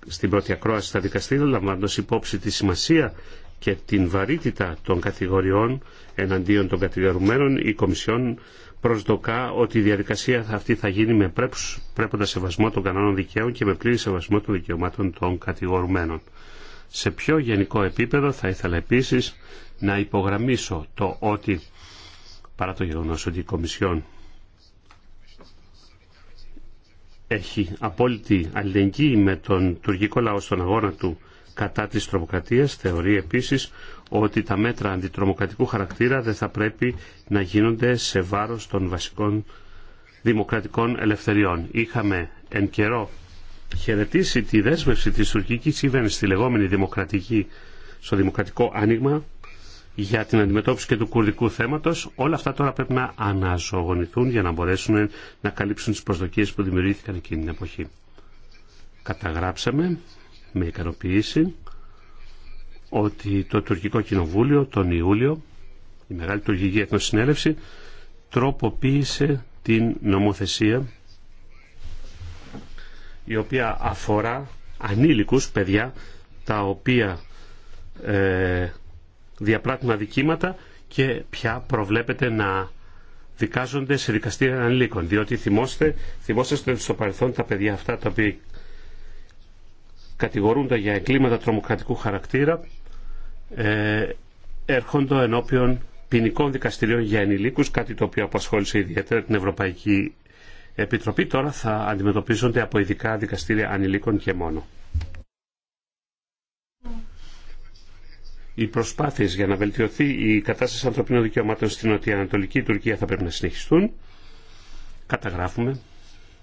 στην πρώτη ακρόαση στα δικαστήρια, λαμβάνοντας υπόψη τη σημασία και την βαρύτητα των κατηγοριών εναντίον των κατηγορουμένων, η Κομισιόν προσδοκά ότι η διαδικασία αυτή θα γίνει με πρέποντα σεβασμό των κανόνων δικαίων και με πλήρη σεβασμό των δικαιωμάτων των κατηγορουμένων. Σε πιο γενικό επίπεδο θα ήθελα επίσης να υπογραμμίσω το ότι, παρά το γεγονός ότι η Κομισιόν έχει απόλυτη αλληλεγγύη με τον τουρκικό λαό στον αγώνα του κατά της τρομοκρατίας θεωρεί επίσης ότι τα μέτρα αντιτρομοκρατικού χαρακτήρα δεν θα πρέπει να γίνονται σε βάρος των βασικών δημοκρατικών ελευθεριών. Είχαμε εν καιρό χαιρετήσει τη δέσμευση της τουρκικής κυβέρνηση στη λεγόμενη δημοκρατική, στο δημοκρατικό άνοιγμα για την αντιμετώπιση και του κουρδικού θέματος. Όλα αυτά τώρα πρέπει να αναζωογονηθούν για να μπορέσουν να καλύψουν τις προσδοκίες που δημιουργήθηκαν εκείνη την εποχή. Καταγράψαμε με ικανοποίηση ότι το τουρκικό κοινοβούλιο τον Ιούλιο, η Μεγάλη Τουρκική Εθνοσυνέλευση, τροποποίησε την νομοθεσία η οποία αφορά ανήλικους παιδιά τα οποία ε, διαπράττουν αδικήματα και πια προβλέπεται να δικάζονται σε δικαστήρια ανηλίκων. Διότι θυμόστε, θυμόστε στο παρελθόν τα παιδιά αυτά τα οποία κατηγορούνται για εγκλήματα τρομοκρατικού χαρακτήρα ε, έρχονται ενώπιον ποινικών δικαστηρίων για ενηλίκους, κάτι το οποίο απασχόλησε ιδιαίτερα την Ευρωπαϊκή Επιτροπή. Τώρα θα αντιμετωπίζονται από ειδικά δικαστήρια ανηλίκων και μόνο. Οι προσπάθειες για να βελτιωθεί η κατάσταση ανθρωπίνων δικαιωμάτων στην νοτιοανατολική Τουρκία θα πρέπει να συνεχιστούν. Καταγράφουμε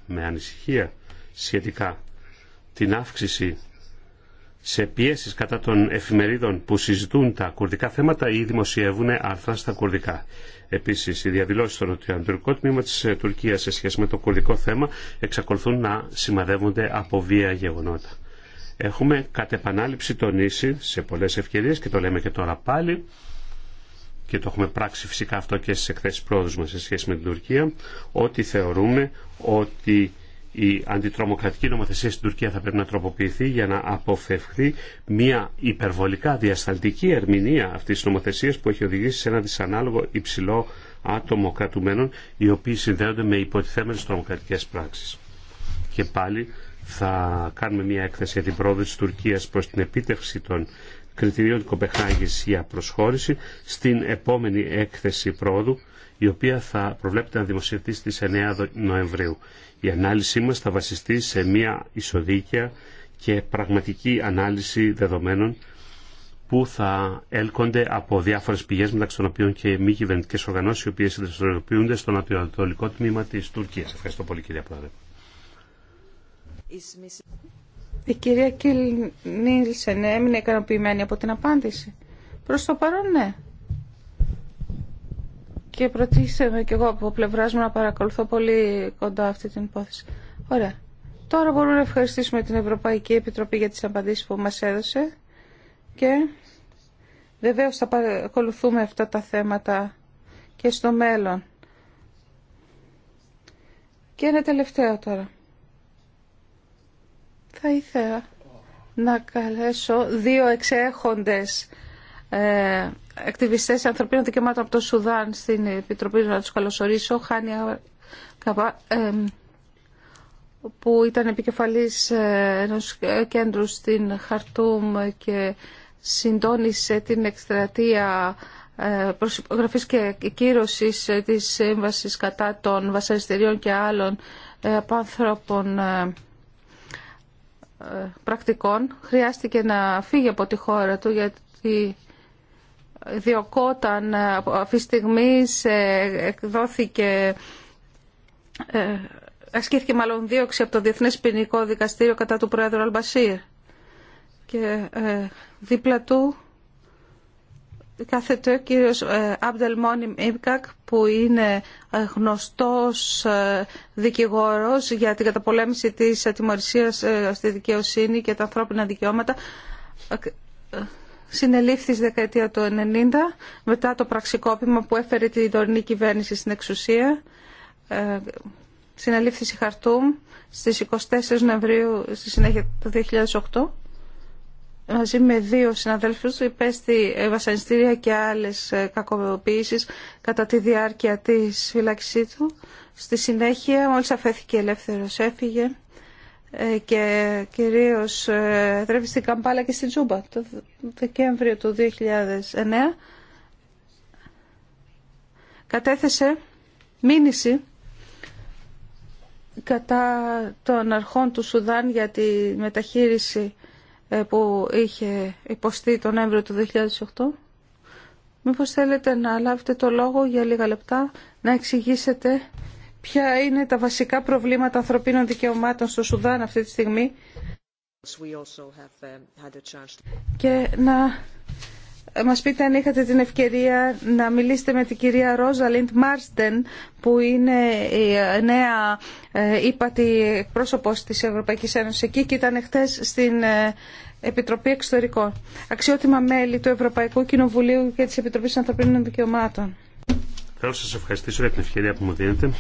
με ανησυχία σχετικά την αύξηση σε πιέσει κατά των εφημερίδων που συζητούν τα κουρδικά θέματα ή δημοσιεύουν άρθρα στα κουρδικά. Επίση, οι διαδηλώσει στο νοτιοανατολικό τμήμα τη ε, Τουρκία σε σχέση με το κουρδικό θέμα εξακολουθούν να σημαδεύονται από βία γεγονότα. Έχουμε κατ' επανάληψη τονίσει σε πολλέ ευκαιρίε και το λέμε και τώρα πάλι και το έχουμε πράξει φυσικά αυτό και στι εκθέσει πρόοδου μα σε σχέση με την Τουρκία, ότι θεωρούμε ότι η αντιτρομοκρατική νομοθεσία στην Τουρκία θα πρέπει να τροποποιηθεί για να αποφευχθεί μια υπερβολικά διασταλτική ερμηνεία αυτη τη νομοθεσια που έχει οδηγήσει σε ένα δυσανάλογο υψηλό άτομο κρατουμένων οι οποίοι συνδέονται με υποτιθέμενες τρομοκρατικε πραξει Και πάλι θα κάνουμε μια έκθεση για την πρόοδο τη Τουρκία προ την επίτευξη των κριτηρίων Κοπεχάγης για προσχώρηση στην επόμενη έκθεση πρόοδου η οποία θα προβλέπεται να δημοσιευτεί στις 9 Νοεμβρίου. Η ανάλυση μας θα βασιστεί σε μια ισοδίκαια και πραγματική ανάλυση δεδομένων που θα έλκονται από διάφορες πηγές μεταξύ των οποίων και μη κυβερνητικέ οργανώσεις οι οποίες δραστηριοποιούνται στον ανατολικό τμήμα της Τουρκίας. Ευχαριστώ πολύ κυρία Πρόεδρε. Η κυρία Κιλ Νίλσεν έμεινε ικανοποιημένη από την απάντηση. Προς το παρόν ναι και προτίθεμαι και εγώ από πλευρά μου να παρακολουθώ πολύ κοντά αυτή την υπόθεση. Ωραία. Τώρα μπορούμε να ευχαριστήσουμε την Ευρωπαϊκή Επιτροπή για τις απαντήσεις που μας έδωσε και βεβαίω θα παρακολουθούμε αυτά τα θέματα και στο μέλλον. Και ένα τελευταίο τώρα. Θα ήθελα να καλέσω δύο εξέχοντες ε, ακτιβιστές ανθρωπίνων δικαιωμάτων από το Σουδάν στην Επιτροπή να τους καλωσορίσω. Χάνια Καβά, που ήταν επικεφαλής ε, ενός ε, κέντρου στην Χαρτούμ και συντόνισε την εκστρατεία ε, προσυπογραφής και κύρωσης της σύμβασης κατά των βασανιστήριων και άλλων απάνθρωπων πρακτικών. Χρειάστηκε να φύγει από τη χώρα του γιατί διωκόταν ε, αυτή τη στιγμή εκδόθηκε ε, ασκήθηκε μάλλον δίωξη από το Διεθνές Ποινικό Δικαστήριο κατά του Πρόεδρου Αλμπασίρ και ε, δίπλα του κάθεται ο κύριος Αμπτελμόνιμ Ιμπκακ που είναι γνωστός δικηγόρος για την καταπολέμηση της ατιμορρησίας στη δικαιοσύνη και τα ανθρώπινα δικαιώματα συνελήφθη στη δεκαετία του 90 μετά το πραξικόπημα που έφερε την τωρινή κυβέρνηση στην εξουσία. Ε, συνελήφθη στη Χαρτούμ στις 24 Νοεμβρίου στη συνέχεια του 2008 μαζί με δύο συναδέλφους υπέστη βασανιστήρια και άλλες ε, κακοποιήσεις κατά τη διάρκεια της φυλαξή του. Στη συνέχεια μόλις αφέθηκε ελεύθερος έφυγε ε, και κυρίως τρέφει ε, στην Καμπάλα και στην Τζούμπα το Δεκέμβριο του 2009 κατέθεσε μήνυση κατά των αρχών του Σουδάν για τη μεταχείριση ε, που είχε υποστεί τον Νοέμβριο του 2008. Μήπως θέλετε να λάβετε το λόγο για λίγα λεπτά, να εξηγήσετε ποια είναι τα βασικά προβλήματα ανθρωπίνων δικαιωμάτων στο Σουδάν αυτή τη στιγμή um, και να μας πείτε αν είχατε την ευκαιρία να μιλήσετε με την κυρία Ρόζα Λίντ Μάρστεν που είναι η ε, νέα ε, ύπατη πρόσωπος της Ευρωπαϊκής Ένωσης εκεί και ήταν χτες στην ε, Επιτροπή Εξωτερικών. Αξιότιμα μέλη του Ευρωπαϊκού Κοινοβουλίου και της Επιτροπής Ανθρωπίνων Δικαιωμάτων. Θέλω σας ευχαριστήσω για την ευκαιρία που μου δίνετε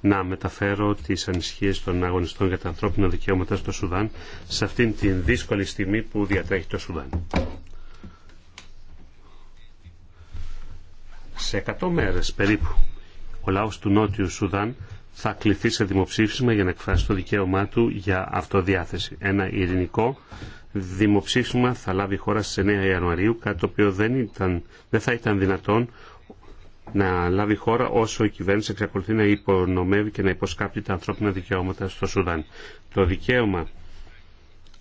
να μεταφέρω τις ανησυχίες των αγωνιστών για τα ανθρώπινα δικαιώματα στο Σουδάν σε αυτήν την δύσκολη στιγμή που διατρέχει το Σουδάν. Σε 100 μέρες περίπου ο λαός του Νότιου Σουδάν θα κληθεί σε δημοψήφισμα για να εκφράσει το δικαίωμά του για αυτοδιάθεση. Ένα ειρηνικό δημοψήφισμα θα λάβει η χώρα στις 9 Ιανουαρίου, κάτι το οποίο δεν, ήταν, δεν θα ήταν δυνατόν να λάβει χώρα όσο η κυβέρνηση εξακολουθεί να υπονομεύει και να υποσκάπτει τα ανθρώπινα δικαιώματα στο Σουδάν. Το δικαίωμα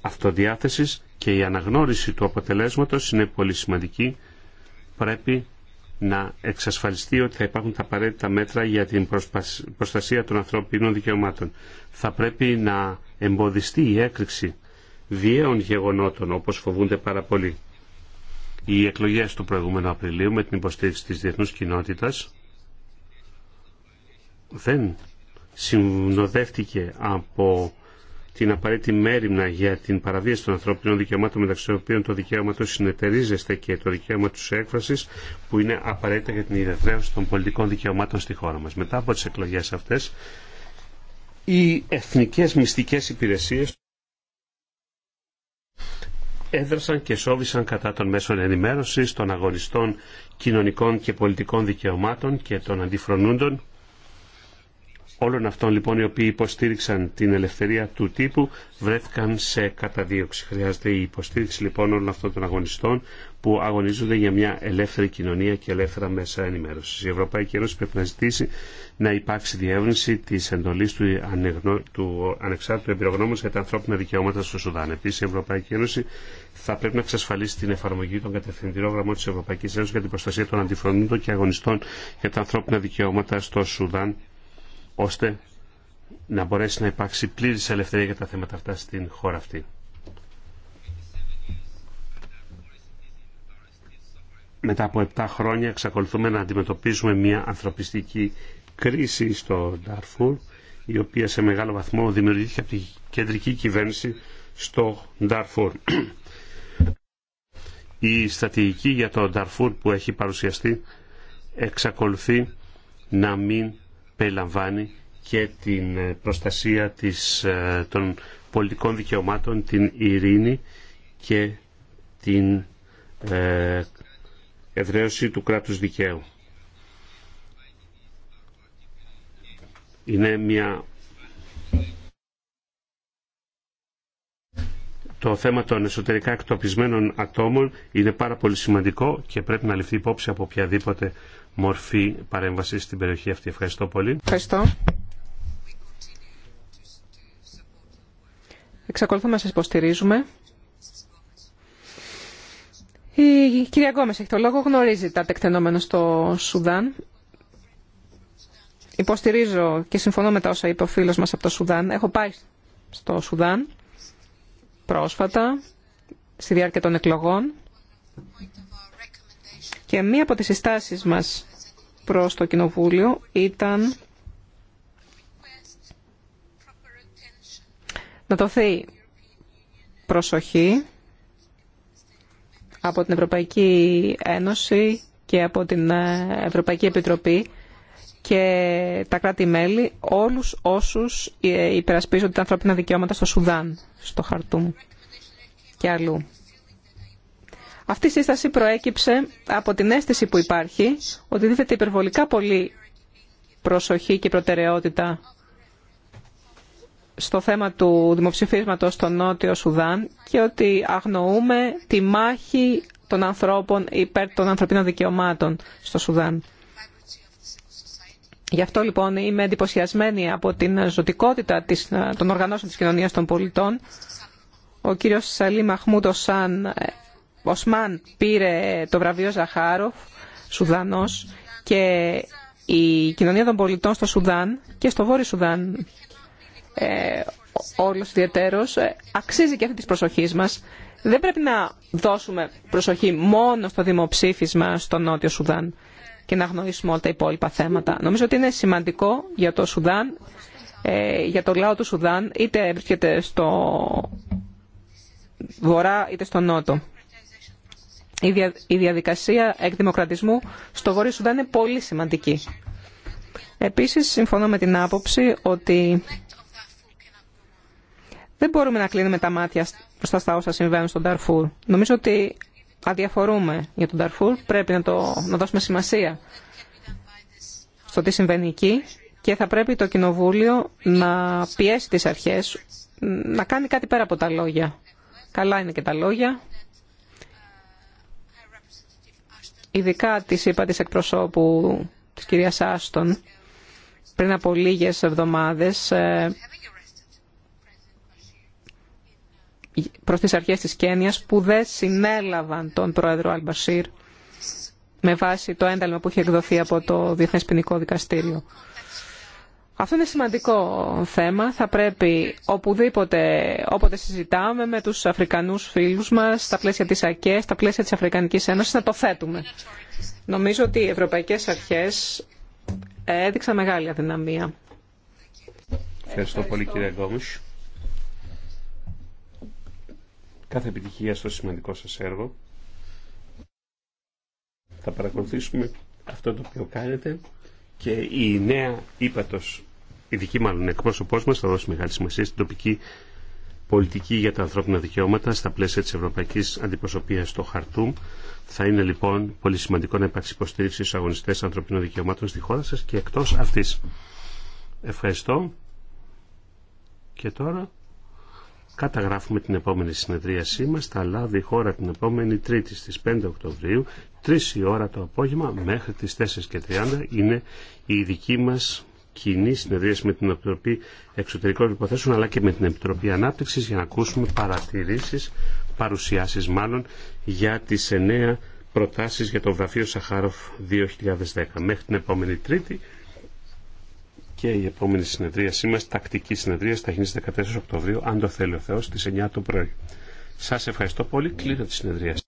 αυτοδιάθεσης και η αναγνώριση του αποτελέσματος είναι πολύ σημαντική. Πρέπει να εξασφαλιστεί ότι θα υπάρχουν τα απαραίτητα μέτρα για την προστασία των ανθρωπίνων δικαιωμάτων. Θα πρέπει να εμποδιστεί η έκρηξη βιαίων γεγονότων όπως φοβούνται πάρα πολύ οι εκλογές του προηγούμενου Απριλίου με την υποστήριξη της διεθνούς κοινότητας δεν συνοδεύτηκε από την απαραίτητη μέρημνα για την παραβίαση των ανθρώπινων δικαιωμάτων μεταξύ των οποίων το δικαίωμα του συνεταιρίζεστε και το δικαίωμα του έκφρασης που είναι απαραίτητα για την ιδευρέωση των πολιτικών δικαιωμάτων στη χώρα μας. Μετά από τις εκλογές αυτές οι εθνικές μυστικές υπηρεσίες έδρασαν και σώβησαν κατά των μέσων ενημέρωσης, των αγωνιστών κοινωνικών και πολιτικών δικαιωμάτων και των αντιφρονούντων όλων αυτών λοιπόν οι οποίοι υποστήριξαν την ελευθερία του τύπου βρέθηκαν σε καταδίωξη. Χρειάζεται η υποστήριξη λοιπόν όλων αυτών των αγωνιστών που αγωνίζονται για μια ελεύθερη κοινωνία και ελεύθερα μέσα ενημέρωση. Η Ευρωπαϊκή Ένωση πρέπει να ζητήσει να υπάρξει διεύρυνση τη εντολή του, ανεγνω... του ανεξάρτητου εμπειρογνώμου για τα ανθρώπινα δικαιώματα στο Σουδάν. Επίση, η Ευρωπαϊκή Ένωση θα πρέπει να εξασφαλίσει την εφαρμογή των κατευθυντηρών γραμμών τη Ευρωπαϊκή Ένωση για την προστασία των αντιφρονούντων και αγωνιστών για τα ανθρώπινα δικαιώματα στο Σουδάν ώστε να μπορέσει να υπάρξει πλήρης ελευθερία για τα θέματα αυτά στην χώρα αυτή. Μετά από 7 χρόνια εξακολουθούμε να αντιμετωπίζουμε μια ανθρωπιστική κρίση στο Ντάρφουρ η οποία σε μεγάλο βαθμό δημιουργήθηκε από την κεντρική κυβέρνηση στο Ντάρφουρ. Η στρατηγική για το Ντάρφουρ που έχει παρουσιαστεί εξακολουθεί να μην περιλαμβάνει και την ε, προστασία της, ε, των πολιτικών δικαιωμάτων, την ειρήνη και την ε, εδραίωση του κράτους δικαίου. Είναι μια... Το θέμα των εσωτερικά εκτοπισμένων ατόμων είναι πάρα πολύ σημαντικό και πρέπει να ληφθεί υπόψη από οποιαδήποτε μορφή παρέμβασης στην περιοχή αυτή. Ευχαριστώ πολύ. Ευχαριστώ. Εξακολουθούμε να σας υποστηρίζουμε. Η κυρία Γκόμες έχει το λόγο, γνωρίζει τα τεκτενόμενα στο Σουδάν. Υποστηρίζω και συμφωνώ με τα όσα είπε ο φίλος μας από το Σουδάν. Έχω πάει στο Σουδάν πρόσφατα, στη διάρκεια των εκλογών και μία από τις συστάσεις μας προς το Κοινοβούλιο ήταν να δοθεί προσοχή από την Ευρωπαϊκή Ένωση και από την ε, Ευρωπαϊκή Επιτροπή και τα κράτη-μέλη όλους όσους ε, υπερασπίζονται τα ανθρώπινα δικαιώματα στο Σουδάν, στο Χαρτούμ και αλλού. Αυτή η σύσταση προέκυψε από την αίσθηση που υπάρχει ότι δίδεται υπερβολικά πολύ προσοχή και προτεραιότητα στο θέμα του δημοψηφίσματος στο Νότιο Σουδάν και ότι αγνοούμε τη μάχη των ανθρώπων υπέρ των ανθρωπίνων δικαιωμάτων στο Σουδάν. Γι' αυτό λοιπόν είμαι εντυπωσιασμένη από την ζωτικότητα της, των οργανώσεων της κοινωνίας των πολιτών. Ο κύριος Σαλή Μαχμούτο Σαν Οσμάν πήρε το βραβείο Ζαχάροφ, Σουδανός, και η κοινωνία των πολιτών στο Σουδάν και στο Βόρειο Σουδάν ε, όλος ιδιαίτερος ε, αξίζει και αυτή της προσοχής μας. Δεν πρέπει να δώσουμε προσοχή μόνο στο δημοψήφισμα στο Νότιο Σουδάν και να γνωρίσουμε όλα τα υπόλοιπα θέματα. Νομίζω ότι είναι σημαντικό για το Σουδάν, ε, για το λαό του Σουδάν, είτε βρίσκεται στο βορρά είτε στο νότο η διαδικασία εκδημοκρατισμού στο Βόρειο Σουδάν είναι πολύ σημαντική. Επίσης, συμφωνώ με την άποψη ότι δεν μπορούμε να κλείνουμε τα μάτια προς στα όσα συμβαίνουν στον Ταρφούρ. Νομίζω ότι αδιαφορούμε για τον Ταρφούρ, πρέπει να, το, να δώσουμε σημασία στο τι συμβαίνει εκεί και θα πρέπει το Κοινοβούλιο να πιέσει τις αρχές, να κάνει κάτι πέρα από τα λόγια. Καλά είναι και τα λόγια, ειδικά της είπα της εκπροσώπου της κυρίας Άστον πριν από λίγες εβδομάδες ε, προς τις αρχές της Κένιας που δεν συνέλαβαν τον πρόεδρο Αλμπασίρ με βάση το ένταλμα που είχε εκδοθεί από το Διεθνές Ποινικό Δικαστήριο. Αυτό είναι σημαντικό θέμα. Θα πρέπει οπουδήποτε, όποτε συζητάμε με τους Αφρικανούς φίλους μας, στα πλαίσια της ΑΚΕ, στα πλαίσια της Αφρικανικής Ένωσης, να το θέτουμε. Νομίζω ότι οι ευρωπαϊκές αρχές έδειξαν μεγάλη αδυναμία. Ευχαριστώ πολύ κύριε Γκόμους. Κάθε επιτυχία στο σημαντικό σας έργο. Θα παρακολουθήσουμε αυτό το οποίο κάνετε και η νέα ύπατος η δική μάλλον εκπρόσωπό μα θα δώσει μεγάλη σημασία στην τοπική πολιτική για τα ανθρώπινα δικαιώματα στα πλαίσια τη Ευρωπαϊκή Αντιπροσωπείας στο Χαρτούμ. Θα είναι λοιπόν πολύ σημαντικό να υπάρξει υποστήριξη στου αγωνιστέ ανθρωπίνων δικαιωμάτων στη χώρα σα και εκτό αυτή. Ευχαριστώ. Και τώρα καταγράφουμε την επόμενη συνεδρίασή μας. Θα λάβει η χώρα την επόμενη Τρίτη στι 5 Οκτωβρίου, 3 η ώρα το απόγευμα μέχρι τι 4.30 είναι η δική μα κοινή συνεδρίαση με την Επιτροπή Εξωτερικών Υποθέσεων αλλά και με την Επιτροπή Ανάπτυξη για να ακούσουμε παρατηρήσει, παρουσιάσει μάλλον, για τι εννέα προτάσει για το βραφείο Σαχάροφ 2010. Μέχρι την επόμενη Τρίτη και η επόμενη συνεδρίασή μα, τακτική συνεδρίαση, θα γίνει στι 14 Οκτωβρίου, αν το θέλει ο Θεό, στι 9 το πρωί. Σα ευχαριστώ πολύ. Κλείνω τη συνεδρίαση.